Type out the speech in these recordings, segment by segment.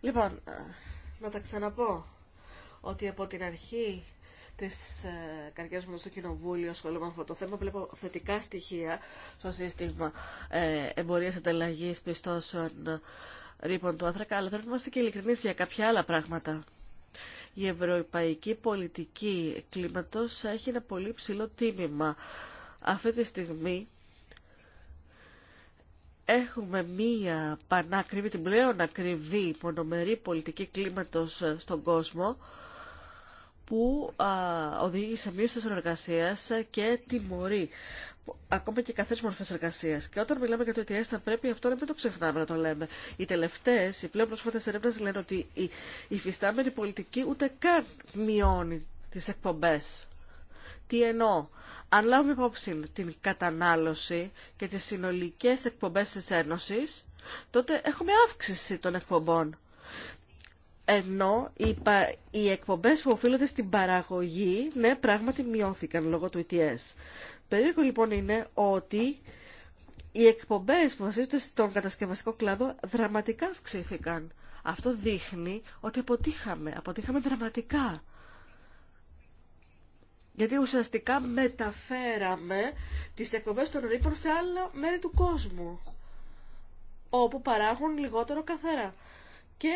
Λοιπόν, ε, να τα ξαναπώ ότι από την αρχή τη ε, καρδιά μου στο Κοινοβούλιο ασχολούμαι με αυτό το θέμα. Βλέπω θετικά στοιχεία στο σύστημα ε, εμπορίας, εμπορία ανταλλαγή πιστώσεων ρήπων του άνθρακα, αλλά πρέπει να είμαστε και ειλικρινεί για κάποια άλλα πράγματα. Η ευρωπαϊκή πολιτική κλίματος έχει ένα πολύ ψηλό τίμημα. Αυτή τη στιγμή έχουμε μία πανάκριβη, την πλέον ακριβή μονομερή πολιτική κλίματος στον κόσμο που α, οδηγεί σε μείωση της εργασίας και τιμωρεί ακόμα και καθές μορφές εργασίας. Και όταν μιλάμε για το ETS θα πρέπει αυτό να μην το ξεχνάμε να το λέμε. Οι τελευταίες, οι πλέον προσφορέ έρευνες λένε ότι η, η φυστάμενη πολιτική ούτε καν μειώνει τις εκπομπές. Τι εννοώ. Αν λάβουμε υπόψη την κατανάλωση και τις συνολικές εκπομπές της Ένωσης, τότε έχουμε αύξηση των εκπομπών. Ενώ οι εκπομπές που οφείλονται στην παραγωγή, ναι, πράγματι μειώθηκαν λόγω του ETS. Περίεργο λοιπόν είναι ότι οι εκπομπές που βασίζονται στον κατασκευαστικό κλάδο δραματικά αυξήθηκαν. Αυτό δείχνει ότι αποτύχαμε, αποτύχαμε δραματικά. Γιατί ουσιαστικά μεταφέραμε τις εκπομπές των ρήπων σε άλλα μέρη του κόσμου, όπου παράγουν λιγότερο καθαρά. Και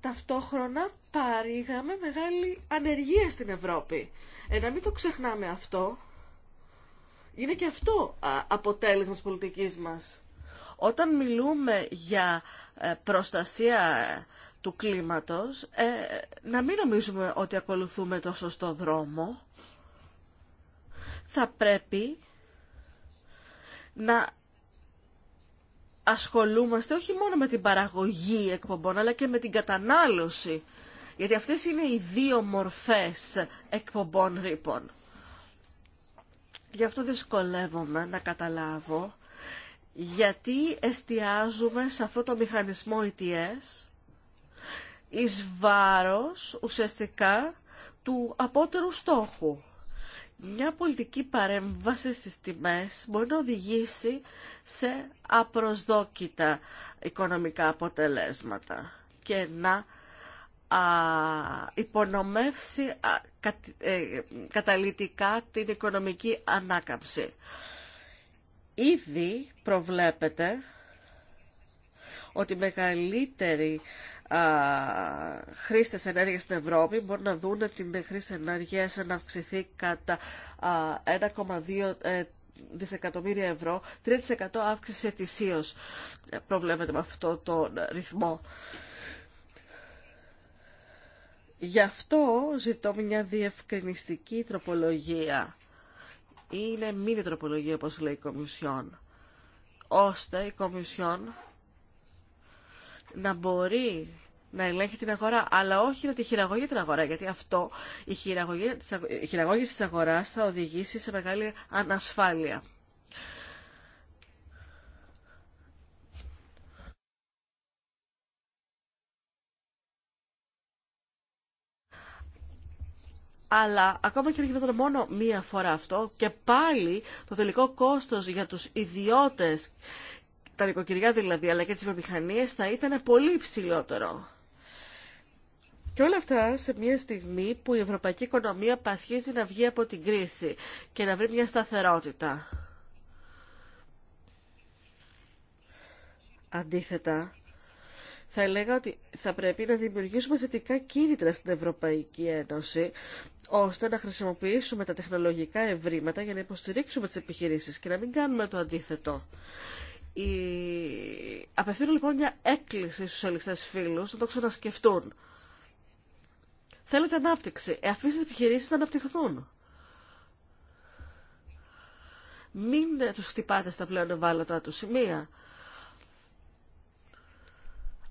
ταυτόχρονα παρήγαμε μεγάλη ανεργία στην Ευρώπη. Ε, να μην το ξεχνάμε αυτό. Είναι και αυτό αποτέλεσμα της πολιτικής μας. Όταν μιλούμε για ε, προστασία ε, του κλίματος, ε, να μην νομίζουμε ότι ακολουθούμε το σωστό δρόμο θα πρέπει να ασχολούμαστε όχι μόνο με την παραγωγή εκπομπών, αλλά και με την κατανάλωση. Γιατί αυτές είναι οι δύο μορφές εκπομπών ρήπων. Γι' αυτό δυσκολεύομαι να καταλάβω γιατί εστιάζουμε σε αυτό το μηχανισμό ETS εις βάρος ουσιαστικά του απότερου στόχου μια πολιτική παρέμβαση στις τιμές μπορεί να οδηγήσει σε απροσδόκητα οικονομικά αποτελέσματα και να υπονομεύσει ε, καταλυτικά την οικονομική ανάκαμψη. Ήδη προβλέπεται ότι μεγαλύτερη Χρήστε ενέργεια στην Ευρώπη μπορούν να δουν την χρήση ενέργεια να αυξηθεί κατά 1,2 ε, δισεκατομμύρια ευρώ, 3% αύξηση ετησίω ε, προβλέπεται με αυτό τον ε, ρυθμό. Γι' αυτό ζητώ μια διευκρινιστική τροπολογία. Είναι μήνυ τροπολογία, όπως λέει η Κομισιόν. Ώστε η Κομισιόν να μπορεί να ελέγχει την αγορά, αλλά όχι να τη χειραγωγεί την αγορά, γιατί αυτό η χειραγώγηση της αγοράς θα οδηγήσει σε μεγάλη ανασφάλεια. αλλά ακόμα και αν γινόταν μόνο μία φορά αυτό και πάλι το τελικό κόστος για τους ιδιώτες, τα νοικοκυριά δηλαδή, αλλά και τις βιομηχανίες θα ήταν πολύ υψηλότερο. Και όλα αυτά σε μια στιγμή που η ευρωπαϊκή οικονομία πασχίζει να βγει από την κρίση και να βρει μια σταθερότητα. Αντίθετα, θα έλεγα ότι θα πρέπει να δημιουργήσουμε θετικά κίνητρα στην Ευρωπαϊκή Ένωση, ώστε να χρησιμοποιήσουμε τα τεχνολογικά ευρήματα για να υποστηρίξουμε τις επιχειρήσεις και να μην κάνουμε το αντίθετο. Η... Απευθύνω λοιπόν μια έκκληση στους ελιστές φίλους να το ξανασκεφτούν. Θέλετε ανάπτυξη. Ε, αφήστε τις επιχειρήσεις να αναπτυχθούν. Μην ε, του χτυπάτε στα πλέον ευάλωτα του σημεία.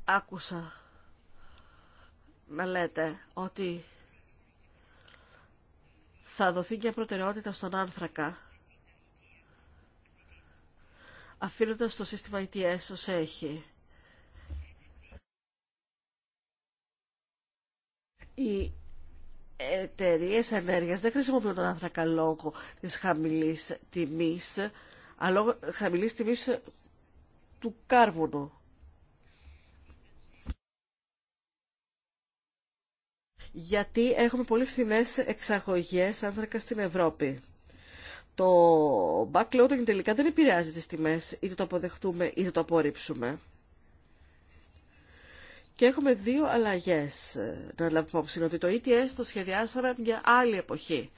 Άκουσα να λέτε ότι θα δοθεί μια προτεραιότητα στον άνθρακα αφήνοντας το σύστημα ETS ως έχει. Οι εταιρείε ενέργεια δεν χρησιμοποιούν τον άνθρακα λόγω τη χαμηλή τιμή, αλλά λόγω χαμηλή τιμή του κάρβουνου. γιατί έχουμε πολύ φθηνέ εξαγωγέ άνθρακα στην Ευρώπη. Το backloading τελικά δεν επηρεάζει τις τιμές, είτε το αποδεχτούμε είτε το απορρίψουμε. Και έχουμε δύο αλλαγές ε, να λάβουμε υπόψη, ότι το ETS το σχεδιάσαμε για άλλη εποχή.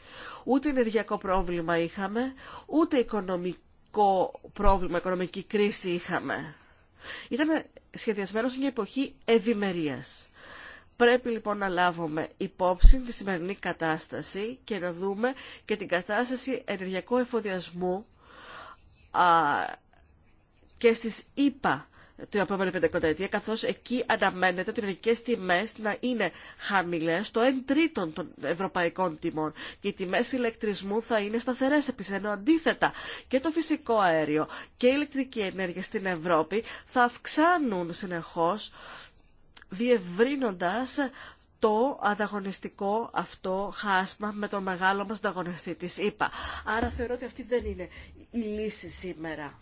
Ούτε ενεργειακό πρόβλημα είχαμε, ούτε οικονομικό πρόβλημα, οικονομική κρίση είχαμε. Ήταν σχεδιασμένο σε μια εποχή ευημερία. Πρέπει λοιπόν να λάβουμε υπόψη τη σημερινή κατάσταση και να δούμε και την κατάσταση ενεργειακού εφοδιασμού και στις ΙΠΑ την επόμενη πεντακονταετία, καθώς εκεί αναμένεται ότι οι ενεργικέ τιμές να είναι χαμηλές στο 1 τρίτο των ευρωπαϊκών τιμών και οι τιμές ηλεκτρισμού θα είναι σταθερές επίσης, ενώ αντίθετα και το φυσικό αέριο και η ηλεκτρική ενέργεια στην Ευρώπη θα αυξάνουν συνεχώς διευρύνοντας το ανταγωνιστικό αυτό χάσμα με τον μεγάλο μας ανταγωνιστή της ΕΠΑ. Άρα θεωρώ ότι αυτή δεν είναι η λύση σήμερα.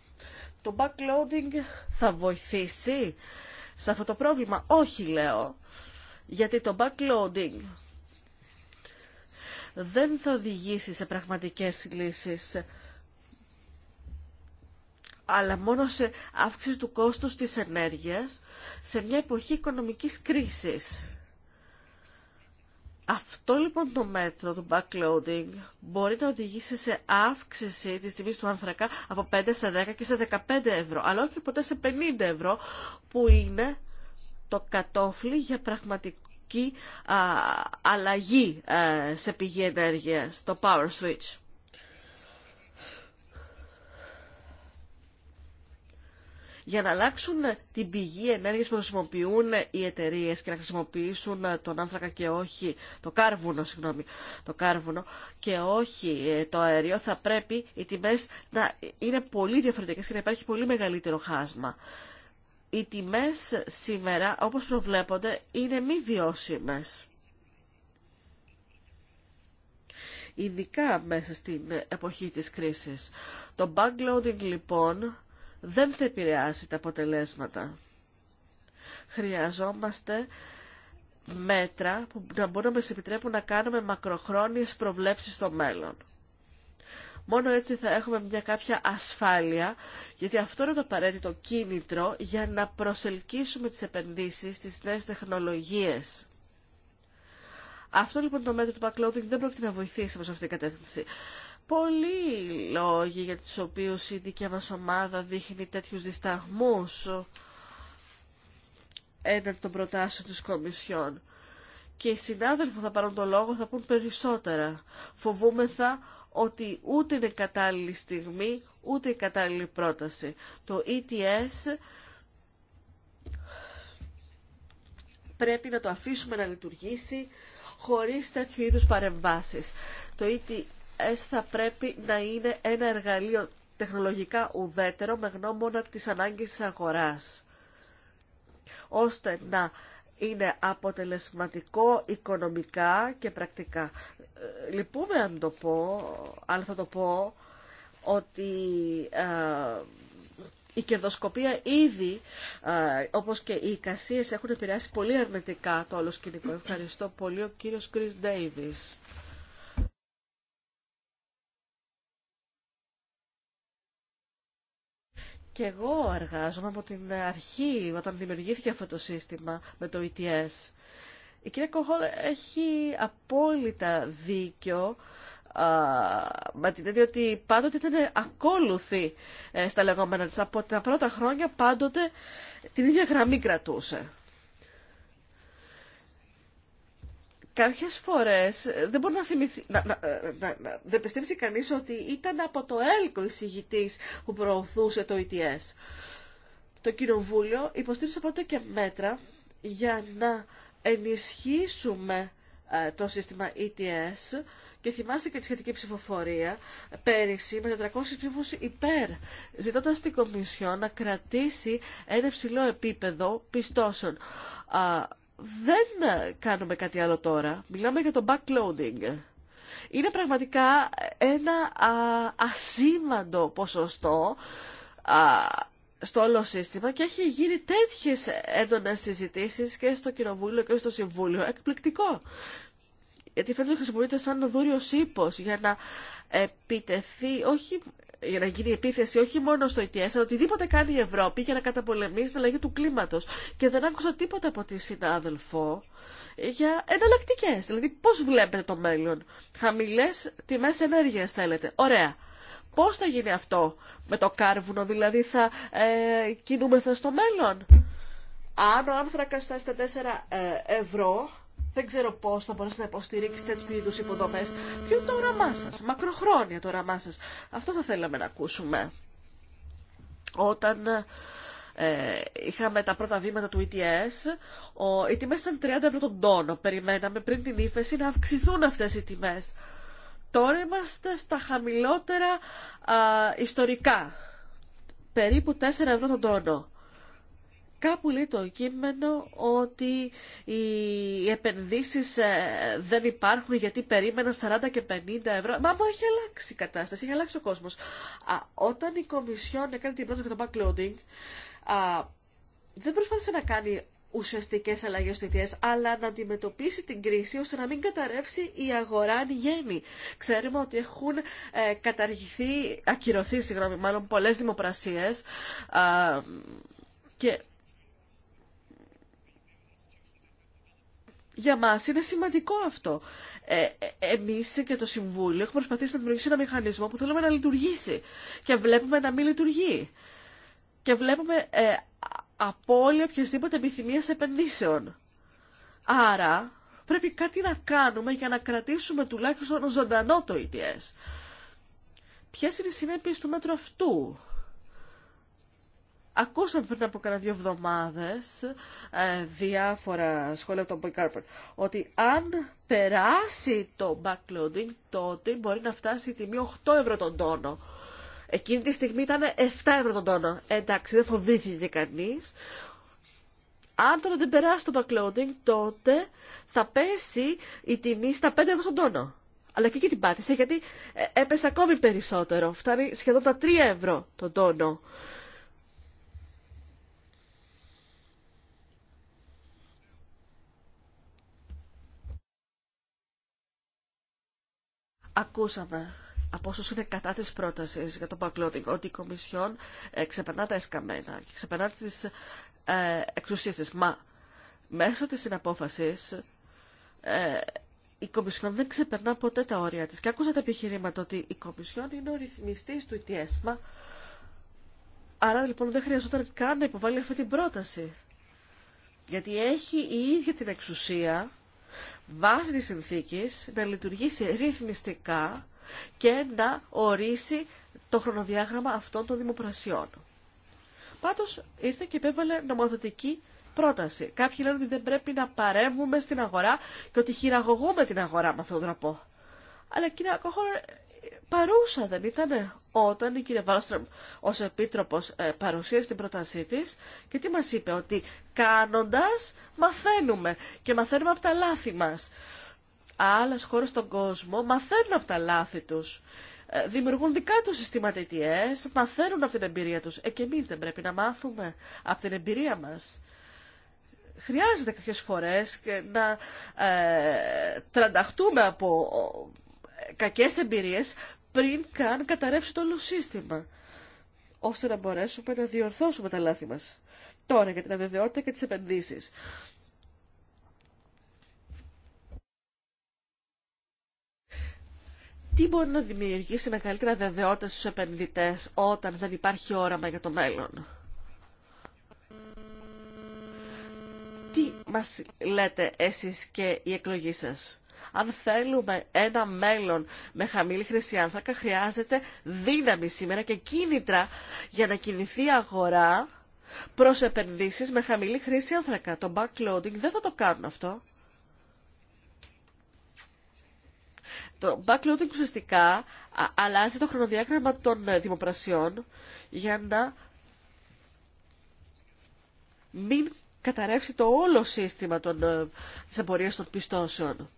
Το backloading θα βοηθήσει σε αυτό το πρόβλημα. Όχι, λέω. Γιατί το backloading δεν θα οδηγήσει σε πραγματικές λύσεις αλλά μόνο σε αύξηση του κόστους της ενέργειας σε μια εποχή οικονομικής κρίσης. Αυτό λοιπόν το μέτρο του backloading μπορεί να οδηγήσει σε αύξηση της τιμής του ανθρακά από 5 στα 10 και σε 15 ευρώ, αλλά όχι ποτέ σε 50 ευρώ που είναι το κατόφλι για πραγματική αλλαγή ε, σε πηγή ενέργειας, το power switch. για να αλλάξουν την πηγή ενέργειας που χρησιμοποιούν οι εταιρείε και να χρησιμοποιήσουν τον άνθρακα και όχι το κάρβουνο, συγγνώμη, το κάρβουνο και όχι ε, το αέριο, θα πρέπει οι τιμές να είναι πολύ διαφορετικές και να υπάρχει πολύ μεγαλύτερο χάσμα. Οι τιμές σήμερα, όπως προβλέπονται, είναι μη βιώσιμες. Ειδικά μέσα στην εποχή της κρίσης. Το backloading λοιπόν δεν θα επηρεάσει τα αποτελέσματα. Χρειαζόμαστε μέτρα που να μπορούν να μας επιτρέπουν να κάνουμε μακροχρόνιες προβλέψεις στο μέλλον. Μόνο έτσι θα έχουμε μια κάποια ασφάλεια, γιατί αυτό είναι το απαραίτητο κίνητρο για να προσελκύσουμε τις επενδύσεις στις νέες τεχνολογίες. Αυτό λοιπόν το μέτρο του backloading δεν πρόκειται να βοηθήσει σε αυτή την κατεύθυνση πολλοί λόγοι για τους οποίους η δικιά μας ομάδα δείχνει τέτοιους δισταγμούς έναντι των προτάσεων της Κομισιόν. Και οι συνάδελφοι θα πάρουν το λόγο, θα πούν περισσότερα. Φοβούμεθα ότι ούτε είναι κατάλληλη στιγμή, ούτε η κατάλληλη πρόταση. Το ETS πρέπει να το αφήσουμε να λειτουργήσει χωρίς τέτοιου είδους παρεμβάσεις. Το ETS θα πρέπει να είναι ένα εργαλείο τεχνολογικά ουδέτερο με γνώμονα τις ανάγκες της αγοράς, ώστε να είναι αποτελεσματικό οικονομικά και πρακτικά. Λυπούμε αν το πω, αλλά θα το πω, ότι ε, η κερδοσκοπία ήδη, ε, όπως και οι εικασίες, έχουν επηρεάσει πολύ αρνητικά το όλο σκηνικό. Ευχαριστώ πολύ ο κύριος Κρίς Ντέιβις. Και εγώ εργάζομαι από την αρχή όταν δημιουργήθηκε αυτό το σύστημα με το ETS. Η κυρία Κοχόλ έχει απόλυτα δίκιο με την έννοια ότι πάντοτε ήταν ακόλουθη ε, στα λεγόμενα της. Από τα πρώτα χρόνια πάντοτε την ίδια γραμμή κρατούσε. κάποιες φορές ε, δεν μπορεί να θυμηθεί, ε, δεν κανείς ότι ήταν από το έλκο εισηγητής που προωθούσε το ETS. Το Κοινοβούλιο υποστήριξε πρώτα και μέτρα για να ενισχύσουμε ε, το σύστημα ETS και θυμάστε και τη σχετική ψηφοφορία πέρυσι με 400 ψήφους υπέρ, ζητώντας την Κομισιόν να κρατήσει ένα υψηλό επίπεδο πιστώσεων δεν κάνουμε κάτι άλλο τώρα. Μιλάμε για το backloading. Είναι πραγματικά ένα ασήμαντο ποσοστό στο όλο σύστημα και έχει γίνει τέτοιες έντονες συζητήσεις και στο Κοινοβούλιο και στο Συμβούλιο. Εκπληκτικό. Γιατί φαίνεται ότι χρησιμοποιείται σαν δούριο ύπο για να επιτεθεί όχι για να γίνει επίθεση όχι μόνο στο ETS, αλλά οτιδήποτε κάνει η Ευρώπη για να καταπολεμήσει την αλλαγή του κλίματος. Και δεν άκουσα τίποτα από τη συνάδελφο για εναλλακτικέ. Δηλαδή πώς βλέπετε το μέλλον. χαμηλέ τιμέ ενέργεια θέλετε. Ωραία. Πώς θα γίνει αυτό με το κάρβουνο, δηλαδή θα ε, κινούμεθα στο μέλλον. Αν ο άνθρακα θα στα 4 ε, ευρώ, δεν ξέρω πώ θα μπορέσετε να υποστηρίξετε τέτοιου είδου υποδομέ. Ποιο είναι το όραμά σα, μακροχρόνια το όραμά σα. Αυτό θα θέλαμε να ακούσουμε. Όταν ε, είχαμε τα πρώτα βήματα του ETS, οι τιμέ ήταν 30 ευρώ τον τόνο. Περιμέναμε πριν την ύφεση να αυξηθούν αυτέ οι τιμέ. Τώρα είμαστε στα χαμηλότερα α, ιστορικά. Περίπου 4 ευρώ τον τόνο. Κάπου λέει το κείμενο ότι οι επενδύσεις ε, δεν υπάρχουν γιατί περίμενα 40 και 50 ευρώ. Μα μου έχει αλλάξει η κατάσταση, έχει αλλάξει ο κόσμος. Α, όταν η Κομισιόν έκανε την πρόταση για το backloading, α, δεν προσπάθησε να κάνει ουσιαστικέ αλλαγέ στο ETS, αλλά να αντιμετωπίσει την κρίση ώστε να μην καταρρεύσει η αγορά εν γέννη. Ξέρουμε ότι έχουν ε, καταργηθεί, ακυρωθεί, συγγνώμη, μάλλον πολλέ δημοπρασίε. και για μας είναι σημαντικό αυτό. Ε, ε, εμείς και το Συμβούλιο έχουμε προσπαθήσει να δημιουργήσουμε ένα μηχανισμό που θέλουμε να λειτουργήσει και βλέπουμε να μην λειτουργεί. Και βλέπουμε ε, απώλεια οποιασδήποτε επιθυμίας επενδύσεων. Άρα πρέπει κάτι να κάνουμε για να κρατήσουμε τουλάχιστον ζωντανό το ETS. Ποιες είναι οι συνέπειες του μέτρου αυτού Ακούσαμε πριν από κανένα δύο εβδομάδες ε, διάφορα σχόλια από τον Boy ότι αν περάσει το backloading τότε μπορεί να φτάσει η τιμή 8 ευρώ τον τόνο. Εκείνη τη στιγμή ήταν 7 ευρώ τον τόνο. Εντάξει, δεν φοβήθηκε κανείς. Αν τώρα δεν περάσει το backloading τότε θα πέσει η τιμή στα 5 ευρώ τον τόνο. Αλλά και εκεί την πάτησε γιατί ε, έπεσε ακόμη περισσότερο. Φτάνει σχεδόν τα 3 ευρώ τον τόνο. Ακούσαμε από όσους είναι κατά της πρότασης για το backloading ότι η Κομισιόν ε, ξεπερνά τα εσκαμμένα και ξεπερνά τις ε, εξουσίε τη. Μα μέσω της συναπόφασης ε, η Κομισιόν δεν ξεπερνά ποτέ τα όρια της. Και άκουσα τα επιχειρήματα ότι η Κομισιόν είναι ο ρυθμιστής του ETS. Μα άρα λοιπόν δεν χρειαζόταν καν να υποβάλει αυτή την πρόταση. Γιατί έχει η ίδια την εξουσία βάσει της συνθήκης να λειτουργήσει ρυθμιστικά και να ορίσει το χρονοδιάγραμμα αυτών των δημοπρασιών. Πάντως ήρθε και επέβαλε νομοθετική πρόταση. Κάποιοι λένε ότι δεν πρέπει να παρέμβουμε στην αγορά και ότι χειραγωγούμε την αγορά με αυτόν τον τρόπο αλλά η κυρία Κόχορ παρούσα δεν ήταν όταν η κυρία Βάλστρομ ως επίτροπος ε, παρουσίασε την πρότασή της και τι μας είπε, ότι κάνοντας μαθαίνουμε και μαθαίνουμε από τα λάθη μας. Άλλε χώρε στον κόσμο μαθαίνουν από τα λάθη τους. Ε, δημιουργούν δικά του συστήματα ETS, μαθαίνουν από την εμπειρία τους. Ε, και εμείς δεν πρέπει να μάθουμε από την εμπειρία μα. χρειάζεται κάποιε φορέ να ε, τρανταχτούμε από κακές εμπειρίες πριν καν καταρρεύσει το όλο σύστημα, ώστε να μπορέσουμε να διορθώσουμε τα λάθη μας. Τώρα για την αβεβαιότητα και τις επενδύσεις. Τι μπορεί να δημιουργήσει μεγαλύτερη αβεβαιότητα στους επενδυτές όταν δεν υπάρχει όραμα για το μέλλον. Τι μας λέτε εσείς και η εκλογή σας. Αν θέλουμε ένα μέλλον με χαμηλή χρήση άνθρακα, χρειάζεται δύναμη σήμερα και κίνητρα για να κινηθεί η αγορά προς επενδύσεις με χαμηλή χρήση άνθρακα. Το backloading δεν θα το κάνουν αυτό. Το backloading ουσιαστικά αλλάζει το χρονοδιάγραμμα των ε, δημοπρασιών για να μην καταρρεύσει το όλο σύστημα των, ε, της των πιστώσεων.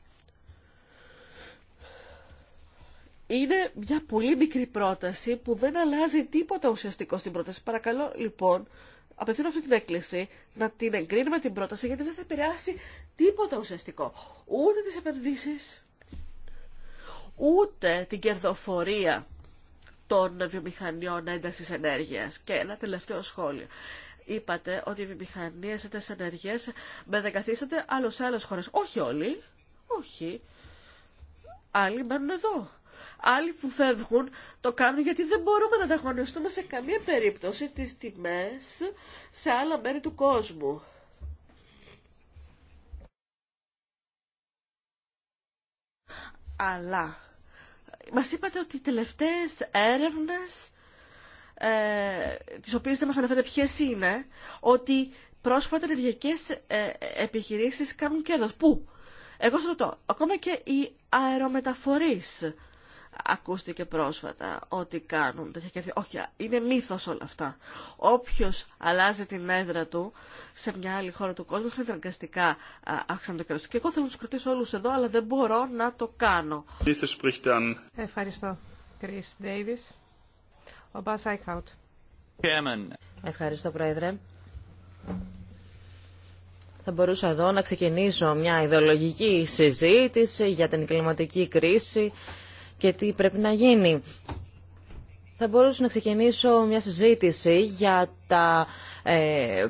είναι μια πολύ μικρή πρόταση που δεν αλλάζει τίποτα ουσιαστικό στην πρόταση. Παρακαλώ λοιπόν, απευθύνω αυτή την έκκληση να την εγκρίνουμε την πρόταση γιατί δεν θα επηρεάσει τίποτα ουσιαστικό. Ούτε τις επενδύσεις, ούτε την κερδοφορία των βιομηχανιών έντασης ενέργειας. Και ένα τελευταίο σχόλιο. Είπατε ότι οι βιομηχανίες έντασης ενέργειας δεκαθίσατε άλλο σε άλλες χώρες. Όχι όλοι, όχι. Άλλοι μένουν εδώ. Άλλοι που φεύγουν το κάνουν γιατί δεν μπορούμε να ανταγωνιστούμε σε καμία περίπτωση τις τιμές σε άλλα μέρη του κόσμου. Αλλά μας είπατε ότι οι τελευταίες έρευνες ε, τις οποίες δεν μας αναφέρετε ποιες είναι, ότι πρόσφατα ενεργειακές ε, επιχειρήσεις κάνουν κέρδος. Πού? Εγώ σας ρωτώ, ακόμα και οι αερομεταφορείς ακούστηκε πρόσφατα ότι κάνουν τέτοια κέρδη. Όχι, είναι μύθος όλα αυτά. Όποιος αλλάζει την έδρα του σε μια άλλη χώρα του κόσμου, δραγκαστικά άξαν το κέρδος. Και εγώ θέλω να τους κρατήσω όλους εδώ, αλλά δεν μπορώ να το κάνω. Ευχαριστώ. Chris Davis. Ο Μπάς Άικαουτ. Ευχαριστώ, Πρόεδρε. Θα μπορούσα εδώ να ξεκινήσω μια ιδεολογική συζήτηση για την κλιματική κρίση και τι πρέπει να γίνει. Θα μπορούσα να ξεκινήσω μια συζήτηση για τα ε,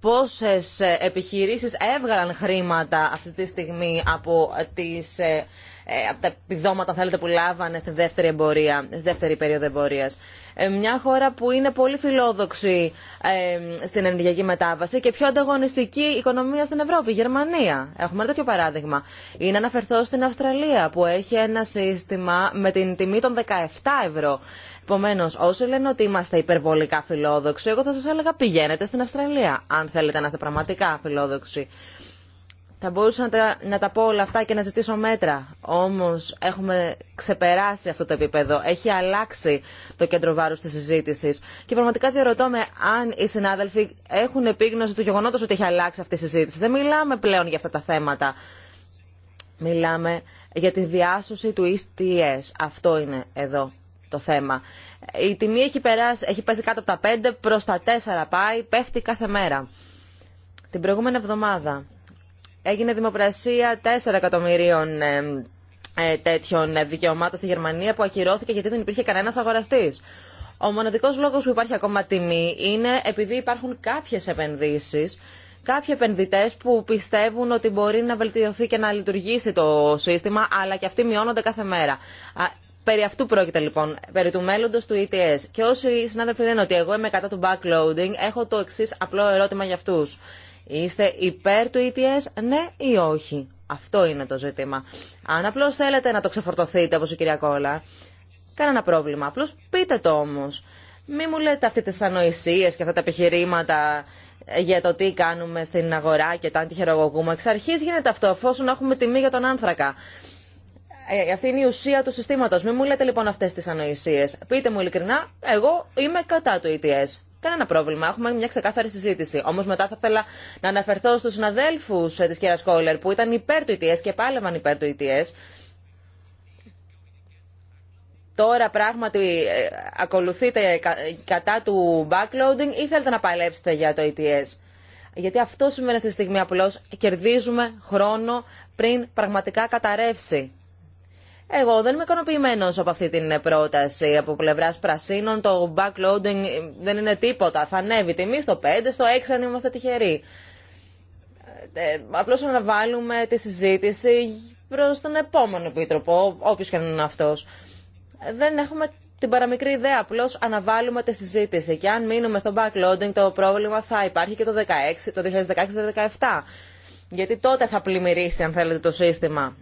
πόσες επιχειρήσεις έβγαλαν χρήματα αυτή τη στιγμή από τις ε, ε, από τα επιδόματα θέλετε, που λάβανε στη δεύτερη, εμπορία, στη δεύτερη περίοδο εμπορία. Ε, μια χώρα που είναι πολύ φιλόδοξη ε, στην ενεργειακή μετάβαση και πιο ανταγωνιστική οικονομία στην Ευρώπη, η Γερμανία. Έχουμε ένα τέτοιο παράδειγμα. Είναι να αναφερθώ στην Αυστραλία που έχει ένα σύστημα με την τιμή των 17 ευρώ. Επομένω, όσοι λένε ότι είμαστε υπερβολικά φιλόδοξοι, εγώ θα σα έλεγα πηγαίνετε στην Αυστραλία, αν θέλετε να είστε πραγματικά φιλόδοξοι. Θα μπορούσα να τα, να τα πω όλα αυτά και να ζητήσω μέτρα. Όμω έχουμε ξεπεράσει αυτό το επίπεδο. Έχει αλλάξει το κέντρο βάρου τη συζήτηση. Και πραγματικά διαρωτώ με αν οι συνάδελφοι έχουν επίγνωση του γεγονότο ότι έχει αλλάξει αυτή η συζήτηση. Δεν μιλάμε πλέον για αυτά τα θέματα. Μιλάμε για τη διάσωση του ESTS. Αυτό είναι εδώ το θέμα. Η τιμή έχει, περάσει, έχει πέσει κάτω από τα 5 προ τα 4 πάει, πέφτει κάθε μέρα. Την προηγούμενη εβδομάδα έγινε δημοπρασία 4 εκατομμυρίων ε, ε, τέτοιων δικαιωμάτων στη Γερμανία που ακυρώθηκε γιατί δεν υπήρχε κανένα αγοραστή. Ο μοναδικό λόγο που υπάρχει ακόμα τιμή είναι επειδή υπάρχουν κάποιε επενδύσει, Κάποιοι επενδυτέ που πιστεύουν ότι μπορεί να βελτιωθεί και να λειτουργήσει το σύστημα, αλλά και αυτοί μειώνονται κάθε μέρα. Περί αυτού πρόκειται λοιπόν, περί του μέλλοντο του ETS. Και όσοι συνάδελφοι λένε ότι εγώ είμαι κατά του backloading, έχω το εξή απλό ερώτημα για αυτού. Είστε υπέρ του ETS, ναι ή όχι. Αυτό είναι το ζήτημα. Αν απλώ θέλετε να το ξεφορτωθείτε, όπω η κυρία Κόλλα, κανένα πρόβλημα. Απλώ πείτε το όμω. Μην μου λέτε αυτέ τι ανοησίε και αυτά τα επιχειρήματα για το τι κάνουμε στην αγορά και τα αν τη Εξ αρχή γίνεται αυτό, εφόσον έχουμε τιμή για τον άνθρακα. Ε, αυτή είναι η ουσία του συστήματο. Μην μου λέτε λοιπόν αυτέ τι ανοησίε. Πείτε μου ειλικρινά, εγώ είμαι κατά του ETS. Κανένα πρόβλημα. Έχουμε μια ξεκάθαρη συζήτηση. Όμω μετά θα ήθελα να αναφερθώ στου συναδέλφου ε, τη κυρία Κόλλερ που ήταν υπέρ του ETS και πάλευαν υπέρ του ETS. Τώρα πράγματι ε, ακολουθείτε κατά του backloading ή θέλετε να παλέψετε για το ETS. Γιατί αυτό σημαίνει αυτή τη στιγμή απλώ κερδίζουμε χρόνο πριν πραγματικά καταρρεύσει εγώ δεν είμαι ικανοποιημένο από αυτή την πρόταση. Από πλευρά πρασίνων το backloading δεν είναι τίποτα. Θα ανέβει τιμή στο 5, στο 6 αν είμαστε τυχεροί. Ε, να αναβάλουμε τη συζήτηση προ τον επόμενο επίτροπο, οποίο και να είναι αυτό. Δεν έχουμε την παραμικρή ιδέα, απλώς αναβάλουμε τη συζήτηση. Και αν μείνουμε στο backloading το πρόβλημα θα υπάρχει και το, το 2016-2017. Γιατί τότε θα πλημμυρίσει, αν θέλετε, το σύστημα.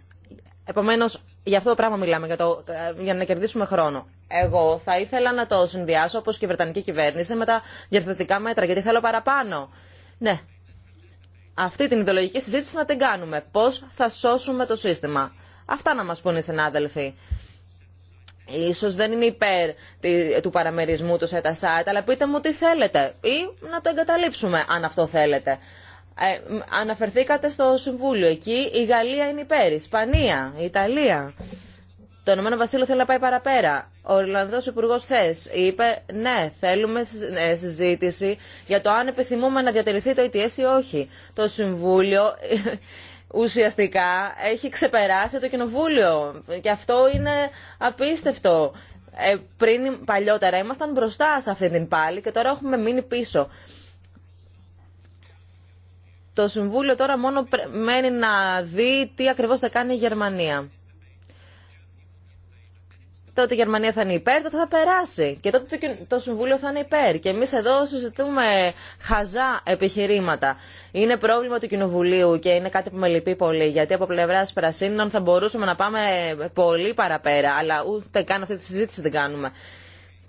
Επομένω για αυτό το πράγμα μιλάμε, για, το, ε, για να κερδίσουμε χρόνο. Εγώ θα ήθελα να το συνδυάσω, όπως και η Βρετανική κυβέρνηση, με τα διαθετικά μέτρα, γιατί θέλω παραπάνω. Ναι, αυτή την ιδεολογική συζήτηση να την κάνουμε. Πώς θα σώσουμε το σύστημα. Αυτά να μας πούνε, οι συνάδελφοι. Ίσως δεν είναι υπέρ του παραμερισμού του ΣΕΤΑ αλλά πείτε μου τι θέλετε. Ή να το εγκαταλείψουμε, αν αυτό θέλετε. Ε, αναφερθήκατε στο Συμβούλιο. Εκεί η Γαλλία είναι υπέρ, η Ισπανία, η Ιταλία. Το Ηνωμένο Βασίλειο θέλει να πάει παραπέρα. Ο Ιρλανδό Υπουργό Θε είπε ναι, θέλουμε ε, συζήτηση για το αν επιθυμούμε να διατηρηθεί το ETS ε ή όχι. Το Συμβούλιο ουσιαστικά έχει ξεπεράσει το Κοινοβούλιο. Και αυτό είναι απίστευτο. Ε, πριν παλιότερα ήμασταν μπροστά σε αυτή την πάλη και τώρα έχουμε μείνει πίσω. Το Συμβούλιο τώρα μόνο μένει να δει τι ακριβώς θα κάνει η Γερμανία. Τότε η Γερμανία θα είναι υπέρ, τότε θα περάσει. Και τότε το Συμβούλιο θα είναι υπέρ. Και εμείς εδώ συζητούμε χαζά επιχειρήματα. Είναι πρόβλημα του Κοινοβουλίου και είναι κάτι που με λυπεί πολύ. Γιατί από πλευρά Πρασίνων θα μπορούσαμε να πάμε πολύ παραπέρα. Αλλά ούτε καν αυτή τη συζήτηση δεν κάνουμε.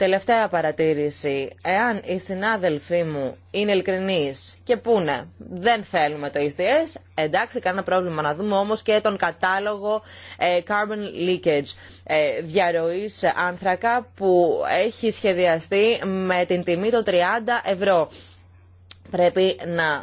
Τελευταία παρατήρηση. Εάν οι συνάδελφοί μου είναι ειλικρινεί και πούνε δεν θέλουμε το ESDS, εντάξει, κανένα πρόβλημα να δούμε όμως και τον κατάλογο ε, carbon leakage, ε, διαρροής άνθρακα που έχει σχεδιαστεί με την τιμή των 30 ευρώ. Πρέπει να ε,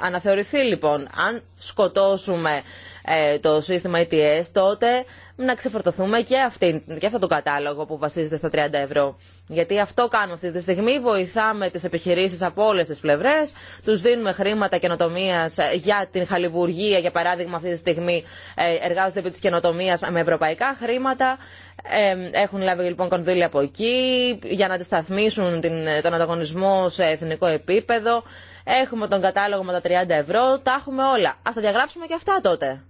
αναθεωρηθεί λοιπόν. Αν σκοτώσουμε ε, το σύστημα ETS, τότε να ξεφορτωθούμε και, αυτή, και αυτό το κατάλογο που βασίζεται στα 30 ευρώ. Γιατί αυτό κάνουμε αυτή τη στιγμή, βοηθάμε τι επιχειρήσει από όλε τι πλευρέ, του δίνουμε χρήματα καινοτομία ε, για την χαλιβουργία, για παράδειγμα αυτή τη στιγμή ε, εργάζονται επί τη καινοτομία με ευρωπαϊκά χρήματα, ε, έχουν λάβει λοιπόν κονδύλια από εκεί για να αντισταθμίσουν τον ανταγωνισμό σε εθνικό επίπεδο. Έχουμε τον κατάλογο με τα 30 ευρώ, τα έχουμε όλα. Ας τα διαγράψουμε και αυτά τότε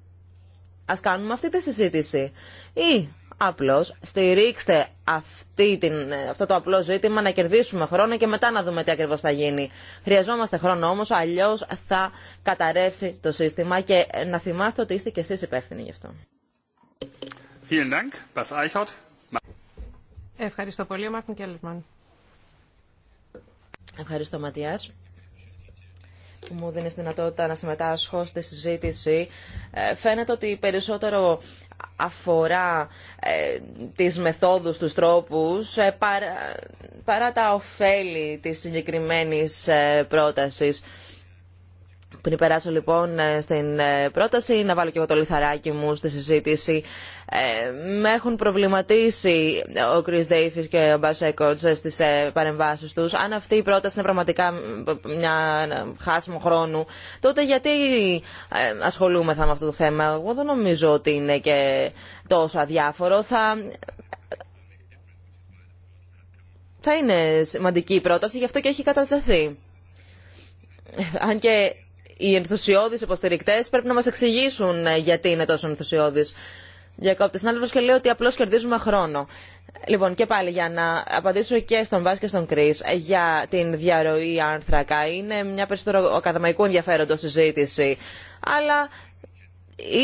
ας κάνουμε αυτή τη συζήτηση. Ή απλώς στηρίξτε αυτή την, αυτό το απλό ζήτημα να κερδίσουμε χρόνο και μετά να δούμε τι ακριβώς θα γίνει. Χρειαζόμαστε χρόνο όμως, αλλιώς θα καταρρεύσει το σύστημα και να θυμάστε ότι είστε και εσείς υπεύθυνοι γι' αυτό. Ευχαριστώ πολύ, Μάρτιν Κέλλερμαν. Ευχαριστώ, Ματιάς που μου δίνει τη δυνατότητα να συμμετάσχω στη συζήτηση. Ε, φαίνεται ότι περισσότερο αφορά ε, τις μεθόδους, τους τρόπους, ε, παρά τα ωφέλη της συγκεκριμένης πρότασης. Πριν περάσω λοιπόν ε, στην ε, πρόταση, να βάλω και εγώ το λιθαράκι μου στη συζήτηση. Ε, με έχουν προβληματίσει ε, ο Chris Davis και ο Μπάς Έκοτς στις ε, παρεμβάσεις τους. Αν αυτή η πρόταση είναι πραγματικά μια χάσιμο χρόνου, τότε γιατί ε, ασχολούμεθα με αυτό το θέμα. Εγώ δεν νομίζω ότι είναι και τόσο αδιάφορο. Θα θα είναι σημαντική η πρόταση, γι' αυτό και έχει κατατεθεί. Αν και οι ενθουσιώδεις υποστηρικτέ πρέπει να μα εξηγήσουν ε, γιατί είναι τόσο ενθουσιώδεις. Διακόπτη συνάδελφο και λέει ότι απλώ κερδίζουμε χρόνο. Λοιπόν, και πάλι για να απαντήσω και στον Βάσ και στον Κρι για την διαρροή άνθρακα. Είναι μια περισσότερο ακαδημαϊκού ενδιαφέροντο συζήτηση. Αλλά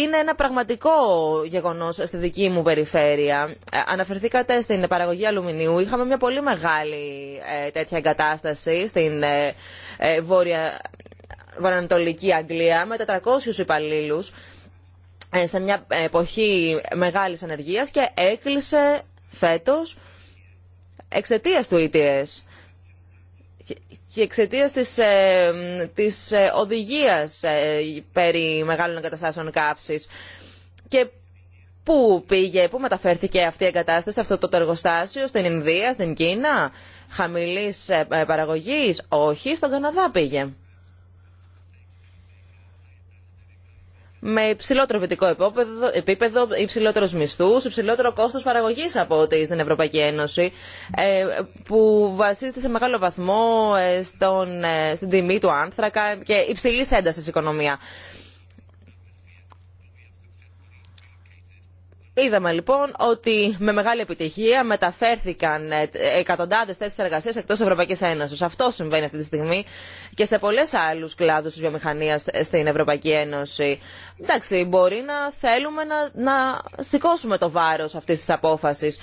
είναι ένα πραγματικό γεγονό στη δική μου περιφέρεια. Ε, αναφερθήκατε στην παραγωγή αλουμινίου. Είχαμε μια πολύ μεγάλη ε, τέτοια εγκατάσταση στην βόρεια βορειοανατολική Αγγλία με 400 υπαλλήλου ε, σε μια εποχή μεγάλης ανεργίας και έκλεισε φέτος εξαιτία του ETS και εξαιτία της, ε, ε, οδηγίας περί μεγάλων εγκαταστάσεων καύσης. Και πού πήγε, πού μεταφέρθηκε αυτή η εγκατάσταση, αυτό το εργοστάσιο, στην Ινδία, στην Κίνα, χαμηλής ε, παραγωγής, όχι, στον Καναδά πήγε. με υψηλότερο βιωτικό επίπεδο, υψηλότερου μισθού, υψηλότερο κόστος παραγωγής από ό,τι στην Ευρωπαϊκή Ένωση, ε, που βασίζεται σε μεγάλο βαθμό ε, στον, ε, στην τιμή του άνθρακα και υψηλής έντασης οικονομία. Είδαμε λοιπόν ότι με μεγάλη επιτυχία μεταφέρθηκαν ε, εκατοντάδε θέσει εργασία εκτό Ευρωπαϊκή Ένωση. Αυτό συμβαίνει αυτή τη στιγμή και σε πολλέ άλλου κλάδου τη βιομηχανία ε, στην Ευρωπαϊκή Ένωση. Εντάξει, μπορεί να θέλουμε να, να σηκώσουμε το βάρο αυτή τη απόφαση,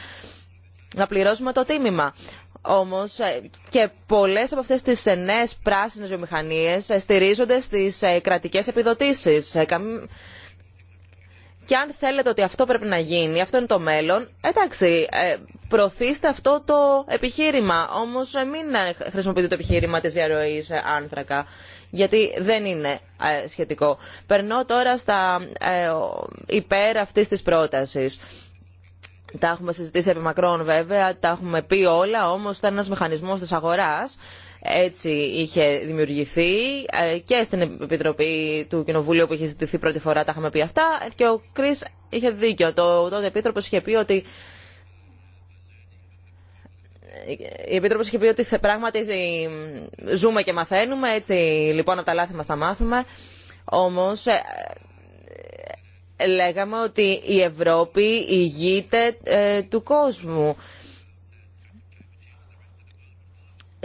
να πληρώσουμε το τίμημα. Όμω ε, και πολλέ από αυτέ τι νέε πράσινε βιομηχανίε στηρίζονται στι κρατικέ επιδοτήσει. Και αν θέλετε ότι αυτό πρέπει να γίνει, αυτό είναι το μέλλον, εντάξει, ε, προωθήστε αυτό το επιχείρημα. Όμω ε, μην ε, χρησιμοποιείτε το επιχείρημα τη διαρροή άνθρακα, γιατί δεν είναι σχετικό. Περνώ τώρα στα υπέρ αυτή τη πρόταση. Τα έχουμε συζητήσει επί μακρόν βέβαια, τα έχουμε πει όλα, όμως ήταν ένας μηχανισμός της αγοράς έτσι είχε δημιουργηθεί ε, και στην Επιτροπή του Κοινοβουλίου που είχε ζητηθεί πρώτη φορά τα είχαμε πει αυτά και ο Κρίς είχε δίκιο. Το τότε Επίτροπο είχε πει ότι η Επίτροπος είχε πει ότι πράγματι ε, ζούμε και μαθαίνουμε, έτσι λοιπόν από τα λάθη μας τα μάθουμε. Όμως ε, λέγαμε ότι η Ευρώπη ηγείται του κόσμου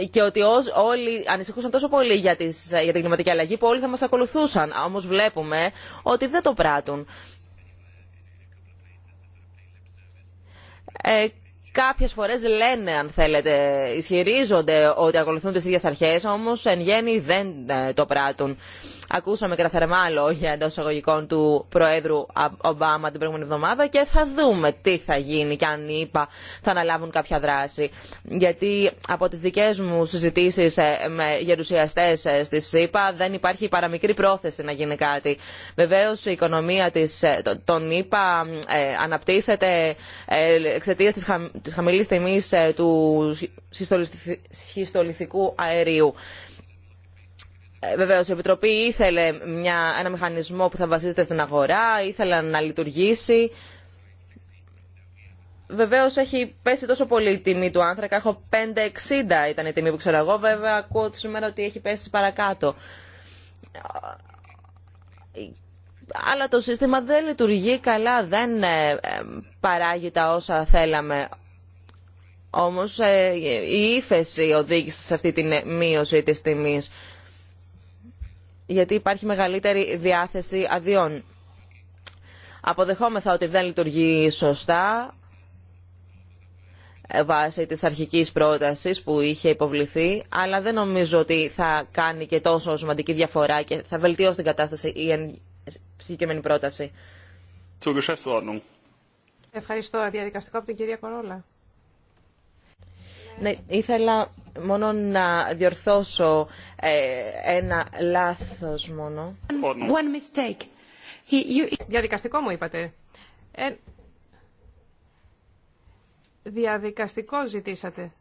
και ότι όλοι ανησυχούσαν τόσο πολύ για, τις, για την κλιματική αλλαγή που όλοι θα μας ακολουθούσαν. Όμως βλέπουμε ότι δεν το πράττουν. Ε, Κάποιε φορέ, λένε, αν θέλετε, ισχυρίζονται ότι ακολουθούν τι ίδιε αρχέ, όμω εν γέννη δεν ε, το πράττουν. Ακούσαμε και τα θερμά λόγια εντό εισαγωγικών του Προέδρου Ομπάμα την προηγούμενη εβδομάδα και θα δούμε τι θα γίνει και αν είπα, θα αναλάβουν κάποια δράση. Γιατί από τι δικέ μου συζητήσει ε, με γερουσιαστέ ε, στι ΣΥΠΑ δεν υπάρχει παραμικρή πρόθεση να γίνει κάτι. Βεβαίω η οικονομία της, των ΗΠΑ αναπτύσσεται εξαιτία της χαμηλής τιμής ε, του συστολιθικού αερίου. Ε, Βεβαίω, η Επιτροπή ήθελε ένα μηχανισμό που θα βασίζεται στην αγορά, ήθελε να λειτουργήσει. Βεβαίω, έχει πέσει τόσο πολύ η τιμή του άνθρακα. Έχω 5,60 ήταν η τιμή που ξέρω εγώ. Βέβαια, ακούω σήμερα ότι έχει πέσει παρακάτω. Αλλά το σύστημα δεν λειτουργεί καλά, δεν ε, παράγει τα όσα θέλαμε. Όμως ε, η ύφεση οδήγησε σε αυτή την μείωση της τιμής γιατί υπάρχει μεγαλύτερη διάθεση αδειών. Αποδεχόμεθα ότι δεν λειτουργεί σωστά ε, βάσει της αρχικής πρότασης που είχε υποβληθεί, αλλά δεν νομίζω ότι θα κάνει και τόσο σημαντική διαφορά και θα βελτιώσει την κατάσταση η συγκεκριμένη πρόταση. Ευχαριστώ. Διαδικαστικό από την κυρία Κορόλα. Ναι, ήθελα μόνο να διορθώσω ε, ένα λάθος μόνο. One mistake. Διαδικαστικό μου είπατε. Ε, διαδικαστικό ζητήσατε.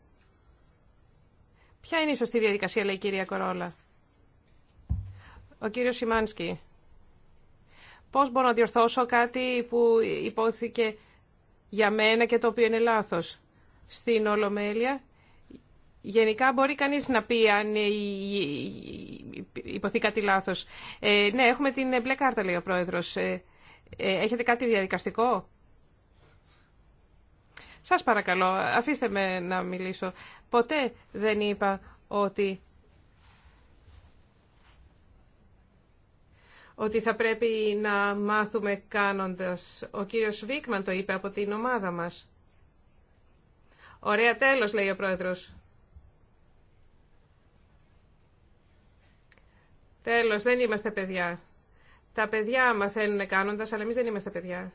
Ποια είναι η σωστή διαδικασία, λέει η κυρία Κορόλα. Ο κύριος Σιμάνσκι. Πώς μπορώ να διορθώσω κάτι που υπόθηκε για μένα και το οποίο είναι λάθος. Στην Ολομέλεια Γενικά μπορεί κανείς να πει αν υποθεί κάτι λάθος. Ε, ναι, έχουμε την μπλε κάρτα, λέει ο πρόεδρος. Ε, ε, έχετε κάτι διαδικαστικό? Σας παρακαλώ, αφήστε με να μιλήσω. Ποτέ δεν είπα ότι... ότι θα πρέπει να μάθουμε κάνοντας. Ο κύριος Βίκμαν το είπε από την ομάδα μας. Ωραία τέλος, λέει ο πρόεδρος. Τέλος, δεν είμαστε παιδιά. Τα παιδιά μαθαίνουν κάνοντας, αλλά εμείς δεν είμαστε παιδιά.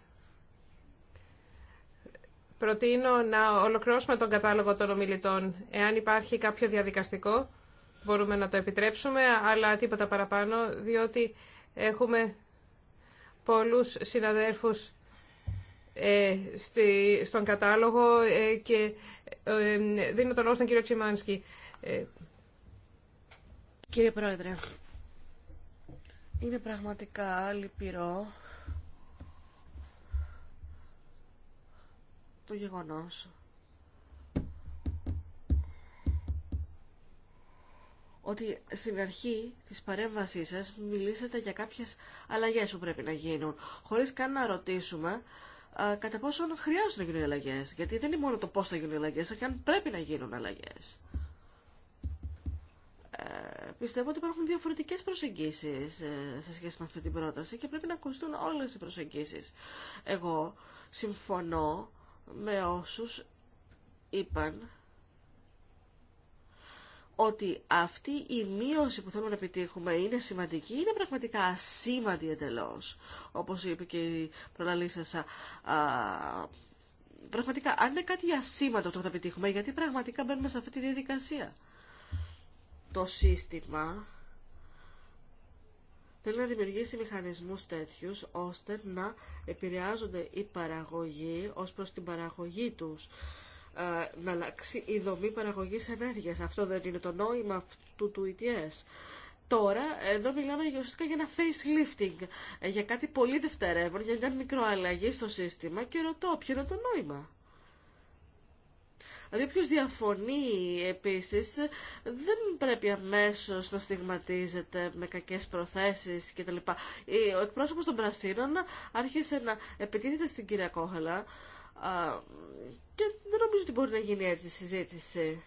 Προτείνω να ολοκληρώσουμε τον κατάλογο των ομιλητών. Εάν υπάρχει κάποιο διαδικαστικό, μπορούμε να το επιτρέψουμε, αλλά τίποτα παραπάνω, διότι έχουμε πολλούς συναδέρφους ε, στη, στον κατάλογο ε, και ε, δίνω τον λόγο στον κύριο Τσιμάνσκι. Κύριε Πρόεδρε, είναι πραγματικά λυπηρό το γεγονός ότι στην αρχή της παρέμβασής σας μιλήσατε για κάποιες αλλαγές που πρέπει να γίνουν, χωρίς καν να ρωτήσουμε κατά πόσον χρειάζονται να γίνουν αλλαγές. Γιατί δεν είναι μόνο το πώς θα γίνουν αλλαγές, αλλά και αν πρέπει να γίνουν αλλαγές πιστεύω ότι υπάρχουν διαφορετικές προσεγγίσεις ε, σε σχέση με αυτή την πρόταση και πρέπει να ακουστούν όλες οι προσεγγίσεις. Εγώ συμφωνώ με όσους είπαν ότι αυτή η μείωση που θέλουμε να επιτύχουμε είναι σημαντική, είναι πραγματικά ασήμαντη εντελώ. όπως είπε και η προλαλή α, πραγματικά, αν είναι κάτι ασήμαντο το θα επιτύχουμε, γιατί πραγματικά μπαίνουμε σε αυτή τη διαδικασία το σύστημα θέλει να δημιουργήσει μηχανισμούς τέτοιους ώστε να επηρεάζονται οι παραγωγοί ως προς την παραγωγή τους ε, να αλλάξει η δομή παραγωγής ενέργειας. Αυτό δεν είναι το νόημα αυτού του ETS. Τώρα, εδώ μιλάμε για ουσιαστικά για ένα lifting, ε, για κάτι πολύ δευτερεύον, για μια μικροαλλαγή στο σύστημα και ρωτώ ποιο είναι το νόημα. Δηλαδή όποιο διαφωνεί επίσης δεν πρέπει αμέσω να στιγματίζεται με κακές προθέσεις κτλ. Ο εκπρόσωπος των Πρασίνων άρχισε να επιτίθεται στην κυρία Κόχαλα και δεν νομίζω ότι μπορεί να γίνει έτσι η συζήτηση.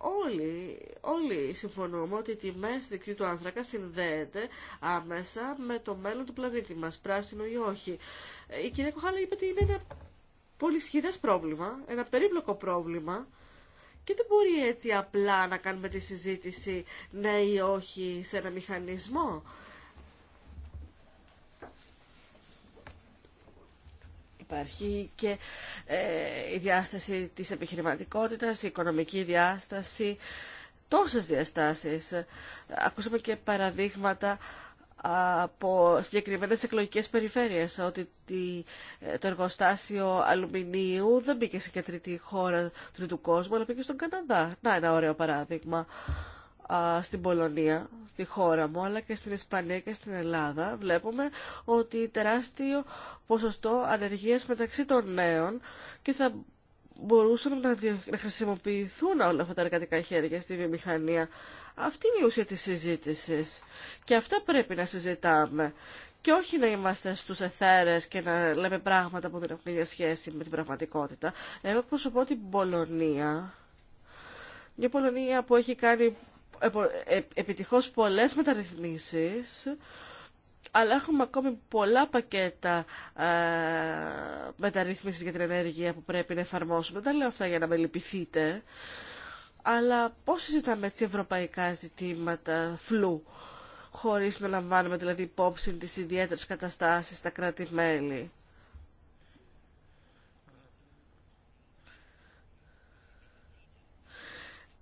Όλοι, όλοι συμφωνούμε ότι η μέση δικτύου του άνθρακα συνδέεται άμεσα με το μέλλον του πλανήτη μας, πράσινο ή όχι. Η κυρία Κοχάλα είπε ότι είναι ένα πολύ σχηδές πρόβλημα, ένα περίπλοκο πρόβλημα και δεν μπορεί έτσι απλά να κάνουμε τη συζήτηση ναι ή όχι σε ένα μηχανισμό. Υπάρχει και ε, η διάσταση της επιχειρηματικότητας, η οικονομική διάσταση, τόσες διαστάσεις. Ακούσαμε και παραδείγματα από συγκεκριμένες εκλογικές περιφέρειες ότι ε, το εργοστάσιο αλουμινίου δεν μπήκε σε τρίτη χώρα του κόσμου αλλά μπήκε στον Καναδά. Να ένα ωραίο παράδειγμα στην Πολωνία, στη χώρα μου, αλλά και στην Ισπανία και στην Ελλάδα, βλέπουμε ότι τεράστιο ποσοστό ανεργίας μεταξύ των νέων και θα μπορούσαν να χρησιμοποιηθούν όλα αυτά τα εργατικά χέρια στη βιομηχανία. Αυτή είναι η ουσία της συζήτησης και αυτά πρέπει να συζητάμε και όχι να είμαστε στους εθέρες και να λέμε πράγματα που δεν έχουν σχέση με την πραγματικότητα. Εγώ προσωπώ την Πολωνία, μια Πολωνία που έχει κάνει ε, επιτυχώς πολλές μεταρρυθμίσεις, αλλά έχουμε ακόμη πολλά πακέτα ε, για την ενέργεια που πρέπει να εφαρμόσουμε. Δεν λέω αυτά για να με λυπηθείτε, αλλά πώς συζητάμε έτσι ευρωπαϊκά ζητήματα φλού, χωρίς να λαμβάνουμε δηλαδή υπόψη τις ιδιαίτερες καταστάσεις στα κράτη-μέλη.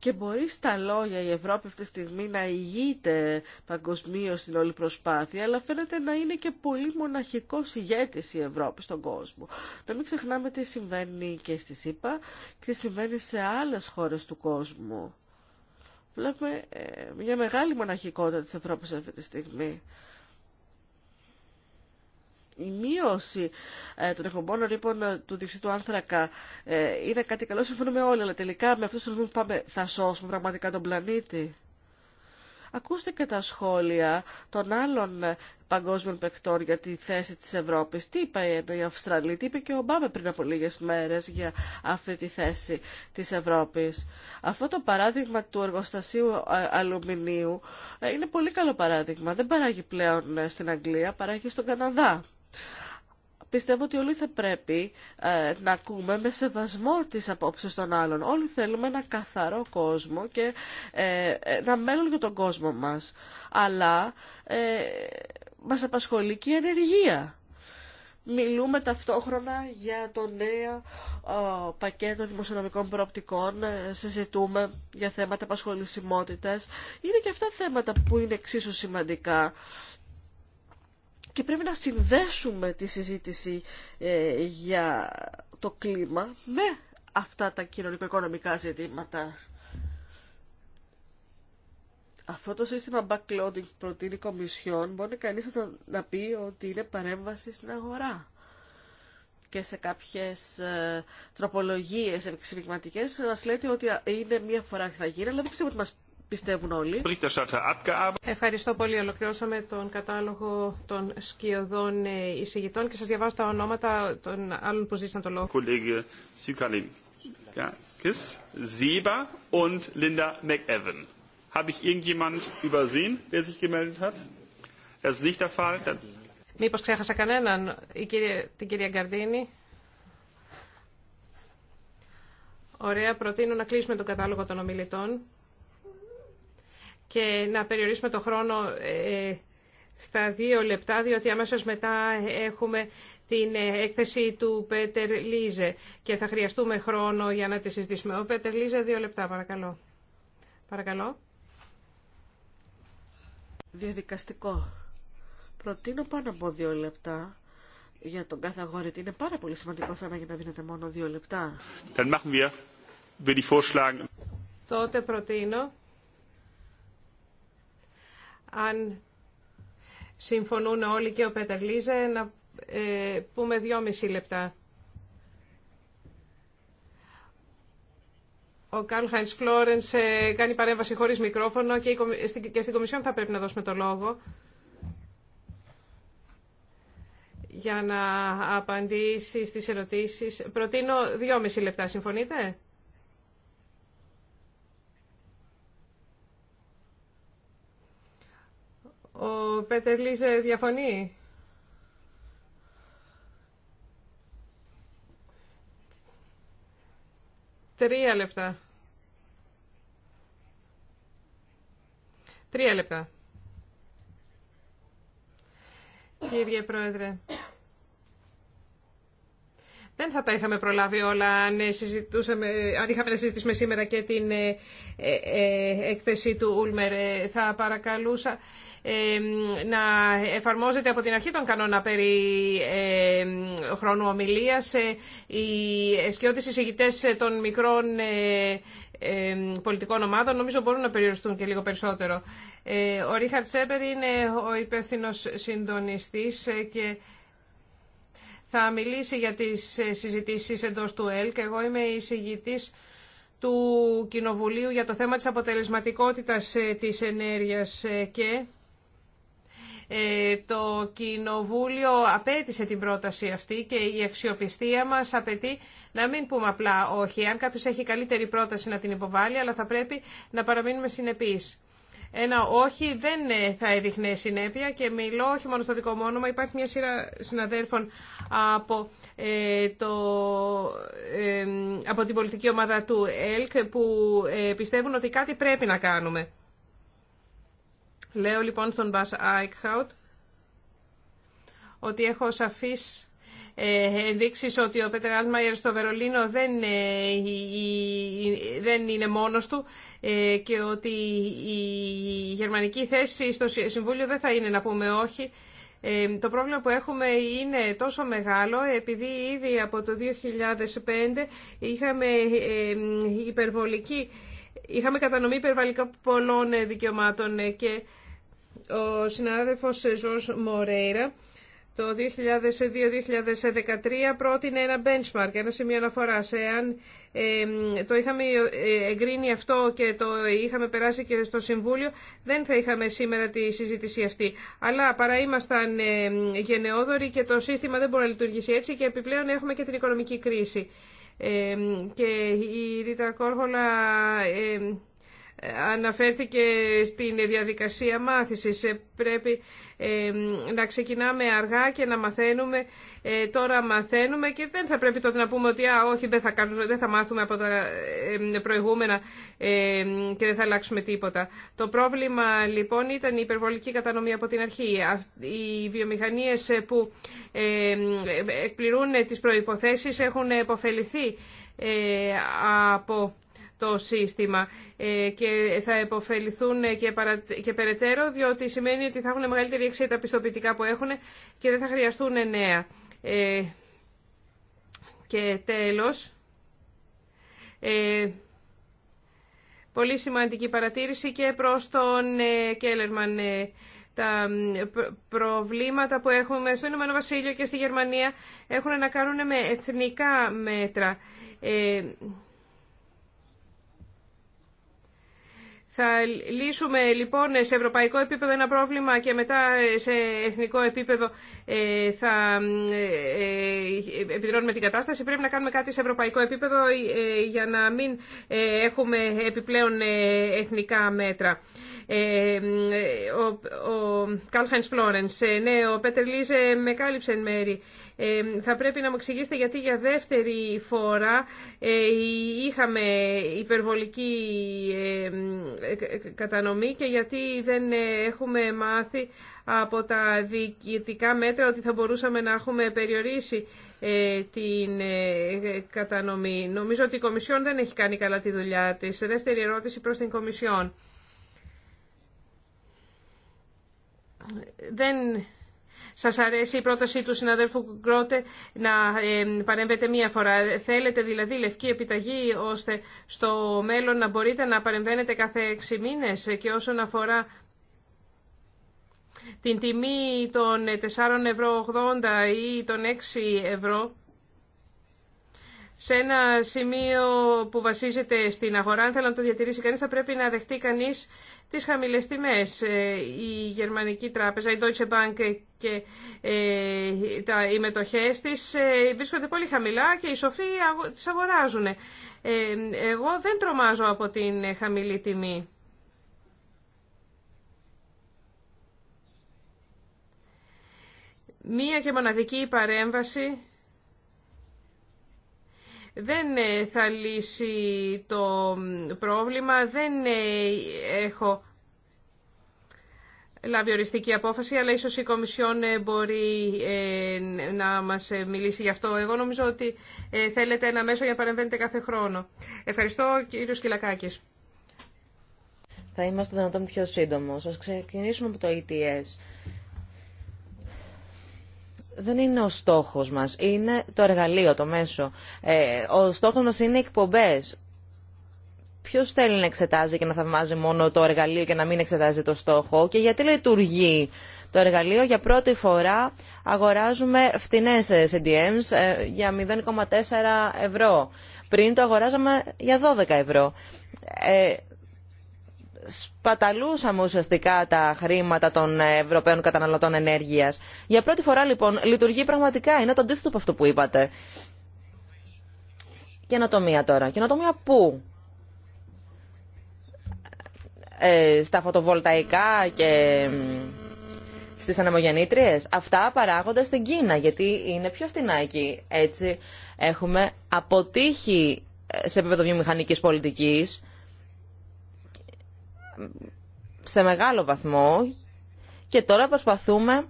Και μπορεί στα λόγια η Ευρώπη αυτή τη στιγμή να ηγείται παγκοσμίω στην όλη προσπάθεια, αλλά φαίνεται να είναι και πολύ μοναχικό ηγέτη η Ευρώπη στον κόσμο. Να μην ξεχνάμε τι συμβαίνει και στη ΣΥΠΑ και τι συμβαίνει σε άλλε χώρε του κόσμου. Βλέπουμε ε, μια μεγάλη μοναχικότητα της Ευρώπης αυτή τη στιγμή. Η μείωση ε, των εκπομπών ρήπων λοιπόν, του διευθυντου άνθρακα ε, είναι κάτι καλό, συμφωνούμε όλοι, αλλά τελικά με αυτούς τους που πάμε, θα σώσουμε πραγματικά τον πλανήτη. Ακούστε και τα σχόλια των άλλων ε, παγκόσμιων παικτών για τη θέση της Ευρώπης. Τι είπε η Αυστραλία, τι είπε και ο Ομπάμε πριν από λίγες μέρες για αυτή τη θέση της Ευρώπης. Αυτό το παράδειγμα του εργοστασίου αλουμινίου είναι πολύ καλό παράδειγμα. Δεν παράγει πλέον στην Αγγλία, παράγει στον Καναδά. Πιστεύω ότι όλοι θα πρέπει ε, να ακούμε με σεβασμό τις απόψεις των άλλων. Όλοι θέλουμε ένα καθαρό κόσμο και ε, ε ένα μέλλον για τον κόσμο μας. Αλλά ε, μας απασχολεί και η ενεργεία. Μιλούμε ταυτόχρονα για το νέο ε, πακέτο δημοσιονομικών προοπτικών, συζητούμε για θέματα απασχολησιμότητας. Είναι και αυτά θέματα που είναι εξίσου σημαντικά και πρέπει να συνδέσουμε τη συζήτηση ε, για το κλίμα με αυτά τα κοινωνικο-οικονομικά ζητήματα. Αυτό το σύστημα backloading που προτείνει η Κομισιόν μπορεί κανείς να, να πει ότι είναι παρέμβαση στην αγορά και σε κάποιες ε, τροπολογίες επεξηγηματικές μας λέτε ότι είναι μία φορά που θα γίνει, αλλά δεν πιστεύω ότι μας πιστεύουν όλοι. Ευχαριστώ πολύ. Ολοκληρώσαμε τον κατάλογο των σκιωδών ε, εισηγητών και σας διαβάζω τα ονόματα των άλλων που ζήτησαν το λόγο. Μήπω Μήπως ξέχασα κανέναν, η κυρία, την κυρία Γκαρδίνη. Ωραία, προτείνω να κλείσουμε τον κατάλογο των ομιλητών και να περιορίσουμε το χρόνο ε, στα δύο λεπτά, διότι αμέσως μετά έχουμε την ε, έκθεση του Πέτερ Λίζε και θα χρειαστούμε χρόνο για να τη συζητήσουμε. Ο Πέτερ Λίζε, δύο λεπτά, παρακαλώ. Παρακαλώ. Διαδικαστικό. Προτείνω πάνω από δύο λεπτά για τον κάθε αγόρι. Είναι πάρα πολύ σημαντικό θέμα για να δίνετε μόνο δύο λεπτά. Τότε προτείνω αν συμφωνούν όλοι και ο Πέτερ Λίζε, να ε, πούμε δυόμιση λεπτά. Ο Καρλ Χάινς Φλόρενς ε, κάνει παρέμβαση χωρίς μικρόφωνο και, και στην Κομισιόν θα πρέπει να δώσουμε το λόγο για να απαντήσει στις ερωτήσεις. Προτείνω δυόμιση λεπτά, συμφωνείτε? Ο Πέτερ Λίζε διαφωνεί. Τρία λεπτά. Τρία λεπτά. Κύριε Πρόεδρε. Δεν θα τα είχαμε προλάβει όλα αν, συζητούσαμε, αν είχαμε να συζητήσουμε σήμερα και την ε, ε, ε, έκθεση του Ούλμερ. Θα παρακαλούσα να εφαρμόζεται από την αρχή των κανόνα περί χρόνου ομιλίας. Οι εσκιώτες εισηγητές των μικρών πολιτικών ομάδων νομίζω μπορούν να περιοριστούν και λίγο περισσότερο. Ο Ρίχαρτ Σέμπερ είναι ο υπεύθυνο συντονιστής και θα μιλήσει για τις ε, συζητήσεις εντός του και Εγώ είμαι η εισηγητής του Κοινοβουλίου για το θέμα της αποτελεσματικότητας ε, της ενέργειας ε, και το Κοινοβούλιο απέτησε την πρόταση αυτή και η αξιοπιστία μας απαιτεί να μην πούμε απλά όχι. Αν κάποιος έχει καλύτερη πρόταση να την υποβάλει, αλλά θα πρέπει να παραμείνουμε συνεπείς. Ένα όχι δεν ε, θα έδειχνε συνέπεια και μιλώ όχι μόνο στο δικό μου όνομα. Υπάρχει μια σειρά συναδέρφων από, ε, το, ε, από την πολιτική ομάδα του ΕΛΚ που πιστεύουν ότι κάτι πρέπει να κάνουμε. Λέω λοιπόν στον Μπάς Άικχαουτ ότι έχω σαφείς ε, ενδείξεις ότι ο Πέτερ στο Βερολίνο δεν, ε, δεν είναι μόνος του ε, και ότι η γερμανική θέση στο Συμβούλιο δεν θα είναι να πούμε όχι. Το πρόβλημα που έχουμε είναι τόσο μεγάλο επειδή ήδη από το 2005 είχαμε υπερβολική είχαμε κατανομή υπερβαλλικά πολλών δικαιωμάτων και ο συνάδελφος Ζωζ Μορέιρα το 2002-2013 πρότεινε ένα benchmark, ένα σημείο αναφορά. Εάν ε, το είχαμε ε, εγκρίνει αυτό και το είχαμε περάσει και στο Συμβούλιο, δεν θα είχαμε σήμερα τη συζήτηση αυτή. Αλλά παρά ήμασταν ε, γενναιόδοροι και το σύστημα δεν μπορεί να λειτουργήσει έτσι και επιπλέον έχουμε και την οικονομική κρίση. Ε, και η Ρίτα Κόρχολα αναφέρθηκε στην διαδικασία μάθησης. Ε, πρέπει ε, να ξεκινάμε αργά και να μαθαίνουμε. Ε, τώρα μαθαίνουμε και δεν θα πρέπει τότε να πούμε ότι α, όχι δεν θα, κάνουμε, δεν θα μάθουμε από τα προηγούμενα και δεν θα αλλάξουμε τίποτα. Το πρόβλημα λοιπόν ήταν η υπερβολική κατανομή από την αρχή. Οι βιομηχανίες που εκπληρούν τις προϋποθέσεις έχουν επωφεληθεί από το σύστημα ε, και θα επωφεληθούν ε, και, παρα... και περαιτέρω διότι σημαίνει ότι θα έχουν μεγαλύτερη αξία τα πιστοποιητικά που έχουν και δεν θα χρειαστούν νέα. Ε, και τέλος, πολύ σημαντική παρατήρηση και προς τον Κέλερμαν τα προβλήματα που έχουμε στο Ηνωμένο Βασίλειο και στη Γερμανία έχουν να κάνουν με εθνικά μέτρα. Θα λύσουμε λοιπόν σε ευρωπαϊκό επίπεδο ένα πρόβλημα και μετά ε, σε εθνικό επίπεδο ε, θα ε, επιδρώνουμε την κατάσταση. Πρέπει να κάνουμε κάτι σε ευρωπαϊκό επίπεδο για να μην έχουμε επιπλέον εθνικά μέτρα. Ε, ο Καλ Φλόρεν, Φλόρενς, ε, ναι, ο Πέτερ Λίζε με κάλυψε εν μέρη. Ε, θα πρέπει να μου εξηγήσετε γιατί για δεύτερη φορά είχαμε υπερβολική κατανομή και γιατί δεν έχουμε μάθει από τα διοικητικά μέτρα ότι θα μπορούσαμε να έχουμε περιορίσει την κατανομή. Νομίζω ότι η Κομισιόν δεν έχει κάνει καλά τη δουλειά της. δεύτερη ερώτηση προς την Κομισιόν. δεν σας αρέσει η πρόταση του συναδέλφου Γκρότε να ε, παρέμβετε μία φορά. Θέλετε δηλαδή λευκή επιταγή ώστε στο μέλλον να μπορείτε να παρεμβαίνετε κάθε έξι μήνες και όσον αφορά την τιμή των 4,80 ευρώ ή των 6 ευρώ σε ένα σημείο που βασίζεται στην αγορά, αν θέλει να το διατηρήσει κανείς, θα πρέπει να δεχτεί κανείς τις χαμηλές τιμές. Ε, η Γερμανική Τράπεζα, η Deutsche Bank και ε, τα, οι μετοχές της ε, βρίσκονται πολύ χαμηλά και οι σοφοί τις αγοράζουν. εγώ δεν τρομάζω από την χαμηλή τιμή. Μία και μοναδική παρέμβαση δεν ε, θα λύσει το πρόβλημα. Δεν ε, έχω λάβει οριστική απόφαση, αλλά ίσως η Κομισιόν ε, μπορεί να μας μιλήσει γι' αυτό. Εγώ νομίζω ότι θέλετε ένα μέσο για να παρεμβαίνετε κάθε χρόνο. Ευχαριστώ, κύριο Σκυλακάκης. Θα είμαστε δυνατόν πιο σύντομο. Ας ξεκινήσουμε από το ETS δεν είναι ο στόχος μας, είναι το εργαλείο, το μέσο. Ε, ο στόχος μας είναι οι εκπομπές. Ποιο θέλει να εξετάζει και να θαυμάζει μόνο το εργαλείο και να μην εξετάζει το στόχο και γιατί λειτουργεί το εργαλείο. Για πρώτη φορά αγοράζουμε φτηνές ε, CDMs ε, για 0,4 ευρώ. Πριν το αγοράζαμε για 12 ευρώ σπαταλούσαμε ουσιαστικά τα χρήματα των Ευρωπαίων καταναλωτών ενέργειας. Για πρώτη φορά λοιπόν λειτουργεί πραγματικά, είναι το αντίθετο από αυτό που είπατε. Καινοτομία τώρα. Καινοτομία πού? Ε, στα φωτοβολταϊκά και στις ανεμογεννήτριες. Αυτά παράγονται στην Κίνα γιατί είναι πιο φθηνά εκεί. Έτσι έχουμε αποτύχει ε, σε επίπεδο βιομηχανικής πολιτικής σε μεγάλο βαθμό και τώρα προσπαθούμε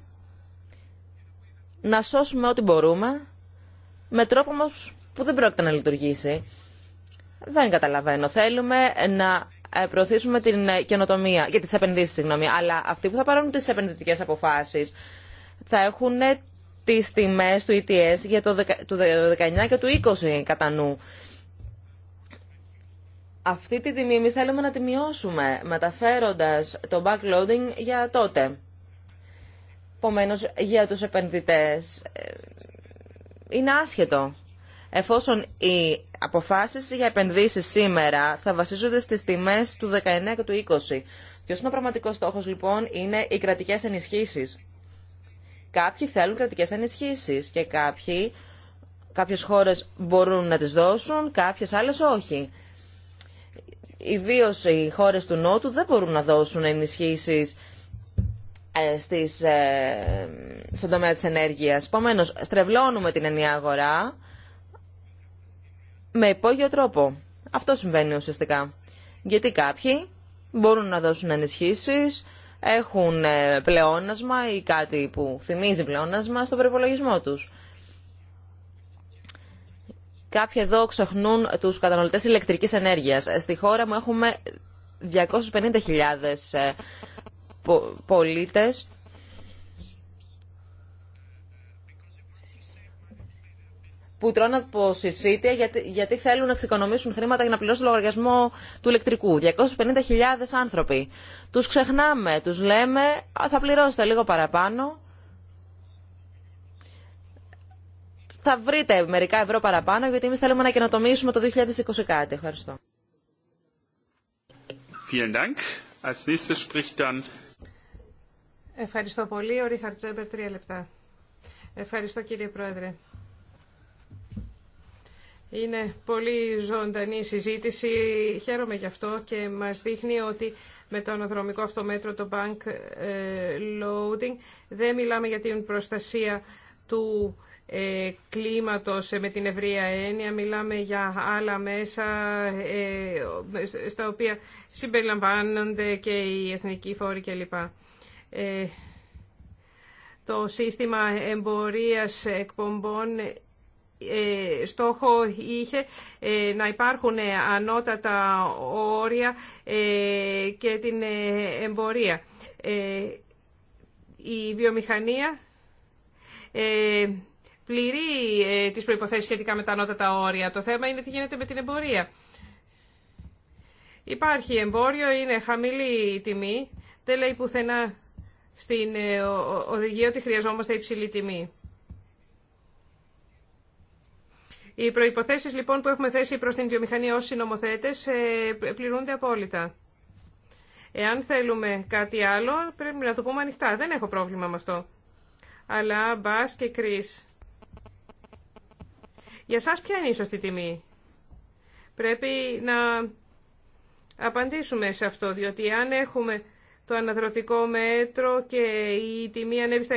να σώσουμε ό,τι μπορούμε με τρόπο όμως που δεν πρόκειται να λειτουργήσει. Δεν καταλαβαίνω. Θέλουμε να ε, προωθήσουμε την ε, καινοτομία και τις επενδύσεις, συγγνώμη. Αλλά αυτοί που θα πάρουν τις επενδυτικές αποφάσεις θα έχουν τις τιμές του ETS για το, 19 και του 20 κατά νου αυτή τη τιμή εμεί θέλουμε να τη μειώσουμε, μεταφέροντας το backloading για τότε. Επομένω, για τους επενδυτές ε, είναι άσχετο. Εφόσον οι αποφάσεις για επενδύσεις σήμερα θα βασίζονται στις τιμές του 19 και του 20. Ποιος είναι ο πραγματικός στόχος λοιπόν είναι οι κρατικές ενισχύσεις. Κάποιοι θέλουν κρατικές ενισχύσεις και κάποιοι, κάποιες χώρες μπορούν να τις δώσουν, κάποιες άλλες όχι. Ιδίω οι χώρες του Νότου δεν μπορούν να δώσουν ενισχύσεις ε, στις, ε, στον τομέα τη ενέργειας. Επομένω, στρεβλώνουμε την ενιαία αγορά με υπόγειο τρόπο. Αυτό συμβαίνει ουσιαστικά. Γιατί κάποιοι μπορούν να δώσουν ενισχύσει, έχουν ε, πλεόνασμα ή κάτι που θυμίζει πλεόνασμα στον προπολογισμό τους. Κάποιοι εδώ ξεχνούν τους καταναλωτέ ηλεκτρικής ενέργειας. Ε, στη χώρα μου έχουμε 250.000 ε, πολίτες που τρώνε από συσίτια γιατί, γιατί θέλουν να εξοικονομήσουν χρήματα για να πληρώσουν λογαριασμό του ηλεκτρικού. 250.000 άνθρωποι. Τους ξεχνάμε, τους λέμε θα πληρώσετε λίγο παραπάνω θα βρείτε μερικά ευρώ παραπάνω, γιατί εμεί θέλουμε να καινοτομήσουμε το 2020 κάτι. Ευχαριστώ. Ευχαριστώ πολύ. Ο Ρίχαρτ Τζέμπερ, τρία λεπτά. Ευχαριστώ κύριε Πρόεδρε. Είναι πολύ ζωντανή η συζήτηση. Χαίρομαι γι' αυτό και μας δείχνει ότι με το αναδρομικό αυτομέτρο, το bank ε, loading, δεν μιλάμε για την προστασία του ε, κλίματος ε, με την ευρεία έννοια, μιλάμε για άλλα μέσα ε, στα οποία συμπεριλαμβάνονται και οι εθνικοί φόροι κλπ. Το σύστημα εμπορίας εκπομπών στόχο είχε να υπάρχουν ανώτατα όρια και την εμπορία. Η βιομηχανία πληρεί ε, τις προϋποθέσεις σχετικά με τα ανώτατα όρια. Το θέμα είναι τι γίνεται με την εμπορία. Υπάρχει εμπόριο, είναι χαμηλή η τιμή. Δεν λέει πουθενά στην ε, οδηγία ότι χρειαζόμαστε υψηλή τιμή. Οι προϋποθέσεις λοιπόν που έχουμε θέσει προς την βιομηχανία ως ε, πληρούνται απόλυτα. Εάν θέλουμε κάτι άλλο πρέπει να το πούμε ανοιχτά. Δεν έχω πρόβλημα με αυτό. Αλλά μπά και κρίς. Για σας ποια είναι η σωστή τιμή. Πρέπει να απαντήσουμε σε αυτό, διότι αν έχουμε το αναδροτικό μέτρο και η τιμή ανέβει στα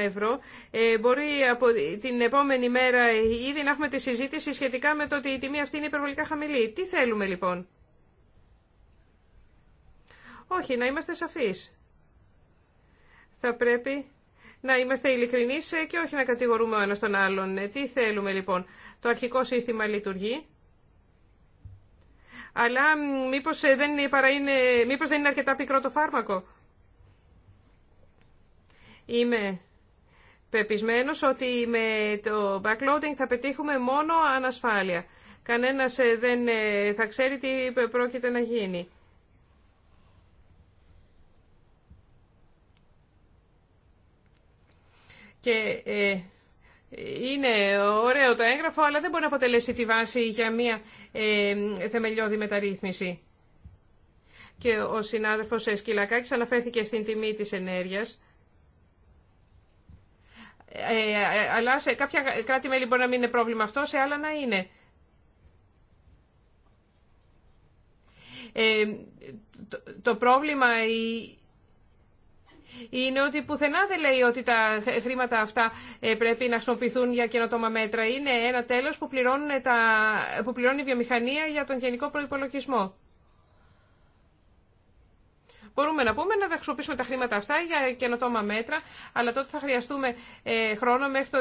6-7 ευρώ, ε, μπορεί από την επόμενη μέρα ήδη να έχουμε τη συζήτηση σχετικά με το ότι η τιμή αυτή είναι υπερβολικά χαμηλή. Τι θέλουμε λοιπόν. Όχι, να είμαστε σαφείς. Θα πρέπει να είμαστε ειλικρινεί και όχι να κατηγορούμε ο ένα τον άλλον. Ε, τι θέλουμε λοιπόν, το αρχικό σύστημα λειτουργεί. Αλλά μήπω ε, δεν είναι, μήπως δεν είναι αρκετά πικρό το φάρμακο. Είμαι πεπισμένος ότι με το backloading θα πετύχουμε μόνο ανασφάλεια. Κανένας ε, δεν θα ξέρει τι πρόκειται να γίνει. Και ε, είναι ωραίο το έγγραφο, αλλά δεν μπορεί να αποτελέσει τη βάση για μια ε, θεμελιώδη μεταρρύθμιση. Και ο συνάδελφος Σκυλακάκης αναφέρθηκε στην τιμή της ενέργειας. Ε, αλλά σε κάποια κράτη-μέλη μπορεί να μην είναι πρόβλημα αυτό, σε άλλα να είναι. Ε, το, το πρόβλημα είναι ότι πουθενά δεν λέει ότι τα χρήματα αυτά ε, πρέπει να χρησιμοποιηθούν για καινοτόμα μέτρα. Είναι ένα τέλος που, τα, που πληρώνει η βιομηχανία για τον γενικό προϋπολογισμό. Μπορούμε να πούμε να χρησιμοποιήσουμε τα χρήματα αυτά για καινοτόμα μέτρα, αλλά τότε θα χρειαστούμε ε, χρόνο μέχρι το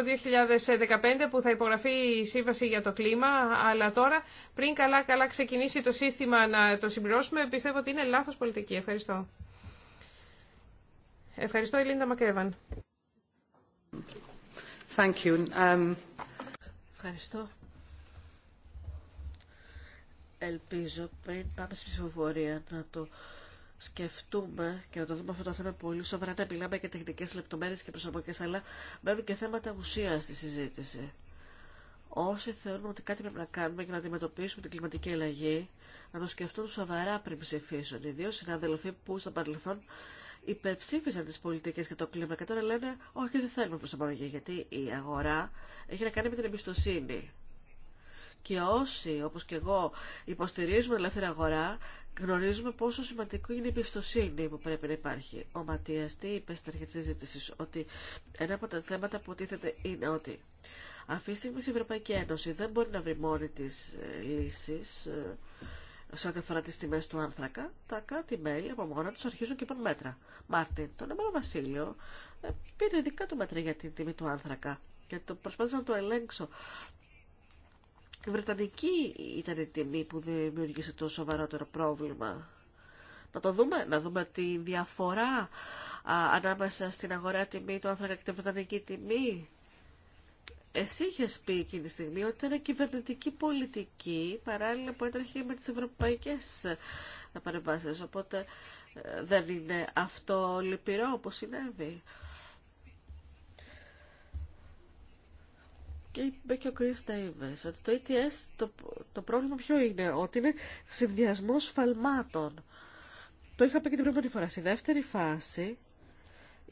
2015 που θα υπογραφεί η Σύμβαση για το Κλίμα. Αλλά τώρα, πριν καλά-καλά ξεκινήσει το σύστημα να το συμπληρώσουμε, πιστεύω ότι είναι λάθος πολιτική. Ευχαριστώ. Ευχαριστώ, Ελίντα Μακέβαν. Thank um, Ευχαριστώ. Ελπίζω πριν πάμε στη ψηφοφορία να το σκεφτούμε και να το δούμε αυτό το θέμα πολύ σοβαρά, να μιλάμε και τεχνικές λεπτομέρειες και προσωπικές, αλλά μπαίνουν και θέματα ουσίας στη συζήτηση. Όσοι θεωρούν ότι κάτι πρέπει να κάνουμε για να αντιμετωπίσουμε την κλιματική αλλαγή, να το σκεφτούν σοβαρά πριν ψηφίσουν. Ιδίω συνάδελφοι που στο παρελθόν υπερψήφισαν τις πολιτικές για το κλίμα και τώρα λένε όχι δεν θέλουμε προσαρμογή γιατί η αγορά έχει να κάνει με την εμπιστοσύνη. Και όσοι, όπως και εγώ, υποστηρίζουμε την ελεύθερη αγορά, γνωρίζουμε πόσο σημαντικό είναι η εμπιστοσύνη που πρέπει να υπάρχει. Ο Ματίας τι είπε στην αρχή της συζήτηση ότι ένα από τα θέματα που τίθεται είναι ότι αυτή τη στιγμή η Ευρωπαϊκή Ένωση δεν μπορεί να βρει μόνη της ε, λύσης ε, σε ό,τι αφορά τι τιμέ του άνθρακα, τα κάτι μέλη από μόνα τους αρχίζουν και παίρνουν μέτρα. Μάρτιν, το νεμόνο Βασίλειο ε, πήρε ειδικά το μέτρα για την τιμή του άνθρακα και το προσπάθησα να το ελέγξω. Η Βρετανική ήταν η τιμή που δημιούργησε το σοβαρότερο πρόβλημα. Να το δούμε, να δούμε τη διαφορά α, ανάμεσα στην αγορά τιμή του άνθρακα και τη Βρετανική τιμή. Εσύ είχε πει εκείνη τη στιγμή ότι ήταν κυβερνητική πολιτική παράλληλα που έτρεχε με τι ευρωπαϊκέ ε, παρεμβάσει. Οπότε ε, δεν είναι αυτό λυπηρό όπω συνέβη. Και είπε και ο Κρίς Ντέιβες ότι το ETS το, πρόβλημα ποιο είναι, ότι είναι συνδυασμό φαλμάτων. Το είχα πει και την πρώτη φορά. Στη δεύτερη φάση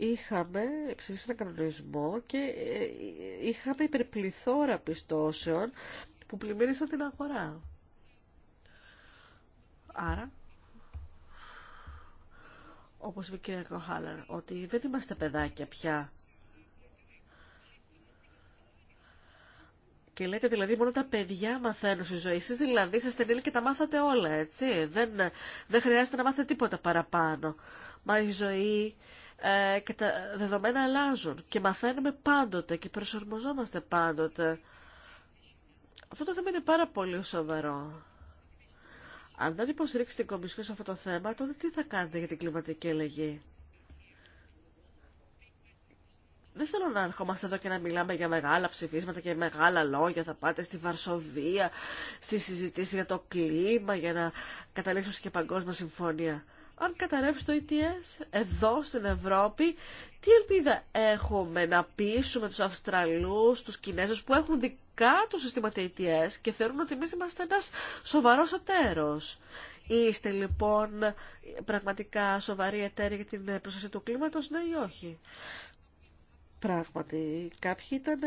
είχαμε ψηφίσει ένα κανονισμό και ε, είχαμε υπερπληθώρα πιστώσεων που πλημμύρισαν την αγορά. Άρα, όπως είπε η κυρία Κοχάλαρ, ότι δεν είμαστε παιδάκια πια. Και λέτε δηλαδή μόνο τα παιδιά μαθαίνουν στη ζωή Εσείς δηλαδή σας την και τα μάθατε όλα, έτσι. Δεν, δεν χρειάζεται να μάθετε τίποτα παραπάνω. Μα η ζωή ε, και τα δεδομένα αλλάζουν και μαθαίνουμε πάντοτε και προσαρμοζόμαστε πάντοτε. Αυτό το θέμα είναι πάρα πολύ σοβαρό. Αν δεν υποστηρίξει την Κομισιόν σε αυτό το θέμα, τότε τι θα κάνετε για την κλιματική αλλαγή. Δεν θέλω να ερχόμαστε εδώ και να μιλάμε για μεγάλα ψηφίσματα και μεγάλα λόγια. Θα πάτε στη Βαρσοβία, στη συζητήση για το κλίμα, για να καταλήξουμε και παγκόσμια συμφωνία αν καταρρεύσει το ETS εδώ στην Ευρώπη, τι ελπίδα έχουμε να πείσουμε τους Αυστραλούς, τους Κινέζους που έχουν δικά τους συστήματα ETS και θεωρούν ότι εμείς είμαστε ένας σοβαρός εταίρος. Είστε λοιπόν πραγματικά σοβαροί εταίροι για την προστασία του κλίματος, ναι ή όχι. Πράγματι, κάποιοι ήταν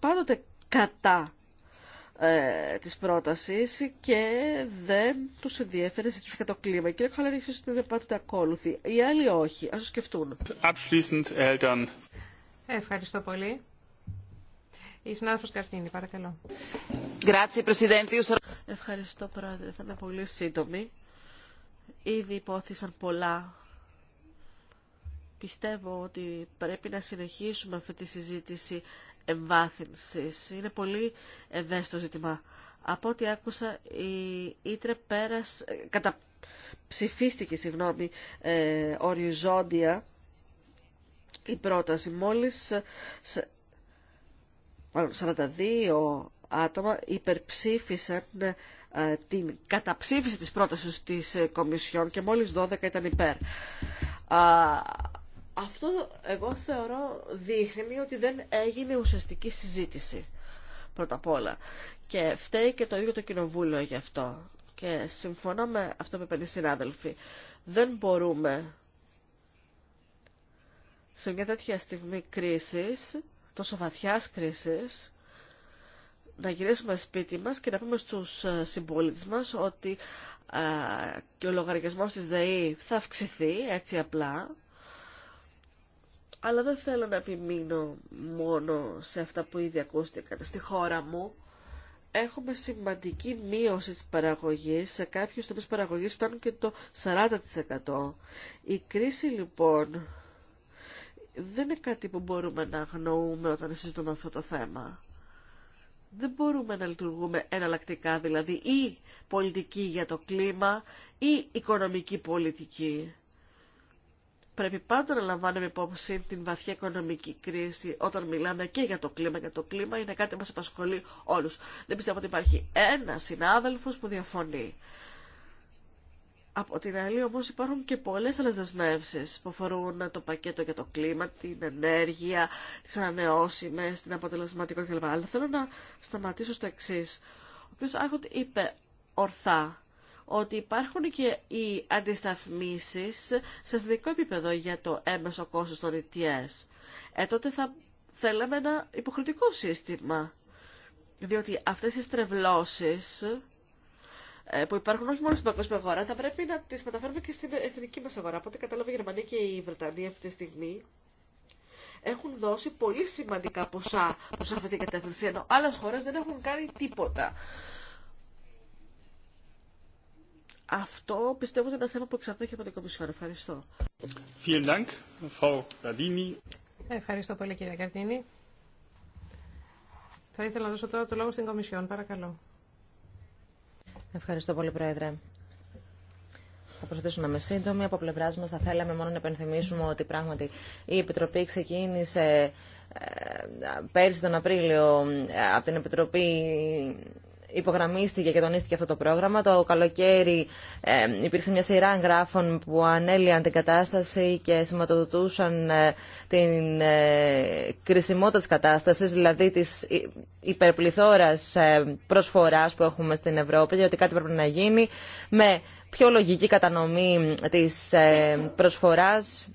πάντοτε κατά ε, της πρότασης και δεν τους ενδιέφερε σε το κλίμα. Κύριε Χαλέρη, ίσως είναι πάντοτε ακόλουθοι. Οι άλλοι όχι. Ας το σκεφτούν. Ευχαριστώ πολύ. Η συνάδελφος Καρτίνη, παρακαλώ. Ευχαριστώ, Πρόεδρε. Θα είμαι πολύ σύντομη. Ήδη υπόθησαν πολλά. Πιστεύω ότι πρέπει να συνεχίσουμε αυτή τη συζήτηση εμβάθυνσης. Είναι πολύ ευαίσθητο ζήτημα. Από ό,τι άκουσα, η Ήτρε πέρας, ε, καταψηφίστηκε, συγγνώμη, ε, οριζόντια η πρόταση. Μόλις σε, μάλλον 42 άτομα υπερψήφισαν ε, την καταψήφιση της πρότασης της ε, Κομισιόν και μόλις 12 ήταν υπέρ. Α, αυτό εγώ θεωρώ δείχνει ότι δεν έγινε ουσιαστική συζήτηση πρώτα απ' όλα. Και φταίει και το ίδιο το Κοινοβούλιο γι' αυτό. Και συμφωνώ με αυτό που είπαν οι συνάδελφοι. Δεν μπορούμε σε μια τέτοια στιγμή κρίσης, τόσο βαθιάς κρίσης, να γυρίσουμε σπίτι μας και να πούμε στους ε, συμπολίτες μας ότι α, ε, και ο λογαριασμός της ΔΕΗ θα αυξηθεί έτσι απλά αλλά δεν θέλω να επιμείνω μόνο σε αυτά που ήδη ακούστηκαν. Στη χώρα μου έχουμε σημαντική μείωση της παραγωγής, σε κάποιους τομείς παραγωγής φτάνουν και το 40%. Η κρίση λοιπόν δεν είναι κάτι που μπορούμε να αγνοούμε όταν συζητούμε αυτό το θέμα. Δεν μπορούμε να λειτουργούμε εναλλακτικά, δηλαδή ή πολιτική για το κλίμα ή οικονομική πολιτική πρέπει πάντα να λαμβάνουμε υπόψη την βαθιά οικονομική κρίση όταν μιλάμε και για το κλίμα. Για το κλίμα είναι κάτι που μας απασχολεί όλους. Δεν πιστεύω ότι υπάρχει ένα συνάδελφο που διαφωνεί. Από την άλλη όμω υπάρχουν και πολλές άλλε δεσμεύσει που αφορούν το πακέτο για το κλίμα, την ενέργεια, τι ανανεώσιμε, την αποτελεσματικότητα κλπ. Αλλά θέλω να σταματήσω στο εξή. Ο κ. είπε ορθά ότι υπάρχουν και οι αντισταθμίσεις σε εθνικό επίπεδο για το έμεσο κόστος των ETS. Ε, τότε θα θέλαμε ένα υποχρεωτικό σύστημα, διότι αυτές οι στρεβλώσεις ε, που υπάρχουν όχι μόνο στην παγκόσμια αγορά, θα πρέπει να τι μεταφέρουμε και στην εθνική μα αγορά. Από ό,τι κατάλαβα η Γερμανία και η Βρετανία αυτή τη στιγμή έχουν δώσει πολύ σημαντικά ποσά προς αυτή την κατεύθυνση, ενώ άλλε χώρες δεν έχουν κάνει τίποτα αυτό πιστεύω ότι είναι ένα θέμα που εξαρτάται και από την Κομισιόν. Ευχαριστώ. Ευχαριστώ πολύ κύριε Καρτίνη. Θα ήθελα να δώσω τώρα το λόγο στην Κομισιόν. Παρακαλώ. Ευχαριστώ πολύ, Πρόεδρε. Θα προσπαθήσω να είμαι σύντομη. Από πλευρά μα θα θέλαμε μόνο να επενθυμίσουμε ότι πράγματι η Επιτροπή ξεκίνησε ε, πέρσι τον Απρίλιο ε, από την Επιτροπή υπογραμμίστηκε και τονίστηκε αυτό το πρόγραμμα. Το καλοκαίρι ε, υπήρξε μια σειρά εγγράφων που ανέλυαν την κατάσταση και σηματοδοτούσαν ε, την ε, κρισιμότητα της κατάστασης, δηλαδή της υπερπληθώρας προσφοράς που έχουμε στην Ευρώπη, γιατί κάτι πρέπει να γίνει με πιο λογική κατανομή της προσφοράς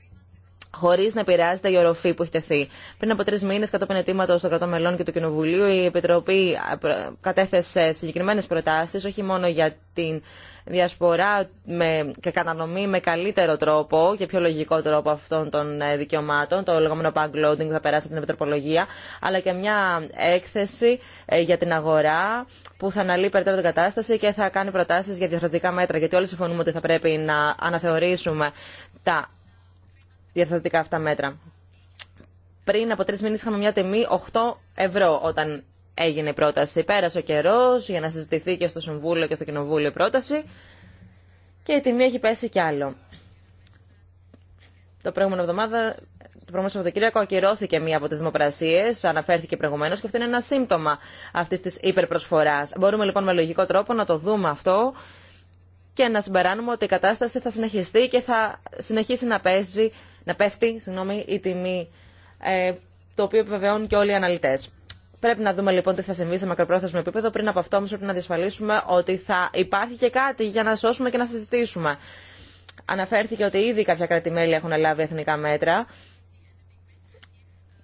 χωρί να επηρεάζεται η οροφή που έχει τεθεί. Πριν από τρει μήνε, κατόπιν αιτήματο των κρατών μελών και του Κοινοβουλίου, η Επιτροπή ε, κατέθεσε συγκεκριμένε προτάσει, όχι μόνο για την διασπορά με, και κατανομή με καλύτερο τρόπο και πιο λογικό τρόπο αυτών των ε, δικαιωμάτων, το λεγόμενο bank loading που θα περάσει από την Επιτροπολογία, αλλά και μια έκθεση ε, για την αγορά που θα αναλύει περαιτέρω την κατάσταση και θα κάνει προτάσει για διαφορετικά μέτρα. Γιατί όλοι συμφωνούμε ότι θα πρέπει να αναθεωρήσουμε τα Διαθετικά αυτά μέτρα. Πριν από τρει μήνε είχαμε μια τιμή 8 ευρώ όταν έγινε η πρόταση. Πέρασε ο καιρό για να συζητηθεί και στο Συμβούλιο και στο Κοινοβούλιο η πρόταση και η τιμή έχει πέσει κι άλλο. Το προηγούμενο εβδομάδα, το προηγούμενο Σαββατοκύριακο, ακυρώθηκε μία από τι δημοπρασίε, αναφέρθηκε προηγουμένω, και αυτό είναι ένα σύμπτωμα αυτή τη υπερπροσφορά. Μπορούμε λοιπόν με λογικό τρόπο να το δούμε αυτό και να συμπεράνουμε ότι η κατάσταση θα συνεχιστεί και θα συνεχίσει να παίζει να πέφτει συγγνώμη, η τιμή, ε, το οποίο επιβεβαιώνουν και όλοι οι αναλυτές. Πρέπει να δούμε λοιπόν τι θα συμβεί σε μακροπρόθεσμο επίπεδο. Πριν από αυτό όμω πρέπει να διασφαλίσουμε ότι θα υπάρχει και κάτι για να σώσουμε και να συζητήσουμε. Αναφέρθηκε ότι ήδη κάποια κράτη-μέλη έχουν λάβει εθνικά μέτρα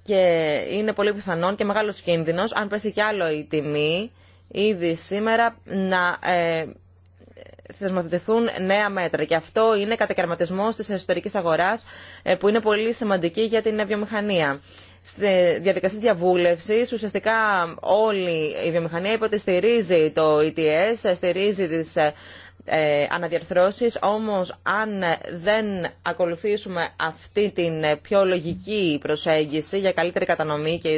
και είναι πολύ πιθανόν και μεγάλο κίνδυνο. αν πέσει κι άλλο η τιμή ήδη σήμερα να ε, θεσμοθετηθούν νέα μέτρα. Και αυτό είναι κατακαιρματισμό της εσωτερική αγοράς ε, που είναι πολύ σημαντική για την βιομηχανία. Στη διαδικασία διαβούλευση, ουσιαστικά όλη η βιομηχανία είπε ότι στηρίζει το ETS, στηρίζει τις ε, ε, αναδιαρθρώσεις, όμως αν δεν ακολουθήσουμε αυτή την πιο λογική προσέγγιση για καλύτερη κατανομή και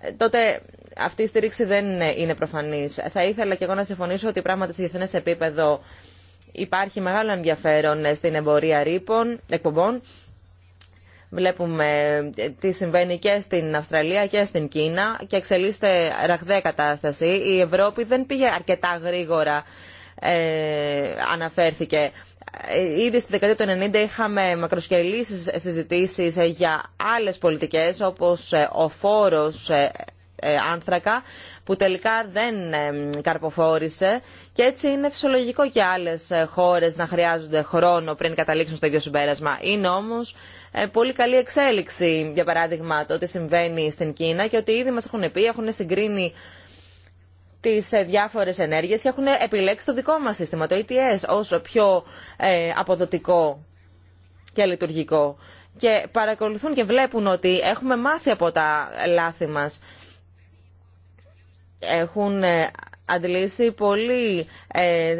ε, τότε αυτή η στήριξη δεν είναι προφανής. Θα ήθελα και εγώ να συμφωνήσω ότι πράγματι σε διεθνέ επίπεδο υπάρχει μεγάλο ενδιαφέρον στην εμπορία ρήπων, εκπομπών. Βλέπουμε ε, τι συμβαίνει και στην Αυστραλία και στην Κίνα και εξελίσσεται ραγδαία κατάσταση. Η Ευρώπη δεν πήγε αρκετά γρήγορα, ε, αναφέρθηκε. Ε, ήδη στη δεκαετία του 1990 είχαμε μακροσκελήσεις συζητήσεις ε, για άλλες πολιτικές όπως ο φόρος ε, άνθρακα που τελικά δεν ε, καρποφόρησε και έτσι είναι φυσιολογικό και άλλες ε, χώρες να χρειάζονται χρόνο πριν καταλήξουν στο ίδιο συμπέρασμα. Είναι όμως πολύ καλή εξέλιξη για παράδειγμα το ότι συμβαίνει στην Κίνα και ότι ήδη μας έχουν πει, έχουν συγκρίνει τις διάφορες ενέργειες και έχουν επιλέξει το δικό μας σύστημα, το ETS, όσο πιο αποδοτικό και λειτουργικό. Και παρακολουθούν και βλέπουν ότι έχουμε μάθει από τα λάθη μας έχουν ε, αντιλήσει πολύ ε,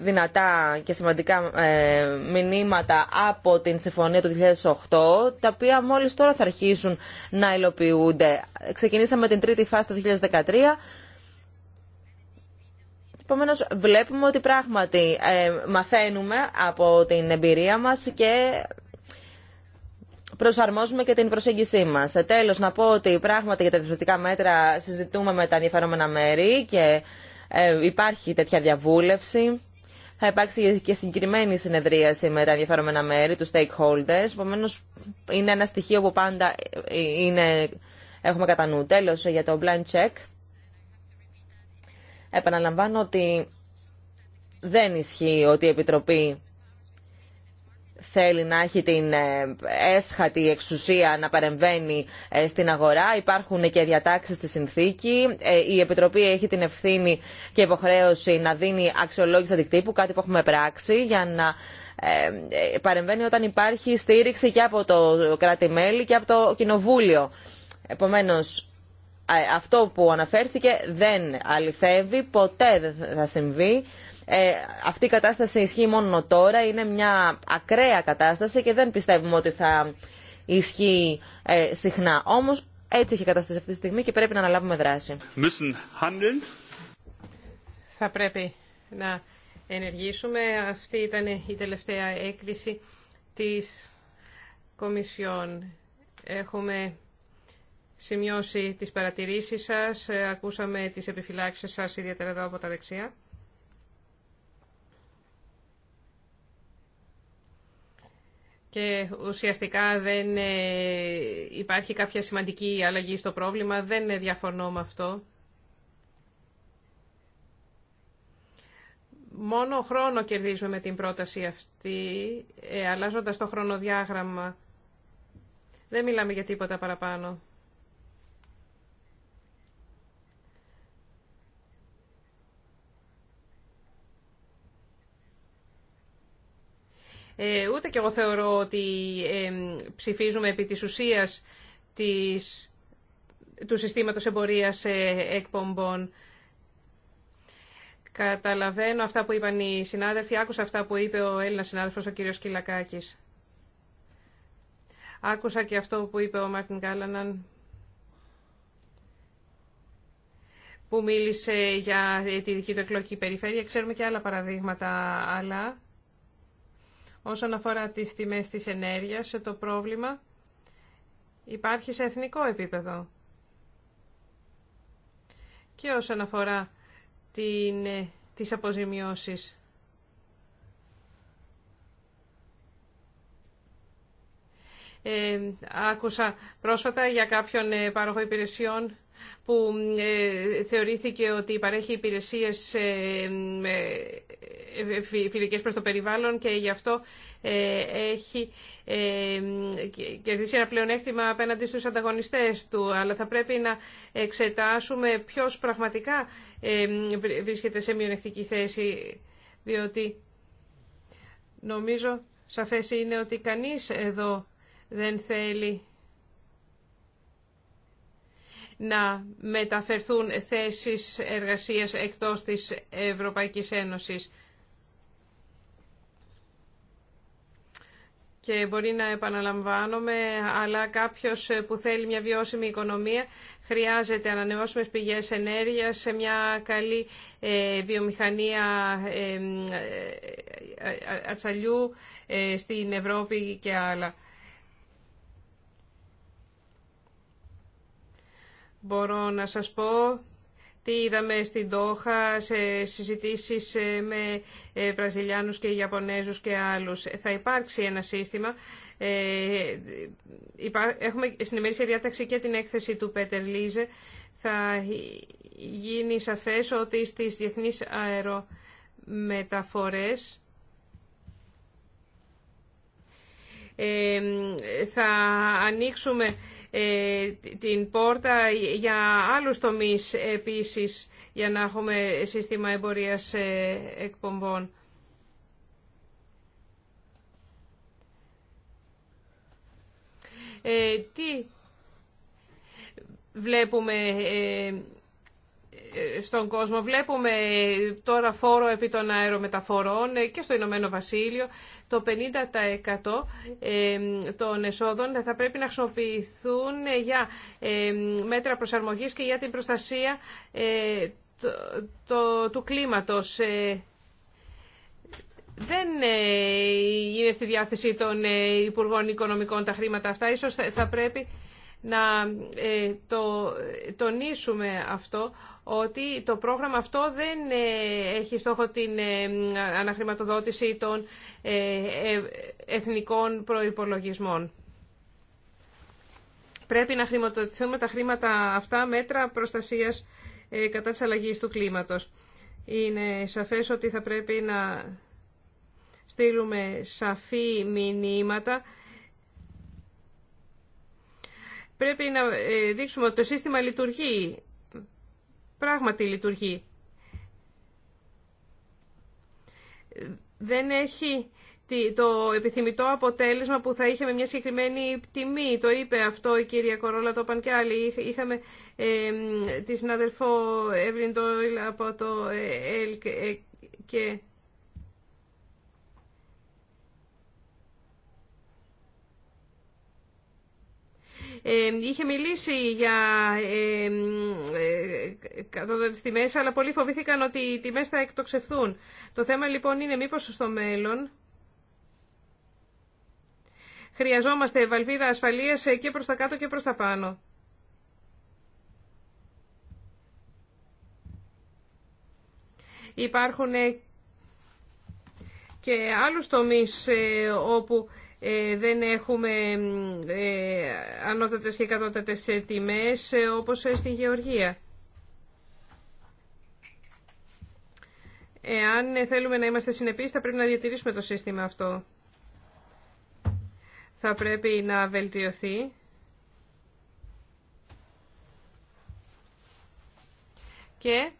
δυνατά και σημαντικά ε, μηνύματα από την συμφωνία του 2008, τα οποία μόλις τώρα θα αρχίσουν να υλοποιούνται. Ξεκινήσαμε την τρίτη φάση το 2013. Επομένω, βλέπουμε ότι πράγματι ε, μαθαίνουμε από την εμπειρία μας και προσαρμόζουμε και την προσέγγιση μα. Τέλο να πω ότι πράγματι για τα διευθυντικά μέτρα συζητούμε με τα ενδιαφέρομενα μέρη και ε, υπάρχει τέτοια διαβούλευση. Θα υπάρξει και συγκεκριμένη συνεδρίαση με τα ενδιαφέρομενα μέρη, του stakeholders. Επομένω, είναι ένα στοιχείο που πάντα ε, είναι, έχουμε κατά νου. Τέλο, για το blind check. Επαναλαμβάνω ότι δεν ισχύει ότι η Επιτροπή θέλει να έχει την ε, έσχατη εξουσία να παρεμβαίνει ε, στην αγορά. Υπάρχουν και διατάξεις στη συνθήκη. Ε, η Επιτροπή έχει την ευθύνη και υποχρέωση να δίνει αξιολόγηση αντικτύπου, κάτι που έχουμε πράξει, για να παρεμβαίνει όταν υπάρχει στήριξη και από το κράτη-μέλη και από το Κοινοβούλιο. Επομένως, αυτό που αναφέρθηκε δεν αληθεύει, ποτέ δεν θα συμβεί. Ε, αυτή η κατάσταση ισχύει μόνο τώρα, είναι μια ακραία κατάσταση και δεν πιστεύουμε ότι θα ισχύει ε, συχνά. Όμως έτσι έχει κατάσταση αυτή τη στιγμή και πρέπει να αναλάβουμε δράση. Θα πρέπει να ενεργήσουμε. Αυτή ήταν η τελευταία έκκληση της Κομισιόν. Έχουμε σημειώσει τις παρατηρήσεις σας, ακούσαμε τις επιφυλάξεις σας ιδιαίτερα εδώ από τα δεξιά. και ουσιαστικά δεν ε, υπάρχει κάποια σημαντική αλλαγή στο πρόβλημα. Δεν ε, διαφωνώ με αυτό. Μόνο χρόνο κερδίζουμε με την πρόταση αυτή, ε, αλλάζοντας το χρονοδιάγραμμα. Δεν μιλάμε για τίποτα παραπάνω. Ε, ούτε και εγώ θεωρώ ότι ψηφίζουμε επί της ουσίας του συστήματος εμπορίας ε, εκπομπών. Καταλαβαίνω αυτά που είπαν οι συνάδελφοι, άκουσα αυτά που είπε ο Έλληνας συνάδελφος ο κύριος Κυλακάκης. Άκουσα και αυτό που είπε ο Μάρτιν Κάλαναν που μίλησε για ε, τη δική του εκλογική περιφέρεια. Ξέρουμε και άλλα παραδείγματα, αλλά Όσον αφορά τις τιμές της ενέργειας, το πρόβλημα υπάρχει σε εθνικό επίπεδο. Και όσον αφορά την, ε, τις αποζημιώσεις. Ε, άκουσα πρόσφατα για κάποιον ε, πάροχο υπηρεσιών που θεωρήθηκε ότι παρέχει υπηρεσίες Φιλικέ προς το περιβάλλον και γι' αυτό ε, έχει ε, κερδίσει ένα πλεονέκτημα απέναντι στου ανταγωνιστές του. Αλλά θα πρέπει να εξετάσουμε ποιο πραγματικά ε, βρίσκεται σε μειονεκτική θέση, διότι νομίζω σαφές είναι ότι κανείς εδώ δεν θέλει να μεταφερθούν θέσεις εργασίας εκτός της Ευρωπαϊκής Ένωσης. και μπορεί να επαναλαμβάνομαι, αλλά κάποιος που θέλει μια βιώσιμη οικονομία χρειάζεται ανανεώσιμες πηγές ενέργειας σε μια καλή ε, βιομηχανία ε, ε, ατσαλιού στην Ευρώπη και άλλα. Μπορώ να σας πω τι είδαμε στην Τόχα σε συζητήσεις ε, με ε, Βραζιλιάνους και Ιαπωνέζους και άλλους. Θα υπάρξει ένα σύστημα. Ε, έχουμε στην ημερήσια διάταξη και την έκθεση του Πέτερ Λίζε. Θα γίνει σαφές ότι στις διεθνείς αερομεταφορές θα ανοίξουμε ε, την πόρτα για άλλους τομείς επίσης για να έχουμε σύστημα εμπορίας ε, εκπομπών. Ε, τι βλέπουμε στον κόσμο. Βλέπουμε τώρα φόρο επί των αερομεταφορών και στο Ηνωμένο Βασίλειο. Το 50% των εσόδων θα πρέπει να χρησιμοποιηθούν για μέτρα προσαρμογής και για την προστασία ε, του κλίματος. Ε, δεν ε, είναι στη διάθεση των Υπουργών Οικονομικών τα χρήματα αυτά. Ίσως θα πρέπει να το τονίσουμε αυτό ότι το πρόγραμμα αυτό δεν ε, έχει στόχο την ε, αναχρηματοδότηση των ε, εθνικών προϋπολογισμών. Πρέπει να χρηματοδοτηθούμε τα χρήματα αυτά μέτρα προστασίας κατά της αλλαγής του κλίματος. Είναι σαφές ότι θα πρέπει να στείλουμε σαφή μηνύματα. Πρέπει να δείξουμε ότι το σύστημα λειτουργεί πράγματι λειτουργεί. Δεν έχει το επιθυμητό αποτέλεσμα που θα είχε με μια συγκεκριμένη τιμή. Το είπε αυτό η κυρία Κορόλα, το είπαν και άλλοι. Είχαμε ε, τη συναδελφό Εύριν από το ΕΛΚ ε, και Ε, είχε μιλήσει για κατώτατες ε, ε, τιμές, αλλά πολλοί φοβήθηκαν ότι οι τιμές θα εκτοξευθούν. Το θέμα λοιπόν είναι μήπως στο μέλλον χρειαζόμαστε βαλβίδα ασφαλείας και προς τα κάτω και προς τα πάνω. Υπάρχουν και άλλους τομείς όπου ε, δεν έχουμε ε, ανώτατες και κατώτατες ε, τιμές όπως στην Γεωργία. Εάν θέλουμε να είμαστε συνεπείς θα πρέπει να διατηρήσουμε το σύστημα αυτό. Θα πρέπει να βελτιωθεί. Και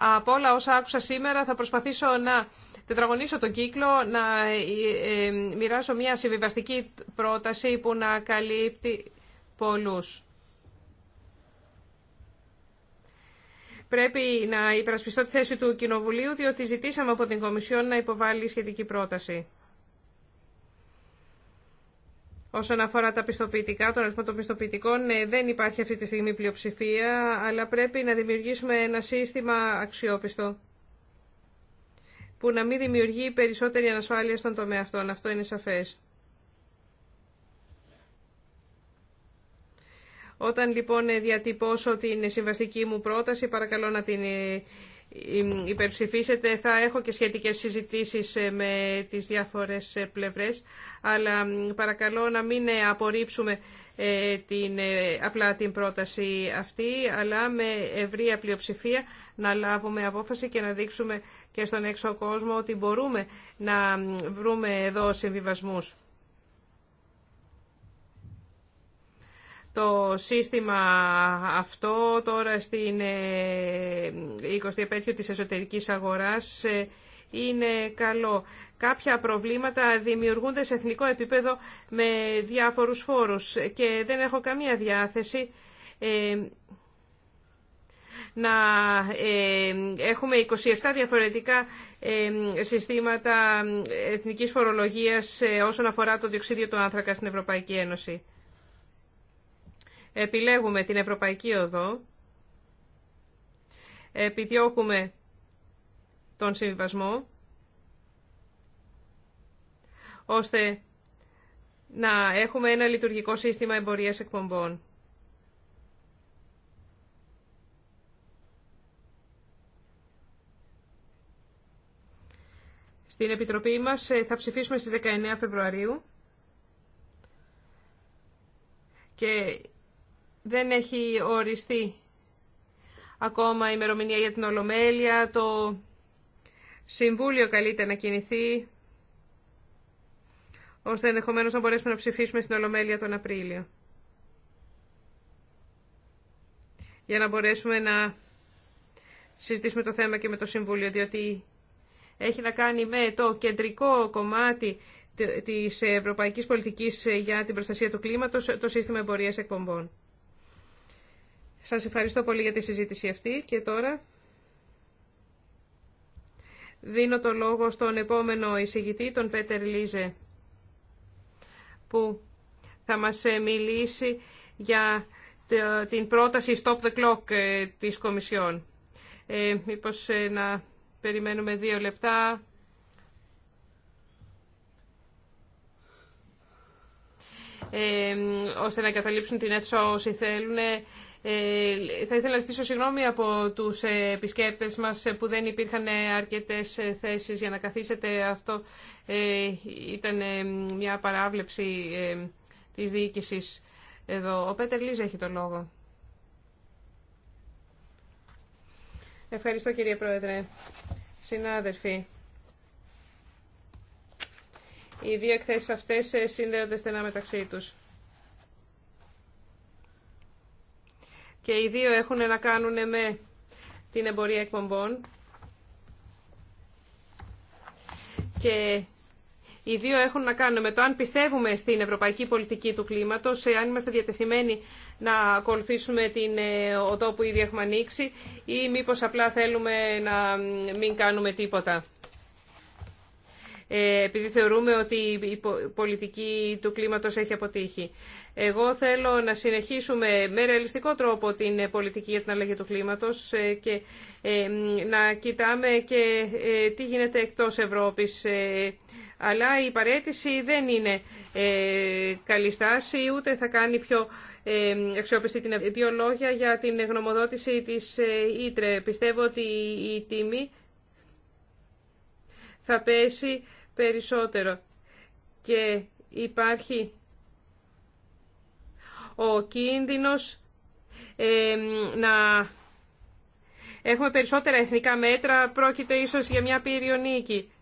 Από όλα όσα άκουσα σήμερα θα προσπαθήσω να τετραγωνίσω τον κύκλο, να ε, ε, μοιράσω μια συμβιβαστική πρόταση που να καλύπτει πολλούς. Πρέπει να υπερασπιστώ τη θέση του Κοινοβουλίου, διότι ζητήσαμε από την Κομισιόν να υποβάλει σχετική πρόταση. Όσον αφορά τα πιστοποιητικά, τον αριθμό των πιστοποιητικών, ναι, δεν υπάρχει αυτή τη στιγμή πλειοψηφία, αλλά πρέπει να δημιουργήσουμε ένα σύστημα αξιόπιστο που να μην δημιουργεί περισσότερη ανασφάλεια στον τομέα αυτόν. Αυτό είναι σαφές. Όταν λοιπόν διατυπώσω την συμβαστική μου πρόταση, παρακαλώ να την υπερψηφίσετε θα έχω και σχετικές συζητήσεις ε, με τις διάφορες ε, πλευρές αλλά παρακαλώ να μην ε, απορρίψουμε την, απλά την πρόταση αυτή αλλά με ευρία πλειοψηφία να λάβουμε απόφαση και να δείξουμε και στον έξω κόσμο ότι μπορούμε να βρούμε εδώ συμβιβασμούς. το σύστημα αυτό τώρα στην 20η ε, επέτειο της εσωτερικής αγοράς ε, είναι καλό. Κάποια προβλήματα δημιουργούνται σε εθνικό επίπεδο με διάφορους φόρους και δεν έχω καμία διάθεση ε, να έχουμε 27 διαφορετικά συστήματα εθνικής φορολογίας όσον αφορά το διοξίδιο του άνθρακα στην Ευρωπαϊκή Ένωση επιλέγουμε την ευρωπαϊκή οδό, επιδιώκουμε τον συμβιβασμό, ώστε να έχουμε ένα λειτουργικό σύστημα εμπορίας εκπομπών. Στην Επιτροπή μας ε, θα ψηφίσουμε στις 19 Φεβρουαρίου και δεν έχει οριστεί ακόμα η ημερομηνία για την Ολομέλεια. Το Συμβούλιο καλείται να κινηθεί, ώστε ενδεχομένως να μπορέσουμε να ψηφίσουμε στην Ολομέλεια τον Απρίλιο. Για να μπορέσουμε να συζητήσουμε το θέμα και με το Συμβούλιο, διότι έχει να κάνει με το κεντρικό κομμάτι της ευρωπαϊκής πολιτικής για την προστασία του κλίματος, το σύστημα εμπορίας εκπομπών. Σας ευχαριστώ πολύ για τη συζήτηση αυτή και τώρα δίνω το λόγο στον επόμενο εισηγητή, τον Πέτερ Λίζε, που θα μας ε, μιλήσει για την πρόταση Stop the Clock ε, της Κομισιόν. Ε, μήπως ε, να περιμένουμε δύο λεπτά. Ε, ώστε να καταλήψουν την αίθουσα όσοι θέλουν. Ε, θα ήθελα να ζητήσω συγγνώμη από τους επισκέπτες μας που δεν υπήρχαν αρκετές θέσεις για να καθίσετε. Αυτό ε, ήταν ε, μια παράβλεψη της διοίκησης εδώ. Ο Πέτερ Λίζα έχει το λόγο. Ευχαριστώ κύριε Πρόεδρε. Συνάδελφοι. Οι δύο εκθέσεις αυτές συνδέονται στενά μεταξύ τους. και οι δύο έχουν να κάνουν με την εμπορία εκπομπών. Και οι δύο έχουν να κάνουν με το αν πιστεύουμε στην ευρωπαϊκή πολιτική του κλίματος, αν είμαστε διατεθειμένοι να ακολουθήσουμε την ε, οδό που ήδη έχουμε ανοίξει ή μήπως απλά θέλουμε να μην κάνουμε τίποτα. Ε, επειδή θεωρούμε ότι η πολιτική του κλίματος έχει αποτύχει. Εγώ θέλω να συνεχίσουμε με ρεαλιστικό τρόπο την ε, πολιτική για την αλλαγή του κλίματος ε, και ε, να κοιτάμε και τι γίνεται εκτός Ευρώπης. Αλλά η παρέτηση δεν είναι καλή στάση, ούτε θα κάνει πιο αξιοπιστή την Δύο λόγια για την γνωμοδότηση της Ήτρε. Πιστεύω ότι η τιμή θα πέσει περισσότερο. Και υπάρχει ο κίνδυνος να έχουμε περισσότερα εθνικά μέτρα πρόκειται ίσως για μια πύριο νίκη.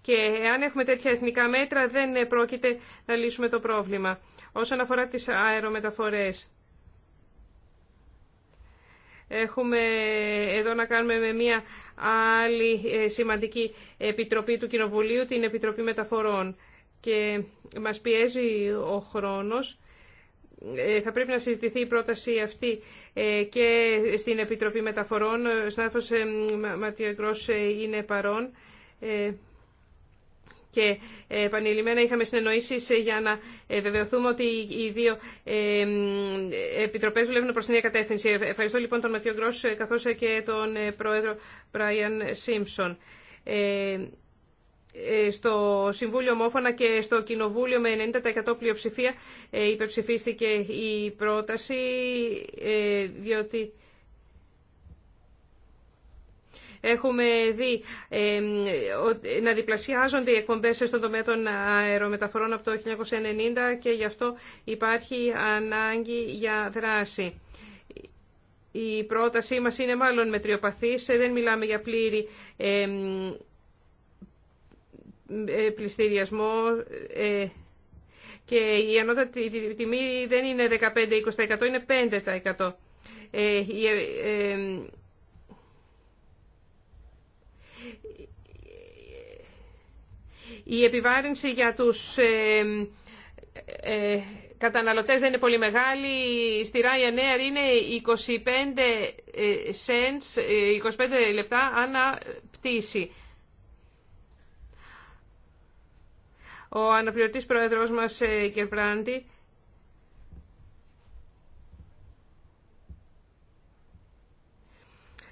και αν έχουμε τέτοια εθνικά μέτρα δεν ε, πρόκειται να λύσουμε το πρόβλημα. Όσον αφορά τις αερομεταφορές, έχουμε εδώ να κάνουμε με μια άλλη ε, σημαντική επιτροπή του Κοινοβουλίου, την Επιτροπή Μεταφορών και μας πιέζει ο χρόνος. Ε, θα πρέπει να συζητηθεί η πρόταση αυτή ε, και στην Επιτροπή Μεταφορών. Ο συνάδελφος ε, ε, είναι παρόν και επανειλημμένα είχαμε συνεννοήσει για να βεβαιωθούμε ότι οι δύο επιτροπές δουλεύουν προς την ίδια κατεύθυνση. Ευχαριστώ λοιπόν τον Ματιό Γκρός καθώς και τον πρόεδρο Brian Simpson. Ε, στο Συμβούλιο Ομόφωνα και στο Κοινοβούλιο με 90% πλειοψηφία ε, υπερψηφίστηκε η πρόταση, ε, διότι έχουμε δει να διπλασιάζονται οι εκπομπές στον τομέα των αερομεταφορών από το 1990 και γι' αυτό υπάρχει ανάγκη για δράση. Η πρότασή μας είναι μάλλον μετριοπαθής, δεν μιλάμε για πλήρη ε, πληστηριασμό ε, και η ανώτατη τιμή δεν είναι 15-20%, είναι 5%. Ε, η επιβάρυνση για τους καταναλωτές δεν είναι πολύ μεγάλη. Στη Ryanair είναι 25 cents, 25 λεπτά ανά πτήση. Ο αναπληρωτής πρόεδρος μας, ε, Κερπράντη,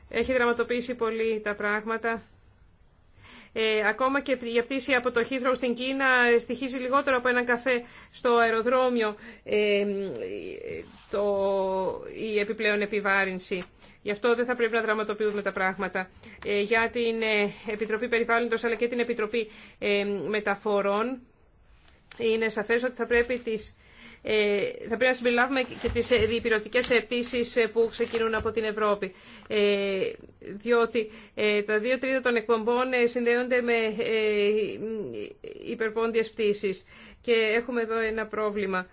έχει δραματοποιήσει πολύ τα πράγματα. Ε, ακόμα και για πτήση από το Χίθρο στην Κίνα στοιχίζει λιγότερο από ένα καφέ στο αεροδρόμιο ε, το, η επιπλέον επιβάρυνση. Γι' αυτό δεν θα πρέπει να δραματοποιούμε τα πράγματα. Ε, για την Επιτροπή Περιβάλλοντος αλλά και την Επιτροπή Μεταφορών είναι σαφές ότι θα πρέπει τις ε, θα πρέπει να συμπεριλάβουμε και τις διπυρωτικές αιτήσει ε, που ξεκινούν από την Ευρώπη. Ε, διότι τα δύο τρίτα των εκπομπών συνδέονται με υπερπόντιες πτήσεις. Και έχουμε εδώ ένα πρόβλημα.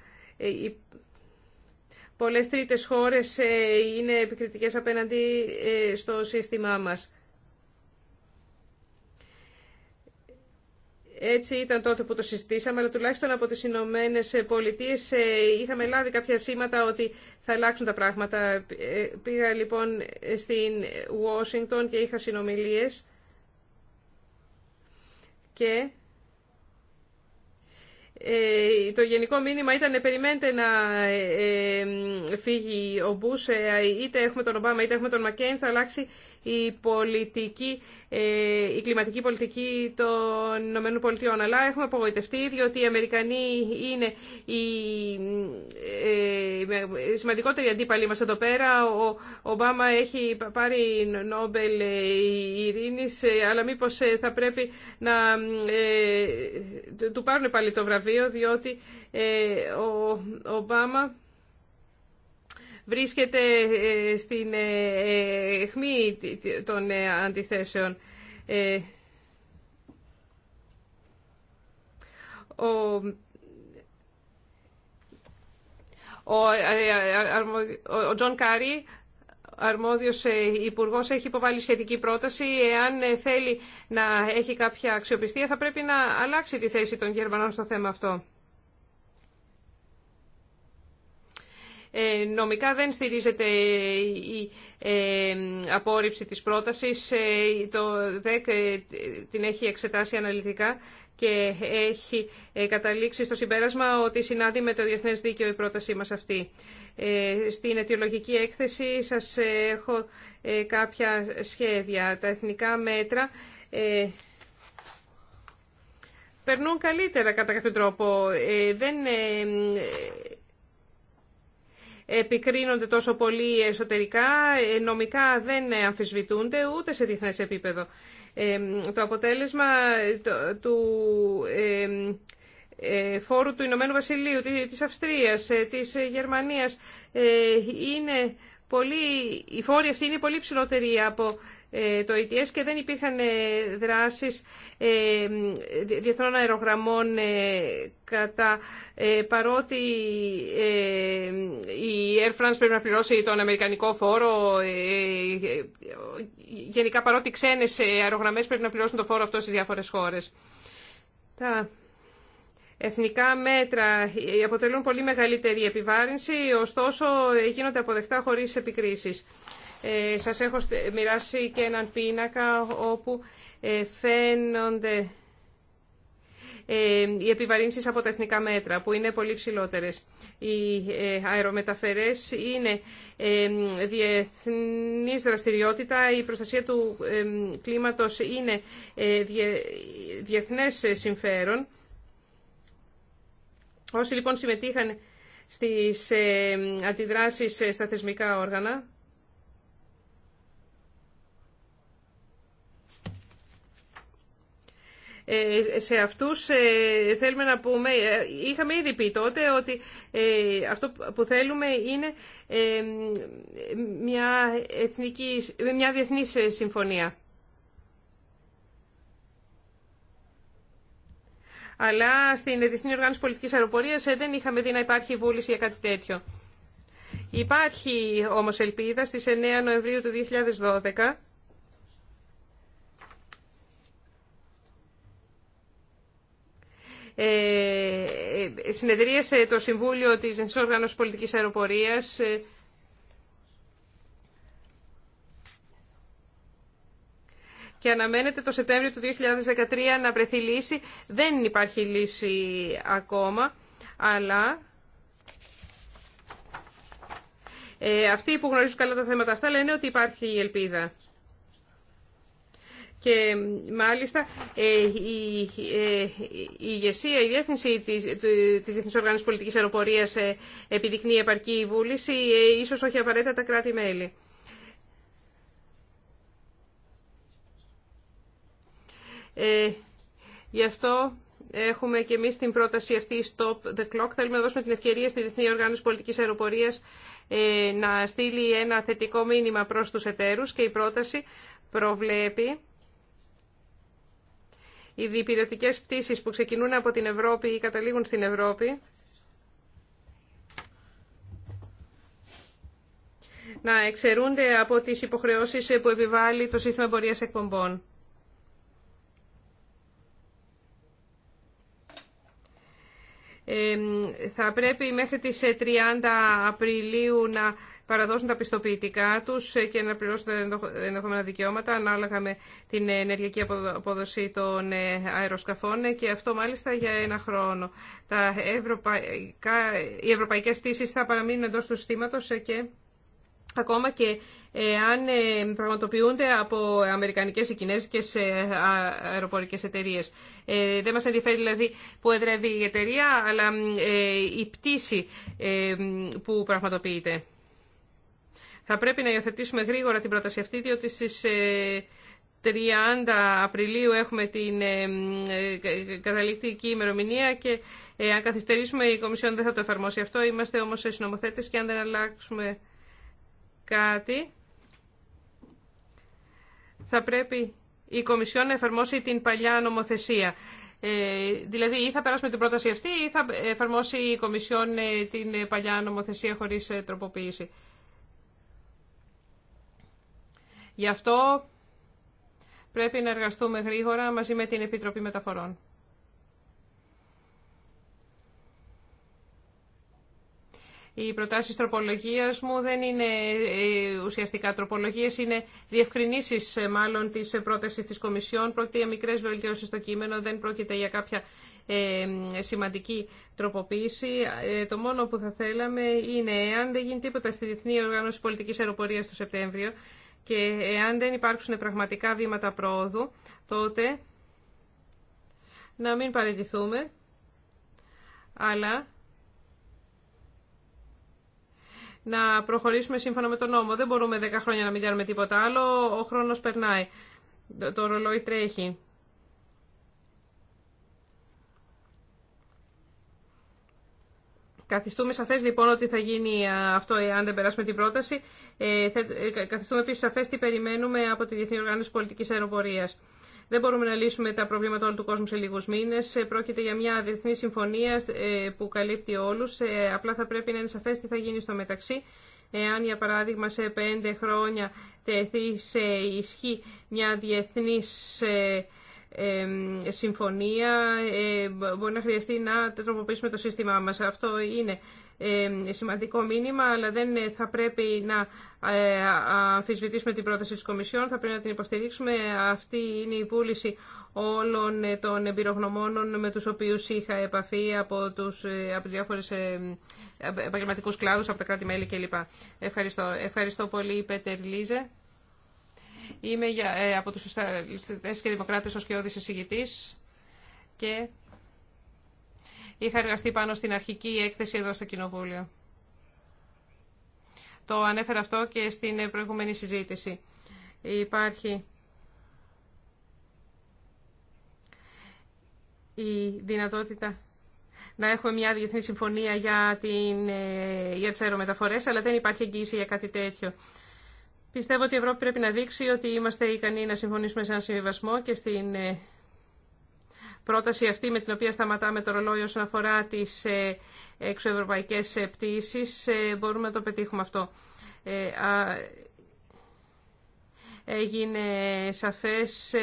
πολλές τρίτες χώρες είναι επικριτικές απέναντι στο σύστημά μας. Έτσι ήταν τότε που το συστήσαμε, αλλά τουλάχιστον από τις Ηνωμένε Πολιτείε ε, είχαμε λάβει κάποια σήματα ότι θα αλλάξουν τα πράγματα. Ε, πήγα λοιπόν στην Ουάσιγκτον και είχα συνομιλίες και ε, το γενικό μήνυμα ήταν περιμένετε να φύγει ο Μπούς, είτε έχουμε τον Ομπάμα είτε έχουμε τον Μακέιν, θα αλλάξει η, πολιτική, ε, η κλιματική πολιτική των ΗΠΑ. Αλλά έχουμε απογοητευτεί διότι οι Αμερικανοί είναι οι ε, σημαντικότεροι αντίπαλοι μας εδώ πέρα. Ο Ομπάμα έχει πάρει Νόμπελ ε, ειρήνης, αλλά μήπως θα πρέπει να του πάρουν πάλι το βραβείο διότι ο Ομπάμα βρίσκεται στην αιχμή των αντιθέσεων. Ο ο Τζον Κάρι, αρμόδιος ε, υπουργός, έχει υποβάλει σχετική πρόταση. Εάν ε, θέλει να έχει κάποια αξιοπιστία θα πρέπει να αλλάξει τη θέση των Γερμανών στο θέμα αυτό. Ε, νομικά δεν στηρίζεται η ε, απόρριψη της πρότασης. Ε, το ΔΕΚ την έχει εξετάσει αναλυτικά και έχει καταλήξει στο συμπέρασμα ότι συνάδει με το Διεθνές Δίκαιο η πρότασή μας αυτή. Στην αιτιολογική έκθεση σας έχω κάποια σχέδια. Τα εθνικά μέτρα περνούν καλύτερα κατά κάποιο τρόπο. Δεν επικρίνονται τόσο πολύ εσωτερικά, ε, νομικά δεν αμφισβητούνται ούτε σε διεθνές επίπεδο. Ε, το αποτέλεσμα ε, του φόρου του Ηνωμένου Βασιλείου, της Αυστρίας, της Γερμανίας είναι πολύ, οι φόροι αυτοί είναι πολύ ψηλότεροι από ε, το ETS και δεν υπήρχαν ε, δράσεις ε, διεθνών αερογραμμών κατά παρότι η Air France πρέπει να πληρώσει τον Αμερικανικό φόρο γενικά παρότι ξένες αερογραμμές πρέπει να πληρώσουν το φόρο αυτό στις διάφορες χώρες. Τα εθνικά μέτρα αποτελούν πολύ μεγαλύτερη επιβάρυνση ωστόσο γίνονται αποδεκτά χωρίς επικρίσεις. Ε, σας έχω μοιράσει και έναν πίνακα όπου ε, φαίνονται ε, οι επιβαρύνσεις από τα εθνικά μέτρα που είναι πολύ ψηλότερες. Οι αερομεταφερές είναι διεθνής δραστηριότητα, η προστασία του κλίματος είναι διεθνές συμφέρον. Όσοι λοιπόν συμμετείχαν στις αντιδράσεις στα θεσμικά όργανα Ε, σε αυτούς ε, θέλουμε να πούμε, ε, είχαμε ήδη πει τότε ότι αυτό που θέλουμε είναι μια, εθνική, μια διεθνής συμφωνία. Αλλά στην Διεθνή Οργάνωση Πολιτικής Αεροπορίας δεν είχαμε δει να υπάρχει βούληση για κάτι τέτοιο. Υπάρχει όμως ελπίδα στις 9 Νοεμβρίου του 2012 Ε, ε, συνεδρίασε το Συμβούλιο της Ενσόργανος Πολιτικής Αεροπορίας ε, και αναμένεται το Σεπτέμβριο του 2013 να βρεθεί λύση. Δεν υπάρχει λύση ακόμα, αλλά αυτοί που γνωρίζουν καλά τα θέματα αυτά λένε ότι υπάρχει η ελπίδα και μάλιστα ε, ε, η ηγεσία, η διεύθυνση της, της Διεθνής Οργάνωσης Πολιτικής Αεροπορίας ε, επιδεικνύει επαρκή βούληση, ίσως όχι απαραίτητα τα κράτη-μέλη. Ε, γι' αυτό έχουμε και εμείς την πρόταση αυτή Stop the Clock. Θέλουμε να δώσουμε την ευκαιρία στη Διεθνή Οργάνωση Πολιτικής Αεροπορίας να στείλει ένα θετικό μήνυμα προς τους εταίρους και η πρόταση προβλέπει οι διπηρετικές πτήσεις που ξεκινούν από την Ευρώπη ή καταλήγουν στην Ευρώπη να εξαιρούνται από τις υποχρεώσεις που επιβάλλει το σύστημα εμπορίας εκπομπών. Ε, θα πρέπει μέχρι τις 30 Απριλίου να παραδώσουν τα πιστοποιητικά του ε, και να πληρώσουν τα ενδεχόμενα δικαιώματα ανάλογα με την ενεργειακή αποδοσή των ε, αεροσκαφών ε, και αυτό μάλιστα για ένα χρόνο. Τα ευρωπαϊκά, οι ευρωπαϊκέ πτήσει θα παραμείνουν εντό του συστήματο και ακόμα και αν πραγματοποιούνται από αμερικανικές ή κινέζικες αεροπορικές εταιρείες. Δεν μας ενδιαφέρει δηλαδή που εδρεύει η εταιρεία, αλλά η πτήση που πραγματοποιείται. Θα πρέπει να υιοθετήσουμε γρήγορα την πρόταση αυτή, διότι στις 30 ε, Απριλίου έχουμε την ε, ε, καταληκτική ημερομηνία και αν καθυστερήσουμε η Κομισιόν δεν θα το εφαρμόσει αυτό. Είμαστε όμως συνομοθέτες και αν δεν αλλάξουμε κάτι θα πρέπει η Κομισιόν να εφαρμόσει την παλιά νομοθεσία. Ε, δηλαδή ή θα περάσουμε την πρόταση αυτή ή θα εφαρμόσει η Κομισιόν την παλιά νομοθεσία χωρίς τροποποίηση. Γι' αυτό πρέπει να εργαστούμε γρήγορα μαζί με την Επιτροπή Μεταφορών. Οι προτάσεις τροπολογίας μου δεν είναι ε, ουσιαστικά τροπολογίες, είναι διευκρινήσεις ε, μάλλον της ε, πρότασης της Κομισιόν. Πρόκειται για μικρές βελτιώσεις στο κείμενο, δεν πρόκειται για κάποια σημαντική τροποποίηση. το μόνο που θα θέλαμε είναι, εάν δεν γίνει τίποτα στη Διεθνή Οργάνωση Πολιτικής Αεροπορίας το Σεπτέμβριο, και εάν δεν υπάρξουν πραγματικά βήματα πρόοδου, τότε να μην παραιτηθούμε, αλλά να προχωρήσουμε σύμφωνα με τον νόμο. Δεν μπορούμε 10 χρόνια να μην κάνουμε τίποτα άλλο, ο χρόνος περνάει, το ρολόι τρέχει. Καθιστούμε σαφέ λοιπόν ότι θα γίνει ε, αυτό ε, αν δεν περάσουμε την πρόταση. Ε, καθιστούμε επίση σαφέ τι περιμένουμε από τη Διεθνή Οργάνωση Πολιτική Αεροπορία. Δεν μπορούμε να λύσουμε τα προβλήματα όλου του κόσμου σε λίγου μήνε. Πρόκειται για μια διεθνή συμφωνία που καλύπτει όλου. Απλά θα πρέπει να είναι σαφέ τι θα γίνει στο μεταξύ. Εάν, για παράδειγμα, σε πέντε χρόνια τεθεί σε ισχύ μια διεθνής συμφωνία ε, μπορεί να χρειαστεί να τροποποιήσουμε το σύστημά μας. Αυτό είναι σημαντικό μήνυμα, αλλά δεν ε, θα πρέπει να ε, αμφισβητήσουμε την πρόταση της Κομισιόν, θα πρέπει να την υποστηρίξουμε. Αυτή είναι η βούληση όλων των εμπειρογνωμόνων με τους οποίους είχα επαφή από τους από διάφορες επαγγελματικούς κλάδους, από τα κράτη-μέλη κλπ. Ευχαριστώ. Ευχαριστώ πολύ, Πέτερ Λίζε. Είμαι ε, από τους Σοσιαλιστές και Δημοκράτες ως όδης εισηγητής και είχα εργαστεί πάνω στην αρχική έκθεση εδώ στο Κοινοβούλιο. Το ανέφερα αυτό και στην προηγούμενη συζήτηση. Υπάρχει η δυνατότητα να έχουμε μια διεθνή συμφωνία για, την, ε, για τις αερομεταφορές, αλλά δεν υπάρχει εγγύηση για κάτι τέτοιο. Πιστεύω ότι η Ευρώπη πρέπει να δείξει ότι είμαστε ικανοί να συμφωνήσουμε σε ένα συμβιβασμό και στην ε, πρόταση αυτή με την οποία σταματάμε το ρολόι όσον αφορά τις ε, εξωευρωπαϊκές ε, πτήσεις μπορούμε να το πετύχουμε αυτό. Έγινε σαφές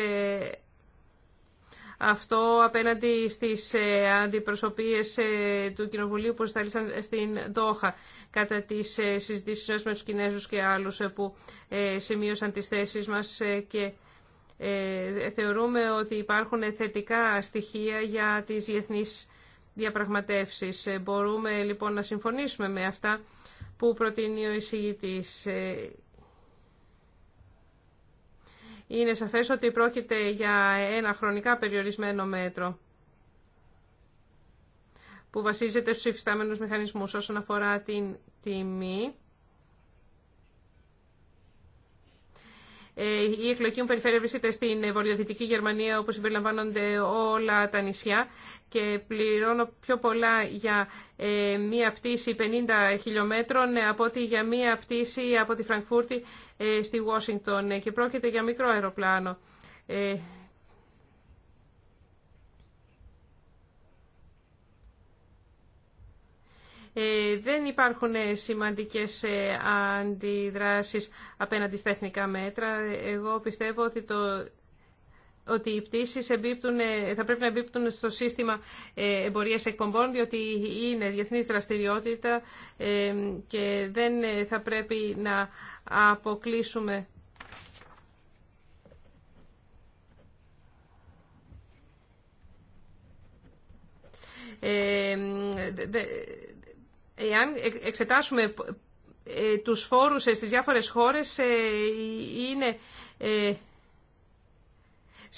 αυτό απέναντι στις ε, αντιπροσωπείες ε, του Κοινοβουλίου που στάλησαν στην Τόχα κατά τις ε, συζητήσεις μας με τους Κινέζους και άλλους που σημείωσαν τις θέσεις μας και θεωρούμε ότι υπάρχουν θετικά στοιχεία για τις διεθνείς διαπραγματεύσεις. Μπορούμε λοιπόν να συμφωνήσουμε με αυτά που προτείνει ο εισηγητής. Είναι σαφές ότι πρόκειται για ένα χρονικά περιορισμένο μέτρο που βασίζεται στους υφιστάμενους μηχανισμούς όσον αφορά την τιμή. Ε, η εκλογική μου περιφέρεια βρίσκεται στην βορειοδυτική Γερμανία, όπως συμπεριλαμβάνονται όλα τα νησιά και πληρώνω πιο πολλά για ε, μία πτήση 50 χιλιόμετρων ε, από ότι για μία πτήση από τη Φραγκφούρτη ε, στη Washington ε, και πρόκειται για μικρό αεροπλάνο. Ε, δεν υπάρχουν σημαντικές αντιδράσεις απέναντι στα εθνικά μέτρα. Εγώ πιστεύω ότι το ότι οι πτήσει ε, θα πρέπει να εμπίπτουν στο σύστημα ε, εμπορία εκπομπών, διότι είναι διεθνή δραστηριότητα ε, και δεν θα πρέπει να αποκλείσουμε εάν εξετάσουμε τους φόρους στις διάφορες χώρες είναι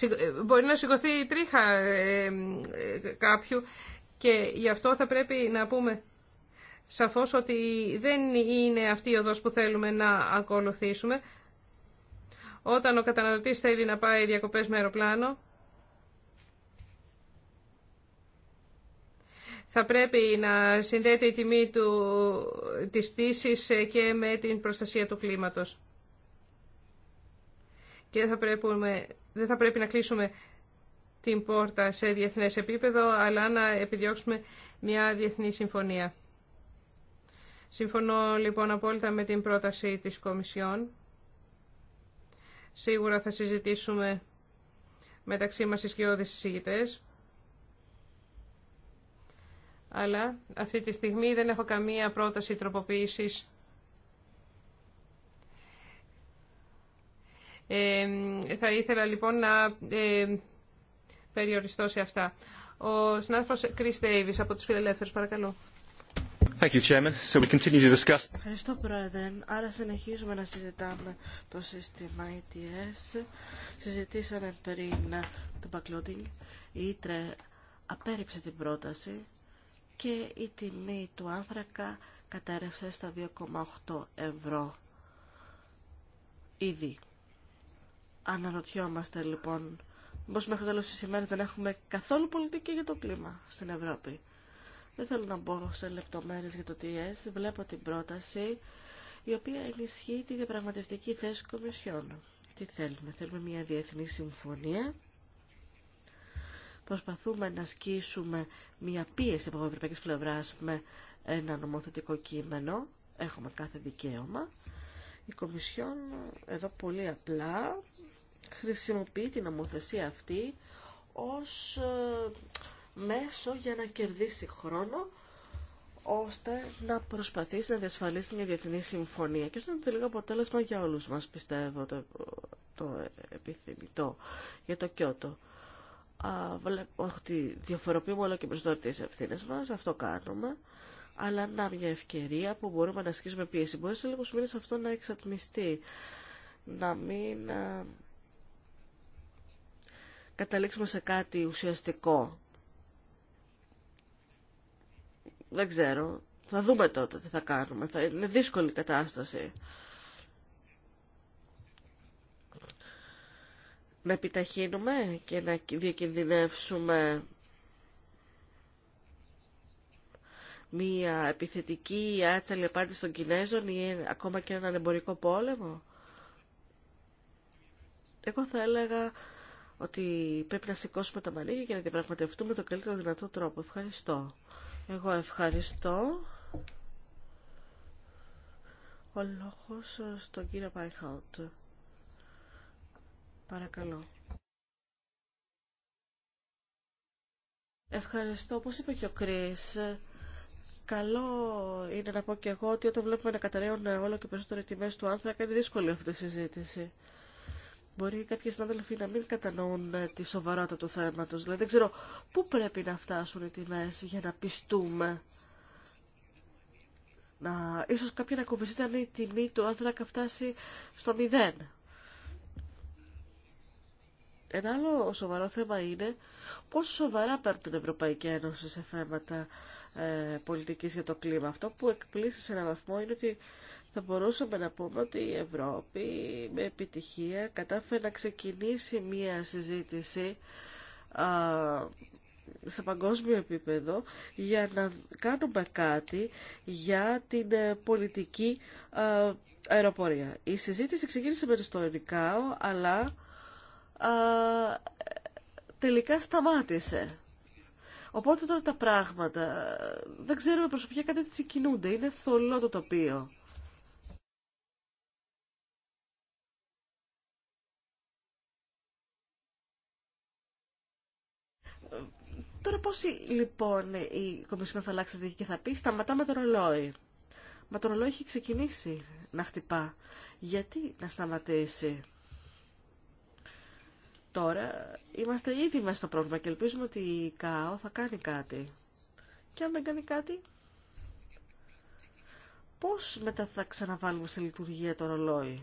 ε, μπορεί να σηκωθεί τρίχα ε, ε, κάποιου και γι' αυτό θα πρέπει να πούμε σαφώς ότι δεν είναι αυτή η οδός που θέλουμε να ακολουθήσουμε. Όταν ο καταναλωτής θέλει να πάει διακοπές με αεροπλάνο, θα πρέπει να συνδέεται η τιμή του, της πτήσης και με την προστασία του κλίματος και θα δεν θα πρέπει να κλείσουμε την πόρτα σε διεθνές επίπεδο, αλλά να επιδιώξουμε μια διεθνή συμφωνία. Συμφωνώ λοιπόν απόλυτα με την πρόταση της Κομισιόν. Σίγουρα θα συζητήσουμε μεταξύ μας οι σκιώδεις Αλλά αυτή τη στιγμή δεν έχω καμία πρόταση τροποποίησης θα ήθελα λοιπόν να περιοριστώ σε αυτά. Ο συνάδελφος Chris Davis από τους Φιλελεύθερους, παρακαλώ. Thank you, Chairman. So we continue to discuss... Ευχαριστώ, Πρόεδρε. Άρα συνεχίζουμε να συζητάμε το σύστημα ETS. Συζητήσαμε πριν το backloading. Η Ήτρε απέριψε την πρόταση και η τιμή του άνθρακα κατέρευσε στα 2,8 ευρώ ήδη. Αναρωτιόμαστε λοιπόν πως μέχρι το τέλος της ημέρας δεν έχουμε καθόλου πολιτική για το κλίμα στην Ευρώπη. Δεν θέλω να μπω σε λεπτομέρειες για το τι Βλέπω την πρόταση η οποία ενισχύει τη διαπραγματευτική θέση κομισιών. Τι θέλουμε. Θέλουμε μια διεθνή συμφωνία. Προσπαθούμε να ασκήσουμε μια πίεση από ευρωπαϊκής πλευράς με ένα νομοθετικό κείμενο. Έχουμε κάθε δικαίωμα. Η Κομισιόν εδώ πολύ απλά χρησιμοποιεί την νομοθεσία αυτή ως ε, μέσο για να κερδίσει χρόνο ώστε να προσπαθήσει να διασφαλίσει μια διεθνή συμφωνία. Και αυτό το τελικό αποτέλεσμα για όλους μας, πιστεύω, το, το επιθυμητό για το Κιώτο. Α, βλέπω ότι διαφοροποιούμε όλο και περισσότερο τις ευθύνες μας, αυτό κάνουμε αλλά να μια ευκαιρία που μπορούμε να ασκήσουμε πίεση. Μπορεί σε λίγου μήνες αυτό να εξατμιστεί, να μην καταλήξουμε σε κάτι ουσιαστικό. Δεν ξέρω. Θα δούμε τότε τι θα κάνουμε. Θα είναι δύσκολη κατάσταση. Να επιταχύνουμε και να διακινδυνεύσουμε μία επιθετική άτσαλη απάντηση των Κινέζων ή ακόμα και έναν εμπορικό πόλεμο. Εγώ θα έλεγα ότι πρέπει να σηκώσουμε τα μανίκια και να διαπραγματευτούμε τον καλύτερο δυνατό τρόπο. Ευχαριστώ. Εγώ ευχαριστώ. Ο λόγος στον κύριο Πάιχαουτ. Παρακαλώ. Ευχαριστώ. Όπως είπε και ο Κρίς, Καλό είναι να πω και εγώ ότι όταν βλέπουμε να καταραίουν όλο και περισσότερο οι τιμές του άνθρακα είναι δύσκολη αυτή η συζήτηση. Μπορεί κάποιοι συνάδελφοι να μην κατανοούν ε, τη σοβαρότητα του θέματος. Δηλαδή δεν ξέρω πού πρέπει να φτάσουν οι τιμέ για να πιστούμε. Να... Ίσως κάποια να κοβιστεί αν η τιμή του άνθρακα φτάσει στο μηδέν. Ένα άλλο σοβαρό θέμα είναι πόσο σοβαρά παίρνει την Ευρωπαϊκή Ένωση σε θέματα ε, πολιτικής για το κλίμα. Αυτό που εκπλήσει σε έναν βαθμό είναι ότι θα μπορούσαμε να πούμε ότι η Ευρώπη με επιτυχία κατάφερε να ξεκινήσει μία συζήτηση α, σε παγκόσμιο επίπεδο για να κάνουμε κάτι για την ε, πολιτική α, αεροπορία. Η συζήτηση ξεκίνησε με το αλλά τελικά σταμάτησε. Οπότε τώρα τα πράγματα δεν ξέρουμε προσωπικά κάτι τι κινούνται. Είναι θολό το τοπίο. Τώρα πώς λοιπόν η Κομισιόν θα αλλάξει και θα πει σταματάμε το ρολόι. Μα το ρολόι έχει ξεκινήσει να χτυπά. Γιατί να σταματήσει. Τώρα είμαστε ήδη μέσα στο πρόβλημα και ελπίζουμε ότι η ΚΑΟ θα κάνει κάτι. Και αν δεν κάνει κάτι, πώς μετά θα ξαναβάλουμε σε λειτουργία το ρολόι.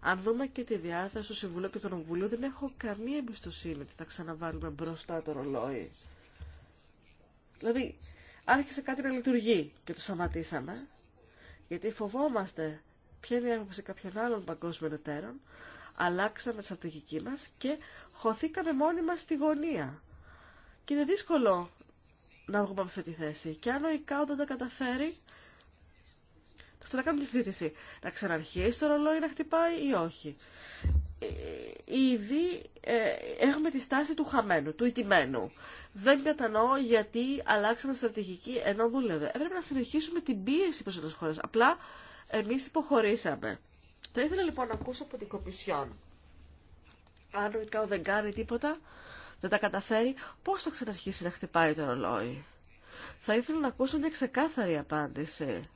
Αν δούμε και τη διάθεση του Συμβουλίου και του Νομβουλίου, δεν έχω καμία εμπιστοσύνη ότι θα ξαναβάλουμε μπροστά το ρολόι. Δηλαδή, άρχισε κάτι να λειτουργεί και το σταματήσαμε, γιατί φοβόμαστε ποια είναι η άποψη κάποιων άλλων παγκόσμιων εταίρων, αλλάξαμε τη στρατηγική μα και χωθήκαμε μόνοι μα στη γωνία. Και είναι δύσκολο να βγούμε από αυτή τη θέση. Και αν ο ΙΚΑΟ δεν τα καταφέρει, θα ξανακάνουμε τη συζήτηση. Να ξαναρχίσει το ρολόι να χτυπάει ή όχι. Ε, ήδη ε, έχουμε τη στάση του χαμένου, του ιτημένου. Δεν κατανοώ γιατί αλλάξαμε στρατηγική ενώ δούλευε. Έπρεπε να συνεχίσουμε την πίεση προς τις χώρες. Απλά Εμεί υποχωρήσαμε. Θα ήθελα λοιπόν να ακούσω από την Κομισιόν. Αν ο Ικάο δεν κάνει τίποτα, δεν τα καταφέρει, πώς θα ξαναρχίσει να χτυπάει το ρολόι. Θα ήθελα να ακούσω μια ξεκάθαρη απάντηση.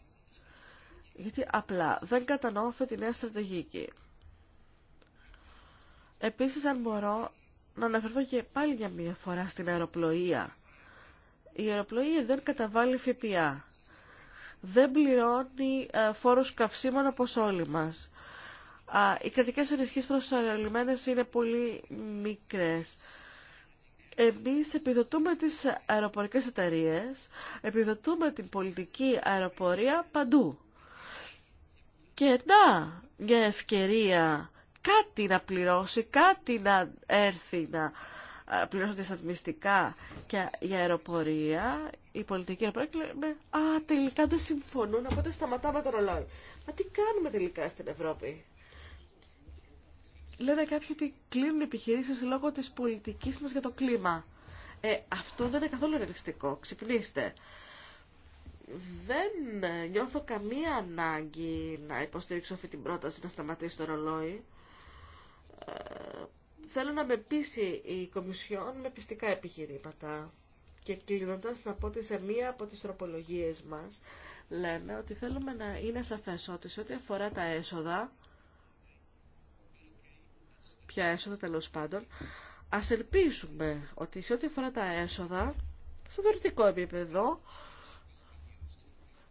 Γιατί απλά δεν κατανοώ αυτή τη νέα στρατηγική. Επίσης, αν μπορώ να αναφερθώ και πάλι για μία φορά στην αεροπλοεία. Η αεροπλοεία δεν καταβάλει ΦΠΑ δεν πληρώνει ε, φόρους καυσίμων όπως όλοι μας. Οι κρατικές ενισχύσεις προς είναι πολύ μικρές. Εμείς επιδοτούμε τις αεροπορικές εταιρείες, επιδοτούμε την πολιτική αεροπορία παντού. Και να, μια ευκαιρία κάτι να πληρώσει, κάτι να έρθει να ε, πληρώσουν τις και για αεροπορία η πολιτική και λέμε «Α, τελικά δεν συμφωνούν, οπότε σταματάμε το ρολόι». Μα τι κάνουμε τελικά στην Ευρώπη. Λένε κάποιοι ότι κλείνουν επιχειρήσει λόγω τη πολιτική μα για το κλίμα. Ε, αυτό δεν είναι καθόλου ρεαλιστικό. Ξυπνήστε. Δεν νιώθω καμία ανάγκη να υποστηρίξω αυτή την πρόταση να σταματήσει το ρολόι. Ε, θέλω να με πείσει η Κομισιόν με πιστικά επιχειρήματα. Και κλείνοντα να πω ότι σε μία από τις τροπολογίες μας λέμε ότι θέλουμε να είναι σαφές ότι σε ό,τι αφορά τα έσοδα, ποια έσοδα τέλο πάντων, α ελπίσουμε ότι σε ό,τι αφορά τα έσοδα, στο θεωρητικό επίπεδο,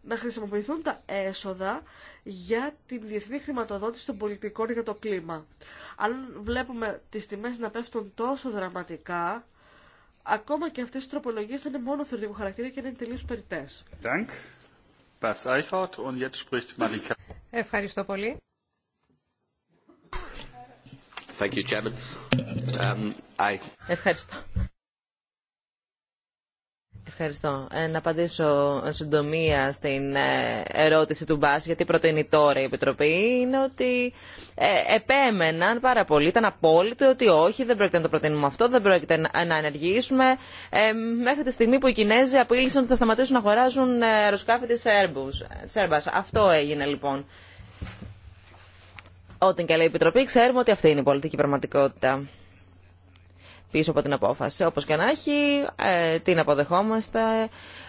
να χρησιμοποιηθούν τα έσοδα για την διεθνή χρηματοδότηση των πολιτικών για το κλίμα. Αν βλέπουμε τις τιμές να πέφτουν τόσο δραματικά, ακόμα και αυτές οι τροπολογίες είναι μόνο θεωρητικού χαρακτήρα και είναι τελείως περιττές. Ευχαριστώ πολύ. Thank you, Chairman. Um, I... Ευχαριστώ. Ευχαριστώ. Ε, να απαντήσω συντομία στην ε, ερώτηση του Μπάς, γιατί προτείνει τώρα η Επιτροπή, είναι ότι ε, επέμεναν πάρα πολύ, ήταν απόλυτο ότι όχι, δεν πρόκειται να το προτείνουμε αυτό, δεν πρόκειται να ενεργήσουμε, ε, μέχρι τη στιγμή που οι Κινέζοι απειλήσαν ότι θα σταματήσουν να αγοράζουν αεροσκάφη της Airbus. Αυτό έγινε λοιπόν. Ό,τι και λέει η Επιτροπή, ξέρουμε ότι αυτή είναι η πολιτική πραγματικότητα πίσω από την απόφαση. Όπως και να έχει, ε, την αποδεχόμαστε,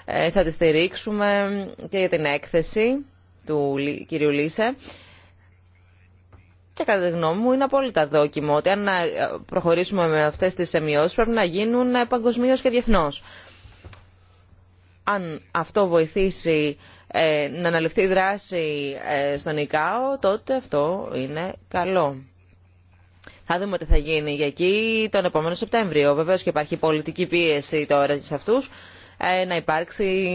ε, θα τη στηρίξουμε και για την έκθεση του κυρίου Λίσε. Και κατά τη γνώμη μου είναι απόλυτα δόκιμο ότι αν ε, προχωρήσουμε με αυτές τις εμειώσεις πρέπει να γίνουν παγκοσμίω και διεθνώς. Αν αυτό βοηθήσει να αναλυφθεί δράση στον ΙΚΑΟ, τότε αυτό είναι καλό. Θα δούμε τι θα γίνει για εκεί τον επόμενο Σεπτέμβριο. Βεβαίω και υπάρχει πολιτική πίεση τώρα σε αυτούς ε, να υπάρξει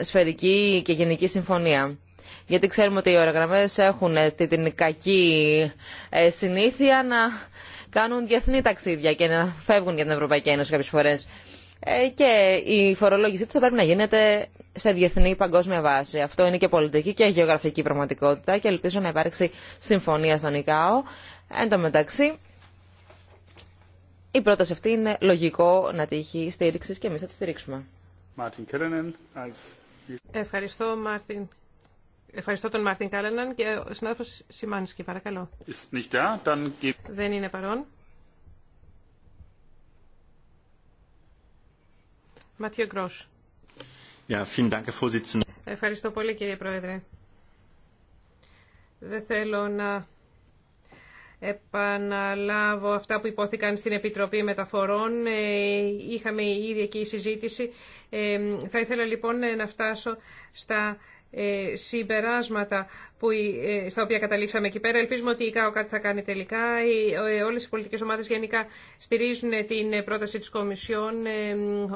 σφαιρική και γενική συμφωνία. Γιατί ξέρουμε ότι οι οραγραμμέ έχουν την κακή ε, συνήθεια να κάνουν διεθνή ταξίδια και να φεύγουν για την Ευρωπαϊκή Ένωση κάποιες φορές. Ε, και η φορολόγησή του θα πρέπει να γίνεται σε διεθνή παγκόσμια βάση. Αυτό είναι και πολιτική και γεωγραφική πραγματικότητα και ελπίζω να υπάρξει συμφωνία στον ΙΚΑΟ Εν τω μεταξύ, η πρόταση αυτή είναι λογικό να τύχει στήριξη και εμεί θα τη στηρίξουμε. Ευχαριστώ, Μάρτιν. Ευχαριστώ τον Μάρτιν Κάλεναν και ο συνάδελφος Σιμάνσκι, παρακαλώ. Δεν είναι παρόν. Ματιό Γκρός. Ευχαριστώ πολύ, κύριε Πρόεδρε. Δεν θέλω να επαναλάβω αυτά που υπόθηκαν στην Επιτροπή Μεταφορών. Ε, είχαμε ήδη εκεί συζήτηση. Ε, θα ήθελα λοιπόν να φτάσω στα ε, συμπεράσματα που, στα οποία καταλήξαμε εκεί πέρα. Ελπίζουμε ότι η ΚΑΟ κάτι θα κάνει τελικά. Όλες οι πολιτικές ομάδες γενικά στηρίζουν την πρόταση της Κομισιόν.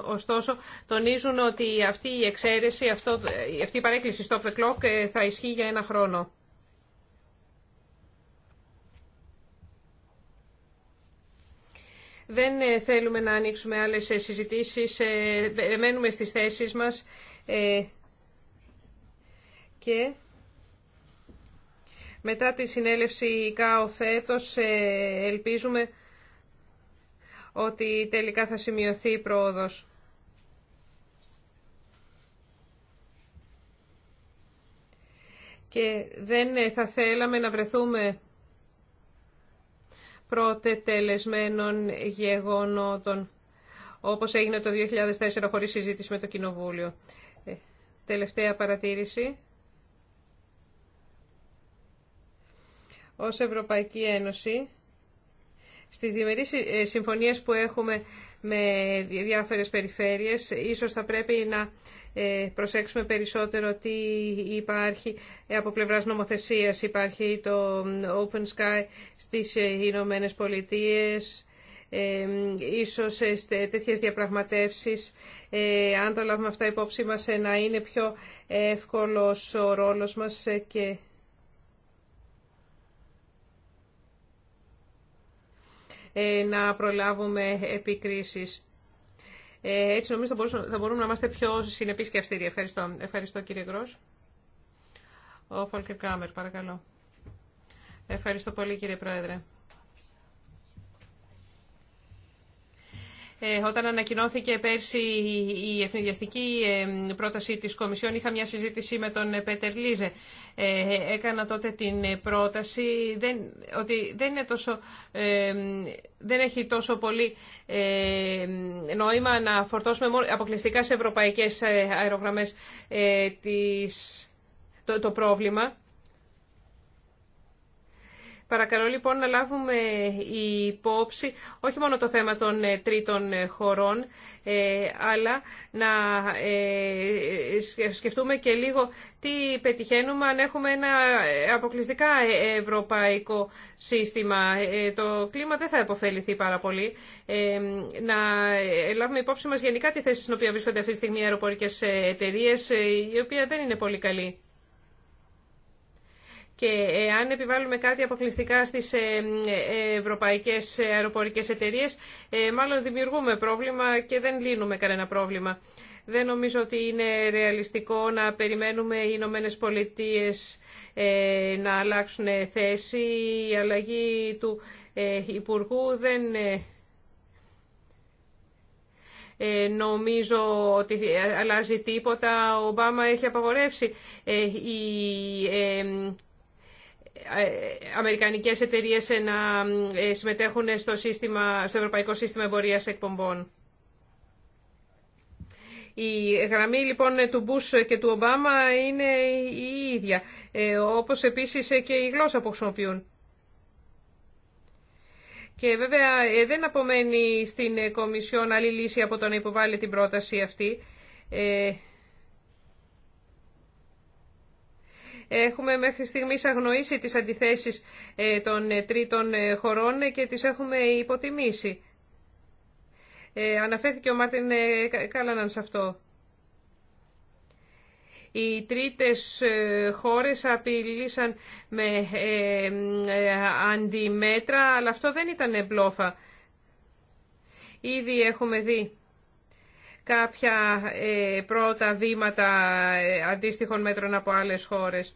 Ωστόσο, τονίζουν ότι αυτή η εξαίρεση, αυτό, αυτή η παρέκκληση stop the clock θα ισχύει για ένα χρόνο. Δεν ε, θέλουμε να ανοίξουμε άλλες ε, συζητήσεις. Ε, μένουμε στις θέσεις μας. Και μετά τη συνέλευση ΚΑΟ φέτος ελπίζουμε ότι τελικά θα σημειωθεί η πρόοδος. Και δεν θα θέλαμε να βρεθούμε προτετελεσμένων γεγονότων, όπως έγινε το 2004 χωρίς συζήτηση με το Κοινοβούλιο. Ε, τελευταία παρατήρηση. Ως Ευρωπαϊκή Ένωση, στις διμερείς ε, συμφωνίες που έχουμε με διάφορες περιφέρειες. Ίσως θα πρέπει να ε, προσέξουμε περισσότερο τι υπάρχει από πλευράς νομοθεσίας. Υπάρχει το Open Sky στις ε, Ηνωμένε Πολιτείες, ε, ίσως σε τέτοιες διαπραγματεύσεις, αν το λάβουμε αυτά υπόψη μας, να είναι πιο εύκολος ο ρόλος μας και Ε, να προλάβουμε επικρίσεις. Ε, έτσι νομίζω θα μπορούμε να είμαστε πιο συνεπείς και αυστηροί. Ευχαριστώ. Ευχαριστώ κύριε Γκρός. Ο Φόλκερ Κράμερ, παρακαλώ. Ευχαριστώ πολύ κύριε Πρόεδρε. Ε, όταν ανακοινώθηκε πέρσι η ευνηδιαστική ε, πρόταση της Κομισιόν, είχα μια συζήτηση με τον ε, Πέτερ Λίζε. Έκανα τότε την πρόταση δεν, ότι δεν, έχει τόσο πολύ νόημα να φορτώσουμε αποκλειστικά σε ευρωπαϊκές αερογραμμές το, το πρόβλημα. Παρακαλώ λοιπόν να λάβουμε υπόψη όχι μόνο το θέμα των ε, τρίτων ε, χωρών, ε, αλλά να σκεφτούμε και λίγο τι πετυχαίνουμε αν έχουμε ένα αποκλειστικά ευρωπαϊκό σύστημα. Το κλίμα δεν θα επωφεληθεί πάρα πολύ. Να λάβουμε υπόψη μας γενικά τη θέση στην οποία βρίσκονται αυτή τη στιγμή οι αεροπορικές εταιρείες, η οποία δεν είναι πολύ καλή. Και ε, αν επιβάλλουμε κάτι αποκλειστικά στις ε, ε, ευρωπαϊκές αεροπορικές εταιρείες, μάλλον δημιουργούμε πρόβλημα και δεν λύνουμε κανένα πρόβλημα. Δεν νομίζω ότι είναι ρεαλιστικό να περιμένουμε οι Ηνωμένε Πολιτείε να αλλάξουν θέση. Η αλλαγή του Υπουργού δεν νομίζω ότι αλλάζει τίποτα. Ο Ομπάμα έχει απαγορεύσει ε, αμερικανικές εταιρείες να ε, συμμετέχουν στο, σύστημα, στο Ευρωπαϊκό Σύστημα Εμπορίας Εκπομπών. Η γραμμή λοιπόν του Μπούς και του Ομπάμα είναι η ίδια, ε, όπως επίσης και η γλώσσα που χρησιμοποιούν. Και βέβαια δεν απομένει στην Κομισιόν άλλη λύση από το να υποβάλει την πρόταση αυτή. Έχουμε μέχρι στιγμής αγνοήσει τις αντιθέσεις ε, των ε, τρίτων ε, χωρών και τις έχουμε υποτιμήσει. Αναφέρθηκε ο Μάρτιν Κάλαναν σε αυτό. Οι τρίτες χώρες απειλήσαν με αντιμέτρα, αλλά αυτό δεν ήταν μπλόφα. Ήδη έχουμε δει κάποια ε, πρώτα βήματα ε, αντίστοιχων μέτρων από άλλες χώρες.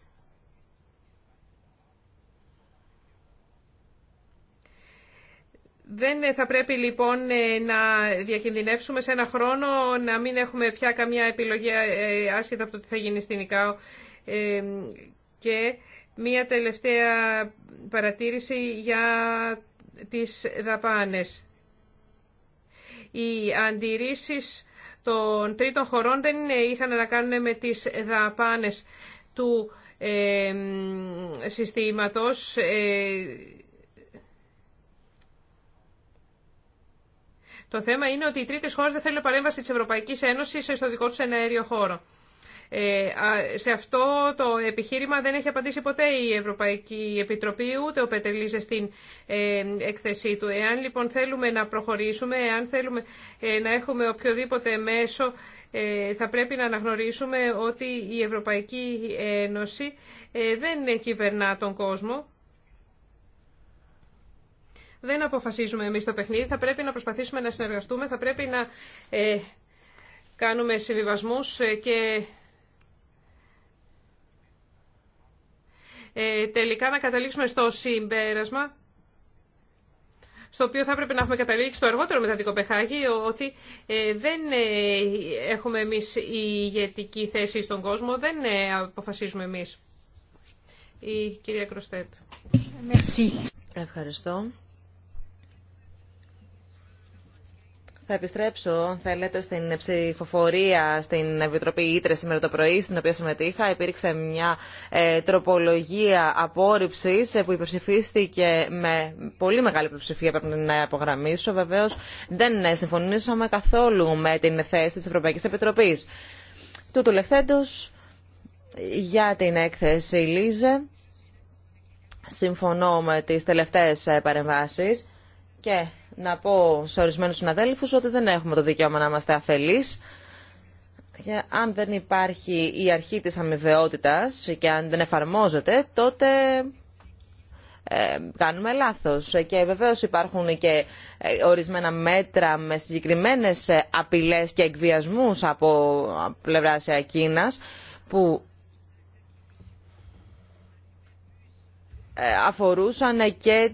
Δεν ε, θα πρέπει λοιπόν να διακινδυνεύσουμε σε ένα χρόνο να μην έχουμε πια καμιά επιλογή άσχετα από το τι θα γίνει στην ΙΚΑΟ. Και μία τελευταία παρατήρηση για τις δαπάνες. Οι αντιρρήσεις των τρίτων χωρών δεν είχαν να κάνουν με τις δαπάνες του ε, συστήματος. το θέμα είναι ότι οι τρίτες χώρες δεν θέλουν παρέμβαση της Ευρωπαϊκής Ένωσης στο δικό τους εναέριο χώρο. Ε, σε αυτό το επιχείρημα δεν έχει απαντήσει ποτέ η Ευρωπαϊκή Επιτροπή ούτε ο Πετελίζε στην εκθεσή του. Εάν λοιπόν θέλουμε να προχωρήσουμε, εάν θέλουμε ε, να έχουμε οποιοδήποτε μέσο ε, θα πρέπει να αναγνωρίσουμε ότι η Ευρωπαϊκή Ένωση δεν κυβερνά τον κόσμο. Δεν αποφασίζουμε εμείς το παιχνίδι. Θα πρέπει να προσπαθήσουμε να συνεργαστούμε. Θα πρέπει να κάνουμε συμβιβασμούς και Ε, τελικά να καταλήξουμε στο συμπέρασμα στο οποίο θα έπρεπε να έχουμε καταλήξει το αργότερο μεταδικό ότι ε, δεν ε, έχουμε εμείς η ηγετική θέση στον κόσμο, δεν αποφασίζουμε εμείς. Η κυρία Κροστέτ. Ευχαριστώ. Θα επιστρέψω, αν θέλετε, στην ψηφοφορία στην Επιτροπή Ήτρε σήμερα το πρωί, στην οποία συμμετείχα. Υπήρξε μια ε, τροπολογία απόρριψη ε, που υπερψηφίστηκε με πολύ μεγάλη πλειοψηφία, πρέπει να απογραμμίσω. Βεβαίω, δεν ε, συμφωνήσαμε καθόλου με την θέση τη Ευρωπαϊκή Επιτροπή. Τούτου λεχθέντω, για την έκθεση Λίζε, συμφωνώ με τις τελευταίες παρεμβάσεις και να πω σε ορισμένους συναδέλφους ότι δεν έχουμε το δικαίωμα να είμαστε αφελείς. αν δεν υπάρχει η αρχή της αμοιβαιότητας και αν δεν εφαρμόζεται, τότε ε, κάνουμε λάθος. Και βεβαίως υπάρχουν και ε, ορισμένα μέτρα με συγκεκριμένες ε, απειλές και εκβιασμούς από πλευράς ακίνας που ε, αφορούσαν και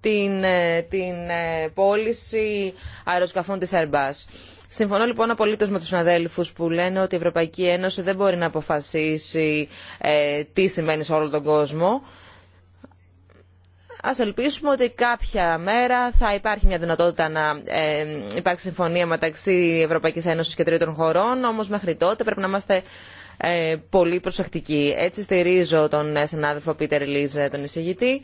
την, ε, την ε, πώληση αεροσκαφών της Airbus. Συμφωνώ λοιπόν απολύτω με του συναδέλφου που λένε ότι η Ευρωπαϊκή Ένωση δεν μπορεί να αποφασίσει ε, τι σημαίνει σε όλο τον κόσμο. Α ελπίσουμε ότι κάποια μέρα θα υπάρχει μια δυνατότητα να υπάρξει συμφωνία μεταξύ Ευρωπαϊκή Ένωση και τρίτων χωρών, όμω μέχρι τότε πρέπει να είμαστε πολύ προσεκτικοί. Έτσι στηρίζω τον συνάδελφο Πίτερ Λίζε, τον εισηγητή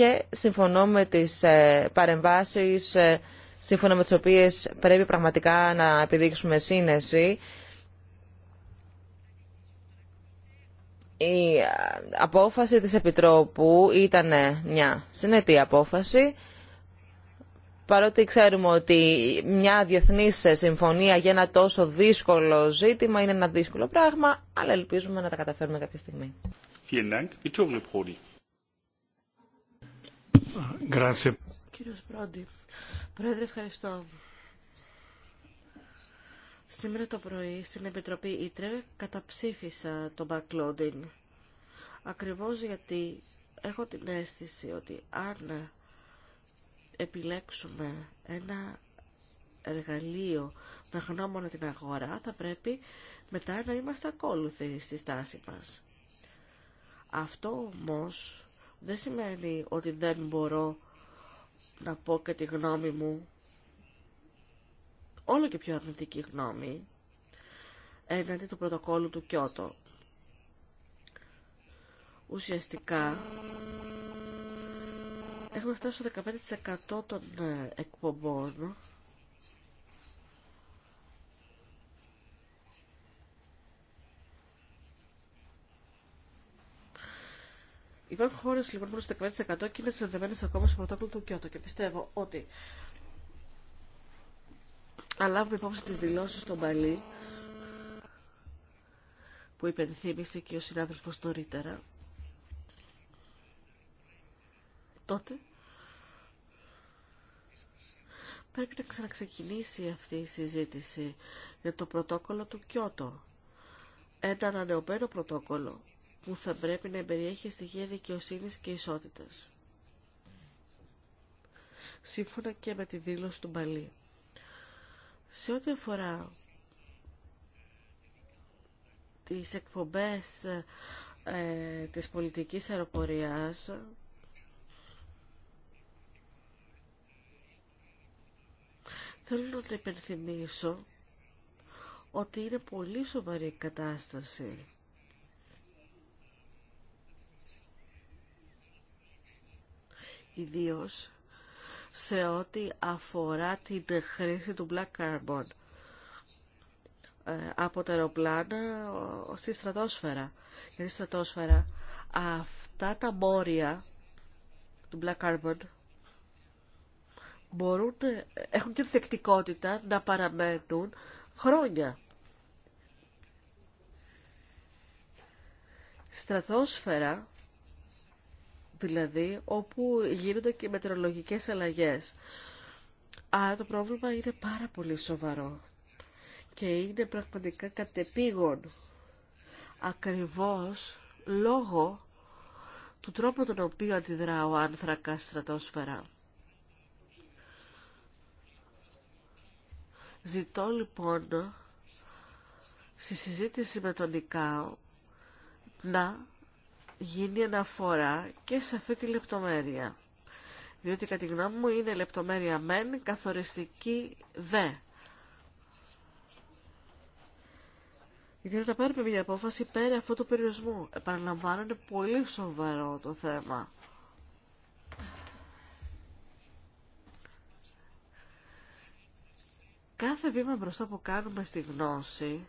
και συμφωνώ με τις ε, παρεμβάσεις ε, σύμφωνα με τις οποίες πρέπει πραγματικά να επιδείξουμε σύνεση. Η ε, απόφαση της Επιτρόπου ήταν μια συνετή απόφαση, παρότι ξέρουμε ότι μια διεθνής συμφωνία για ένα τόσο δύσκολο ζήτημα είναι ένα δύσκολο πράγμα, αλλά ελπίζουμε να τα καταφέρουμε κάποια στιγμή. Κύριος Πρόντι, Πρόεδρε, ευχαριστώ. Σήμερα το πρωί στην Επιτροπή Ήτρε καταψήφισα το backloading. Ακριβώς γιατί έχω την αίσθηση ότι αν επιλέξουμε ένα εργαλείο με γνώμονα την αγορά, θα πρέπει μετά να είμαστε ακόλουθοι στη στάση μας. Αυτό όμως δεν σημαίνει ότι δεν μπορώ να πω και τη γνώμη μου, όλο και πιο αρνητική γνώμη, έναντι του πρωτοκόλου του Κιώτο. Ουσιαστικά, έχουμε φτάσει στο 15% των ε, εκπομπών Υπάρχουν χώρε λοιπόν που είναι στο 15% και είναι συνδεδεμένε ακόμα στο πρωτόκολλο του Κιώτο. Και πιστεύω ότι αν λάβουμε υπόψη τι δηλώσει στον Παλί που υπενθύμησε και ο συνάδελφο νωρίτερα, τότε πρέπει να ξαναξεκινήσει αυτή η συζήτηση για το πρωτόκολλο του Κιώτο ένα ανανεωμένο πρωτόκολλο που θα πρέπει να περιέχει στοιχεία δικαιοσύνης και ισότητας. Σύμφωνα και με τη δήλωση του Μπαλί. Σε ό,τι αφορά τις εκπομπές ε, της πολιτικής αεροπορίας, θέλω να το υπενθυμίσω ότι είναι πολύ σοβαρή η κατάσταση. Ιδίως σε ό,τι αφορά την χρήση του black carbon ε, από τα αεροπλάνα ε, στη στρατόσφαιρα. Γιατί στρατόσφαιρα αυτά τα μόρια του black carbon μπορούν, έχουν και θεκτικότητα να παραμένουν χρόνια. Στρατόσφαιρα, δηλαδή, όπου γίνονται και μετεωρολογικές αλλαγές. Άρα το πρόβλημα είναι πάρα πολύ σοβαρό και είναι πραγματικά κατεπήγον ακριβώς λόγω του τρόπου τον οποίο αντιδρά ο άνθρακα στρατόσφαιρα. Ζητώ λοιπόν στη συζήτηση με τον ΙΚΑΟ να γίνει αναφορά και σε αυτή τη λεπτομέρεια. Διότι κατά τη γνώμη μου είναι λεπτομέρεια μεν, καθοριστική δε. Γιατί να πάρουμε μια απόφαση πέρα αυτού του περιορισμού. Επαναλαμβάνω, είναι πολύ σοβαρό το θέμα. κάθε βήμα μπροστά που κάνουμε στη γνώση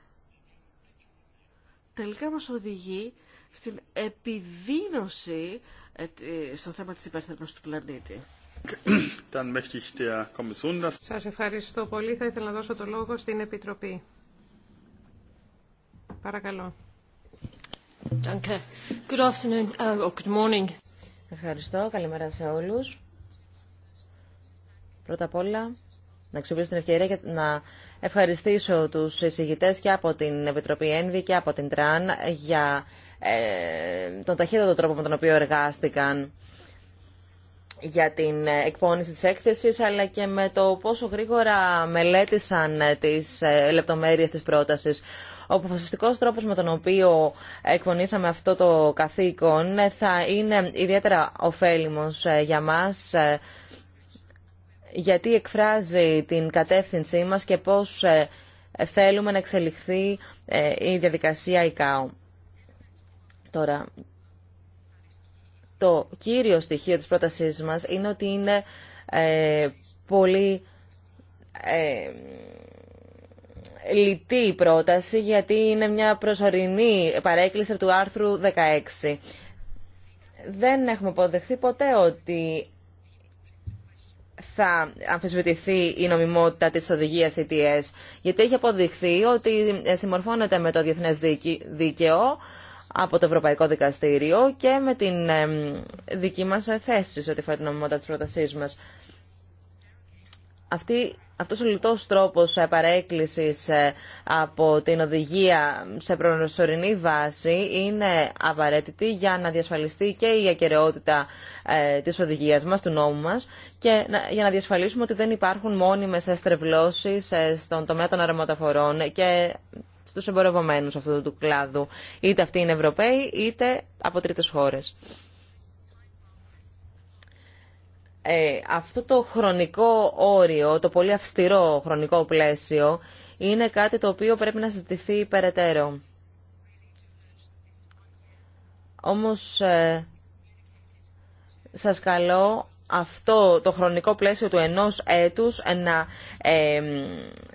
τελικά μας οδηγεί στην επιδίνωση ε, στο θέμα της υπερθερμής του πλανήτη. Σας ευχαριστώ πολύ. Θα ήθελα να δώσω το λόγο στην Επιτροπή. Παρακαλώ. Uh, ευχαριστώ. Καλημέρα σε όλους. Πρώτα απ' όλα, να αξιοποιήσω την ευκαιρία και να ευχαριστήσω τους εισηγητές και από την Επιτροπή Ένβη και από την Τραν για ε, τον ταχύτατο τρόπο με τον οποίο εργάστηκαν για την εκπόνηση της έκθεσης αλλά και με το πόσο γρήγορα μελέτησαν τις ε, λεπτομέρειες της πρότασης. Ο αποφασιστικός τρόπος με τον οποίο εκπονήσαμε αυτό το καθήκον θα είναι ιδιαίτερα ωφέλιμος ε, για μας γιατί εκφράζει την κατεύθυνσή μας και πώς ε, θέλουμε να εξελιχθεί ε, η διαδικασία ICAO. Τώρα, το κύριο στοιχείο της πρότασής μας είναι ότι είναι ε, πολύ λιτή η πρόταση γιατί είναι μια προσωρινή παρέκκληση του άρθρου 16. Δεν έχουμε αποδεχθεί ποτέ ότι θα αμφισβητηθεί η νομιμότητα της οδηγίας ETS, γιατί έχει αποδειχθεί ότι συμμορφώνεται με το διεθνές δίκαιο από το Ευρωπαϊκό Δικαστήριο και με την δική μας θέση σε ό,τι φορά την νομιμότητα της πρότασής μας αυτή, αυτός ο λιτός τρόπος ε, παρέκκλησης ε, από την οδηγία σε προσωρινή βάση είναι απαραίτητη για να διασφαλιστεί και η ακαιρεότητα ε, της οδηγίας μας, του νόμου μας και για να διασφαλίσουμε ότι δεν υπάρχουν μόνιμες στρεβλώσεις στον τομέα των αρωματοφορών και στους εμπορευομένους αυτού του κλάδου. Είτε αυτοί είναι Ευρωπαίοι είτε από τρίτες χώρες ε, αυτό το χρονικό όριο, το πολύ αυστηρό χρονικό πλαίσιο, είναι κάτι το οποίο πρέπει να συζητηθεί περαιτέρω. Όμως, ε, σας καλώ αυτό το χρονικό πλαίσιο του ενός έτους να, ε,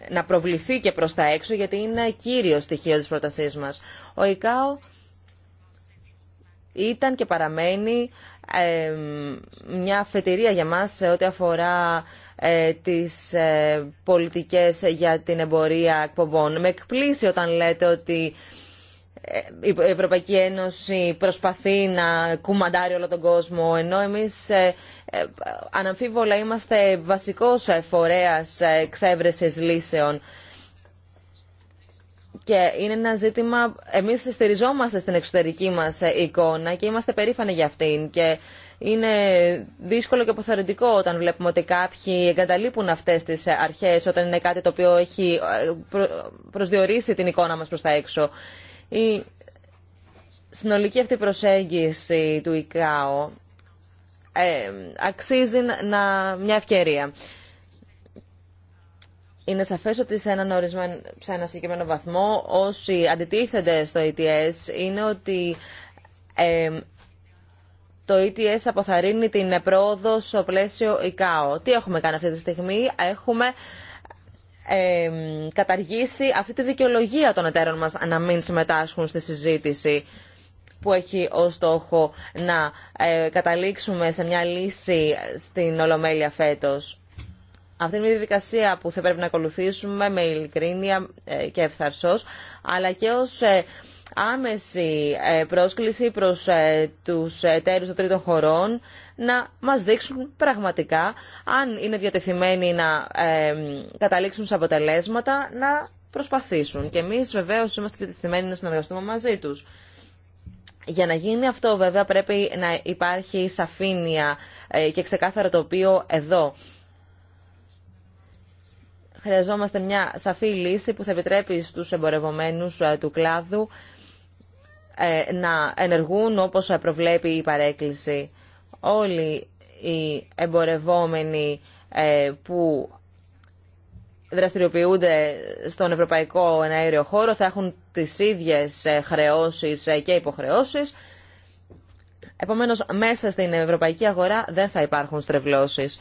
να προβληθεί και προς τα έξω, γιατί είναι κύριο στοιχείο της πρότασής μας. Ο ΙΚΑΟ ήταν και παραμένει ε, μια αφετηρία για μας ό,τι αφορά ε, τις ε, πολιτικές για την εμπορία εκπομπών. Με εκπλήσει όταν λέτε ότι η Ευρωπαϊκή Ένωση προσπαθεί να κουμαντάρει όλο τον κόσμο, ενώ εμείς αναμφίβολα είμαστε βασικός φορέας εξέβρεσης λύσεων. Και είναι ένα ζήτημα, εμείς στηριζόμαστε στην εξωτερική μας ε, εικόνα και είμαστε περήφανοι για αυτήν. Και είναι δύσκολο και αποθαρρυντικό όταν βλέπουμε ότι κάποιοι εγκαταλείπουν αυτές τις ε, αρχές όταν είναι κάτι το οποίο έχει ε, προσδιορίσει την εικόνα μας προς τα έξω. Η συνολική αυτή προσέγγιση του ΙΚΑΟ αξίζει να, μια ευκαιρία. Είναι σαφέ ότι σε έναν ορισμένο, σε ένα συγκεκριμένο βαθμό όσοι αντιτίθενται στο ETS είναι ότι το ETS αποθαρρύνει την πρόοδο στο πλαίσιο ICAO. Τι έχουμε κάνει αυτή τη στιγμή, έχουμε ε, καταργήσει αυτή τη δικαιολογία των εταίρων μας να μην συμμετάσχουν στη συζήτηση που έχει ως στόχο να ε, καταλήξουμε σε μια λύση στην Ολομέλεια φέτος. Αυτή είναι μια διαδικασία που θα πρέπει να ακολουθήσουμε με ειλικρίνεια ε, και ευθαρσός, αλλά και ως ε, άμεση ε, πρόσκληση προς τους εταίρους των τρίτων χωρών να μας δείξουν πραγματικά αν είναι διατεθειμένοι να καταλήξουν σε αποτελέσματα, να προσπαθήσουν. Και εμείς βεβαίως είμαστε διατεθειμένοι να συνεργαστούμε μαζί τους. Για να γίνει αυτό βέβαια πρέπει να υπάρχει σαφήνεια και ξεκάθαρο τοπίο εδώ. Χρειαζόμαστε μια σαφή λύση που θα επιτρέπει στους εμπορευομένους ε, του κλάδου ε, να ενεργούν όπως προβλέπει η παρέκκληση. Όλοι οι εμπορευόμενοι ε, που δραστηριοποιούνται στον ευρωπαϊκό εναέριο χώρο θα έχουν τις ίδιες χρεώσεις και υποχρεώσεις. Επομένως, μέσα στην ευρωπαϊκή αγορά δεν θα υπάρχουν στρεβλώσεις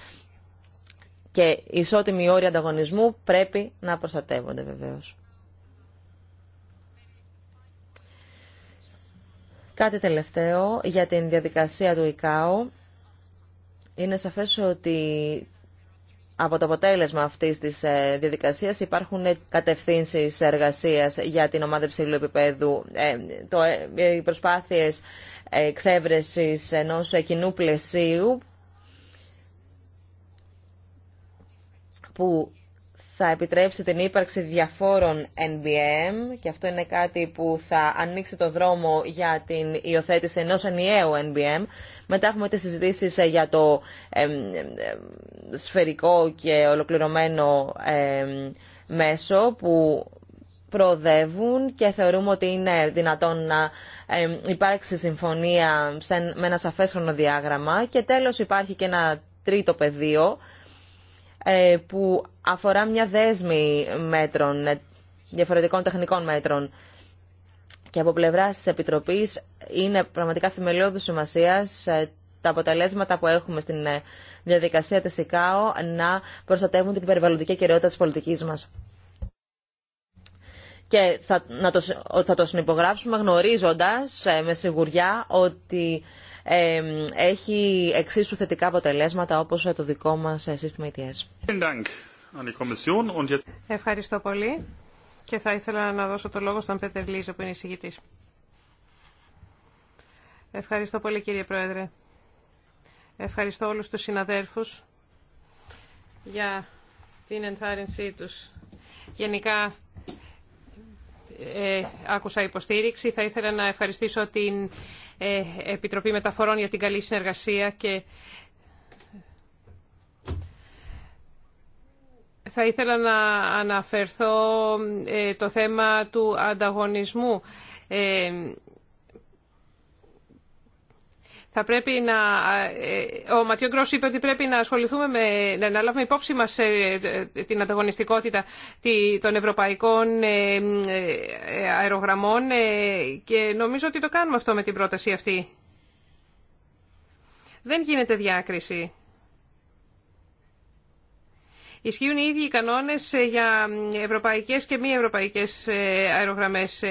και ισότιμοι όροι ανταγωνισμού πρέπει να προστατεύονται βεβαίως. Κάτι τελευταίο για την διαδικασία του ΙΚΑΟ. Είναι σαφές ότι από το αποτέλεσμα αυτής της ε, διαδικασίας υπάρχουν ε, κατευθύνσεις εργασίας για την ομάδα ψηλού επίπεδου. Ε, οι προσπάθειες εξέβρεσης ενός κοινού πλαισίου που θα επιτρέψει την ύπαρξη διαφόρων NBM και αυτό είναι κάτι που θα ανοίξει το δρόμο για την υιοθέτηση ενός ενιαίου NBM. Μετά έχουμε τις συζητήσεις ε, για το σφαιρικό και ολοκληρωμένο μέσο που προοδεύουν και θεωρούμε ότι είναι δυνατόν να υπάρξει συμφωνία με ένα σαφές χρονοδιάγραμμα. Και τέλος υπάρχει και ένα τρίτο πεδίο ε, που αφορά μια δέσμη μέτρων, ε, διαφορετικών τεχνικών μέτρων. Και από πλευρά τη Επιτροπή είναι πραγματικά θεμελιώδου σημασία ε, τα αποτελέσματα που έχουμε στην διαδικασία της ΕΚΑΟ να προστατεύουν την περιβαλλοντική κυριότητα της πολιτικής μας. Και θα, το, θα το συνυπογράψουμε γνωρίζοντας με σιγουριά ότι έχει εξίσου θετικά αποτελέσματα όπως το δικό μας ε, σύστημα ETS. Ευχαριστώ πολύ και θα ήθελα να δώσω το λόγο στον Πέτερ Λίζο που είναι εισηγητής. Ευχαριστώ πολύ κύριε Πρόεδρε. Ευχαριστώ όλους τους συναδέρφους για την ενθάρρυνσή τους. Γενικά ε, άκουσα υποστήριξη. Θα ήθελα να ευχαριστήσω την ε, Επιτροπή Μεταφορών για την καλή συνεργασία και θα ήθελα να αναφερθώ ε, το θέμα του ανταγωνισμού ε, θα πρέπει να, ε, ο Ματιό Γκρός είπε ότι πρέπει να ασχοληθούμε με, να λάβουμε υπόψη μας ε, ε, την ανταγωνιστικότητα των ευρωπαϊκών αερογραμμών και νομίζω ότι το κάνουμε αυτό με την πρόταση αυτή. Δεν γίνεται διάκριση. Ισχύουν οι ίδιοι οι κανόνες ε, για ε, ευρωπαϊκές και μη ευρωπαϊκές ε, αερογραμμές.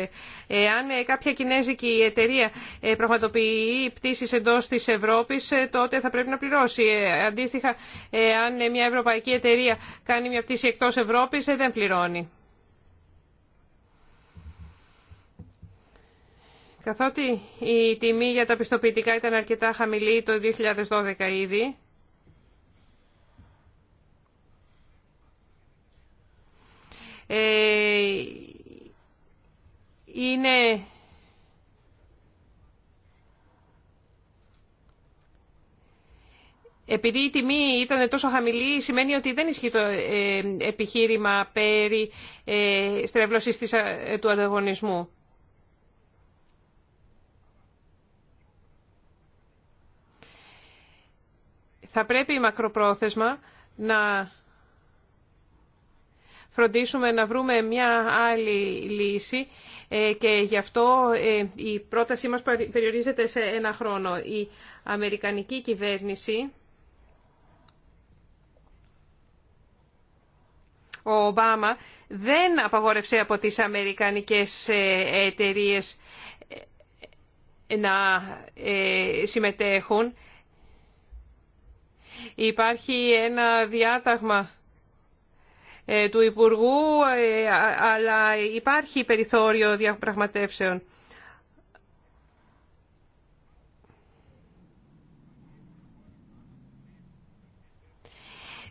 Εάν κάποια κινέζικη εταιρεία πραγματοποιεί πτήσει εντό τη Ευρώπης, τότε θα πρέπει να πληρώσει. Αντίστοιχα, αν μια ευρωπαϊκή εταιρεία κάνει μια πτήση εκτός Ευρώπης, δεν πληρώνει. Καθότι η τιμή για τα πιστοποιητικά ήταν αρκετά χαμηλή το 2012 ήδη, Ε, είναι Επειδή η τιμή ήταν τόσο χαμηλή, σημαίνει ότι δεν ισχύει το ε, επιχείρημα περί ε, στρέβλωσης του ανταγωνισμού. Θα πρέπει μακροπρόθεσμα να φροντίσουμε να βρούμε μια άλλη λύση ε, και γι' αυτό ε, η πρότασή μας περιορίζεται σε ένα χρόνο. Η Αμερικανική κυβέρνηση, ο Ομπάμα, δεν απαγόρευσε από τις Αμερικανικές ε, εταιρείε να συμμετέχουν. Υπάρχει ένα διάταγμα ε, του Υπουργού, ε, αλλά υπάρχει περιθώριο διαπραγματεύσεων.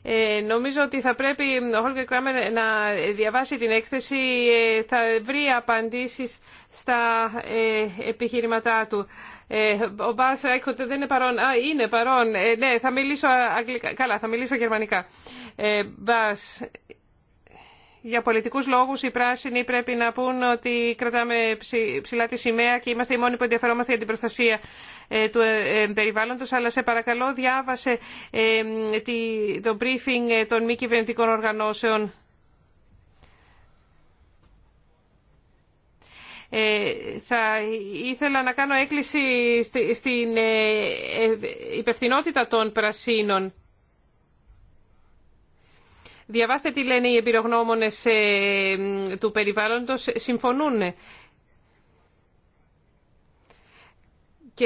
Ε, νομίζω ότι θα πρέπει ο Χόλκερ Κράμερ να διαβάσει την έκθεση. Ε, θα βρει απαντήσεις στα επιχειρηματά του. ο Μπάς δεν είναι παρόν. Α, είναι παρόν. ναι, θα μιλήσω αγγλικά. Καλά, θα μιλήσω γερμανικά. Ε, για πολιτικούς λόγους οι πράσινοι πρέπει να πούν ότι κρατάμε ψηλά τη σημαία και είμαστε οι μόνοι που ενδιαφερόμαστε για την προστασία ε, του ε, ε, περιβάλλοντος, αλλά σε παρακαλώ διάβασε το briefing των μη κυβερνητικών οργανώσεων. Θα ήθελα να κάνω έκκληση στην υπευθυνότητα των πρασίνων. Διαβάστε τι λένε οι εμπειρογνώμονες ε, του περιβάλλοντος. Συμφωνούν. Και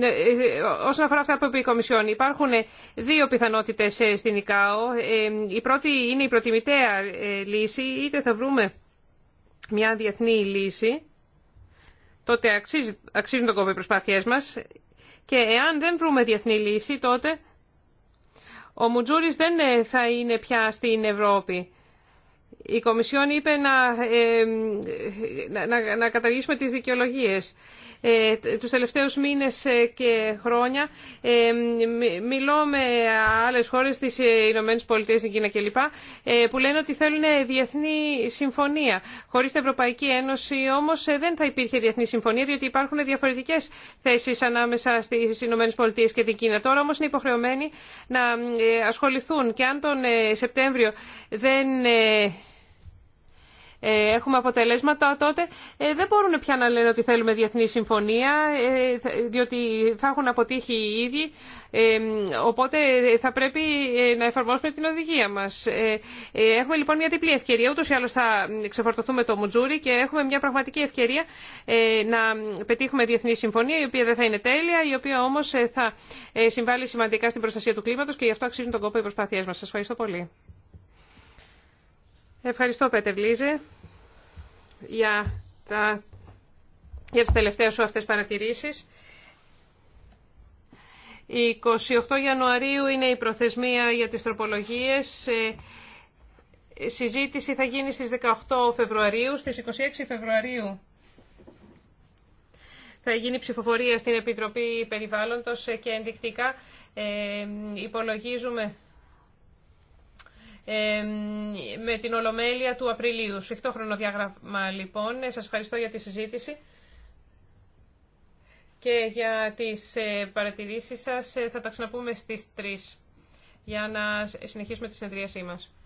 ε, όσον αφορά αυτά που είπε η Κομισιόν, υπάρχουν δύο πιθανότητες ε, στην ΙΚΑΟ. Η πρώτη είναι η προτιμητέα λύση. Είτε θα βρούμε μια διεθνή λύση, τότε αξίζουν το κόπο οι προσπάθειές μας. Και εάν δεν βρούμε διεθνή λύση, τότε ο Μουτζούρης δεν ε, θα είναι πια στην Ευρώπη. Η Κομισιόν είπε να, ε, να, να καταργήσουμε τις δικαιολογίες. Ε, τους τελευταίους μήνες ε, και χρόνια ε, μιλώ με άλλες χώρες, τις ε, Ηνωμένες Πολιτείες, την Κίνα κλπ. Ε, που λένε ότι θέλουν διεθνή συμφωνία. Χωρίς την Ευρωπαϊκή Ένωση όμως δεν θα υπήρχε διεθνή συμφωνία διότι υπάρχουν διαφορετικές θέσεις ανάμεσα στις Ηνωμένες Πολιτείες και την Κίνα. Τώρα όμως είναι υποχρεωμένοι να ασχοληθούν και αν τον Σεπτέμβριο δεν ε, έχουμε αποτελέσματα, τότε ε, δεν μπορούν πια να λένε ότι θέλουμε διεθνή συμφωνία, ε, διότι θα έχουν αποτύχει οι ίδιοι, οπότε θα πρέπει να εφαρμόσουμε την οδηγία μας. Έχουμε λοιπόν μια διπλή ευκαιρία, ούτως ή άλλως θα ξεφορτωθούμε το Μουτζούρι και έχουμε μια πραγματική ευκαιρία να πετύχουμε διεθνή συμφωνία, η οποία δεν θα είναι τέλεια, η οποία όμως θα συμβάλλει σημαντικά στην προστασία του κλίματος και γι' αυτό αξίζουν τον κόπο οι προσπάθειές μας. Σας ευχαριστώ πολύ. Ευχαριστώ, Πέτερ Λίζε, για, τα... για τις τελευταίες σου αυτές παρατηρήσεις. Η 28 Ιανουαρίου είναι η προθεσμία για τις τροπολογίες. Ε, ε, συζήτηση θα γίνει στις 18 Φεβρουαρίου, στις 26 Φεβρουαρίου. Θα γίνει ψηφοφορία στην Επιτροπή Περιβάλλοντος ε, και ενδεικτικά υπολογίζουμε με την Ολομέλεια του Απριλίου. Σφιχτό χρονοδιάγραμμα λοιπόν. Ε, σας ευχαριστώ για τη συζήτηση και για τις ε, παρατηρήσεις σας. Ε, θα τα ξαναπούμε στις 3 για να συνεχίσουμε τη συνεδρίασή μας.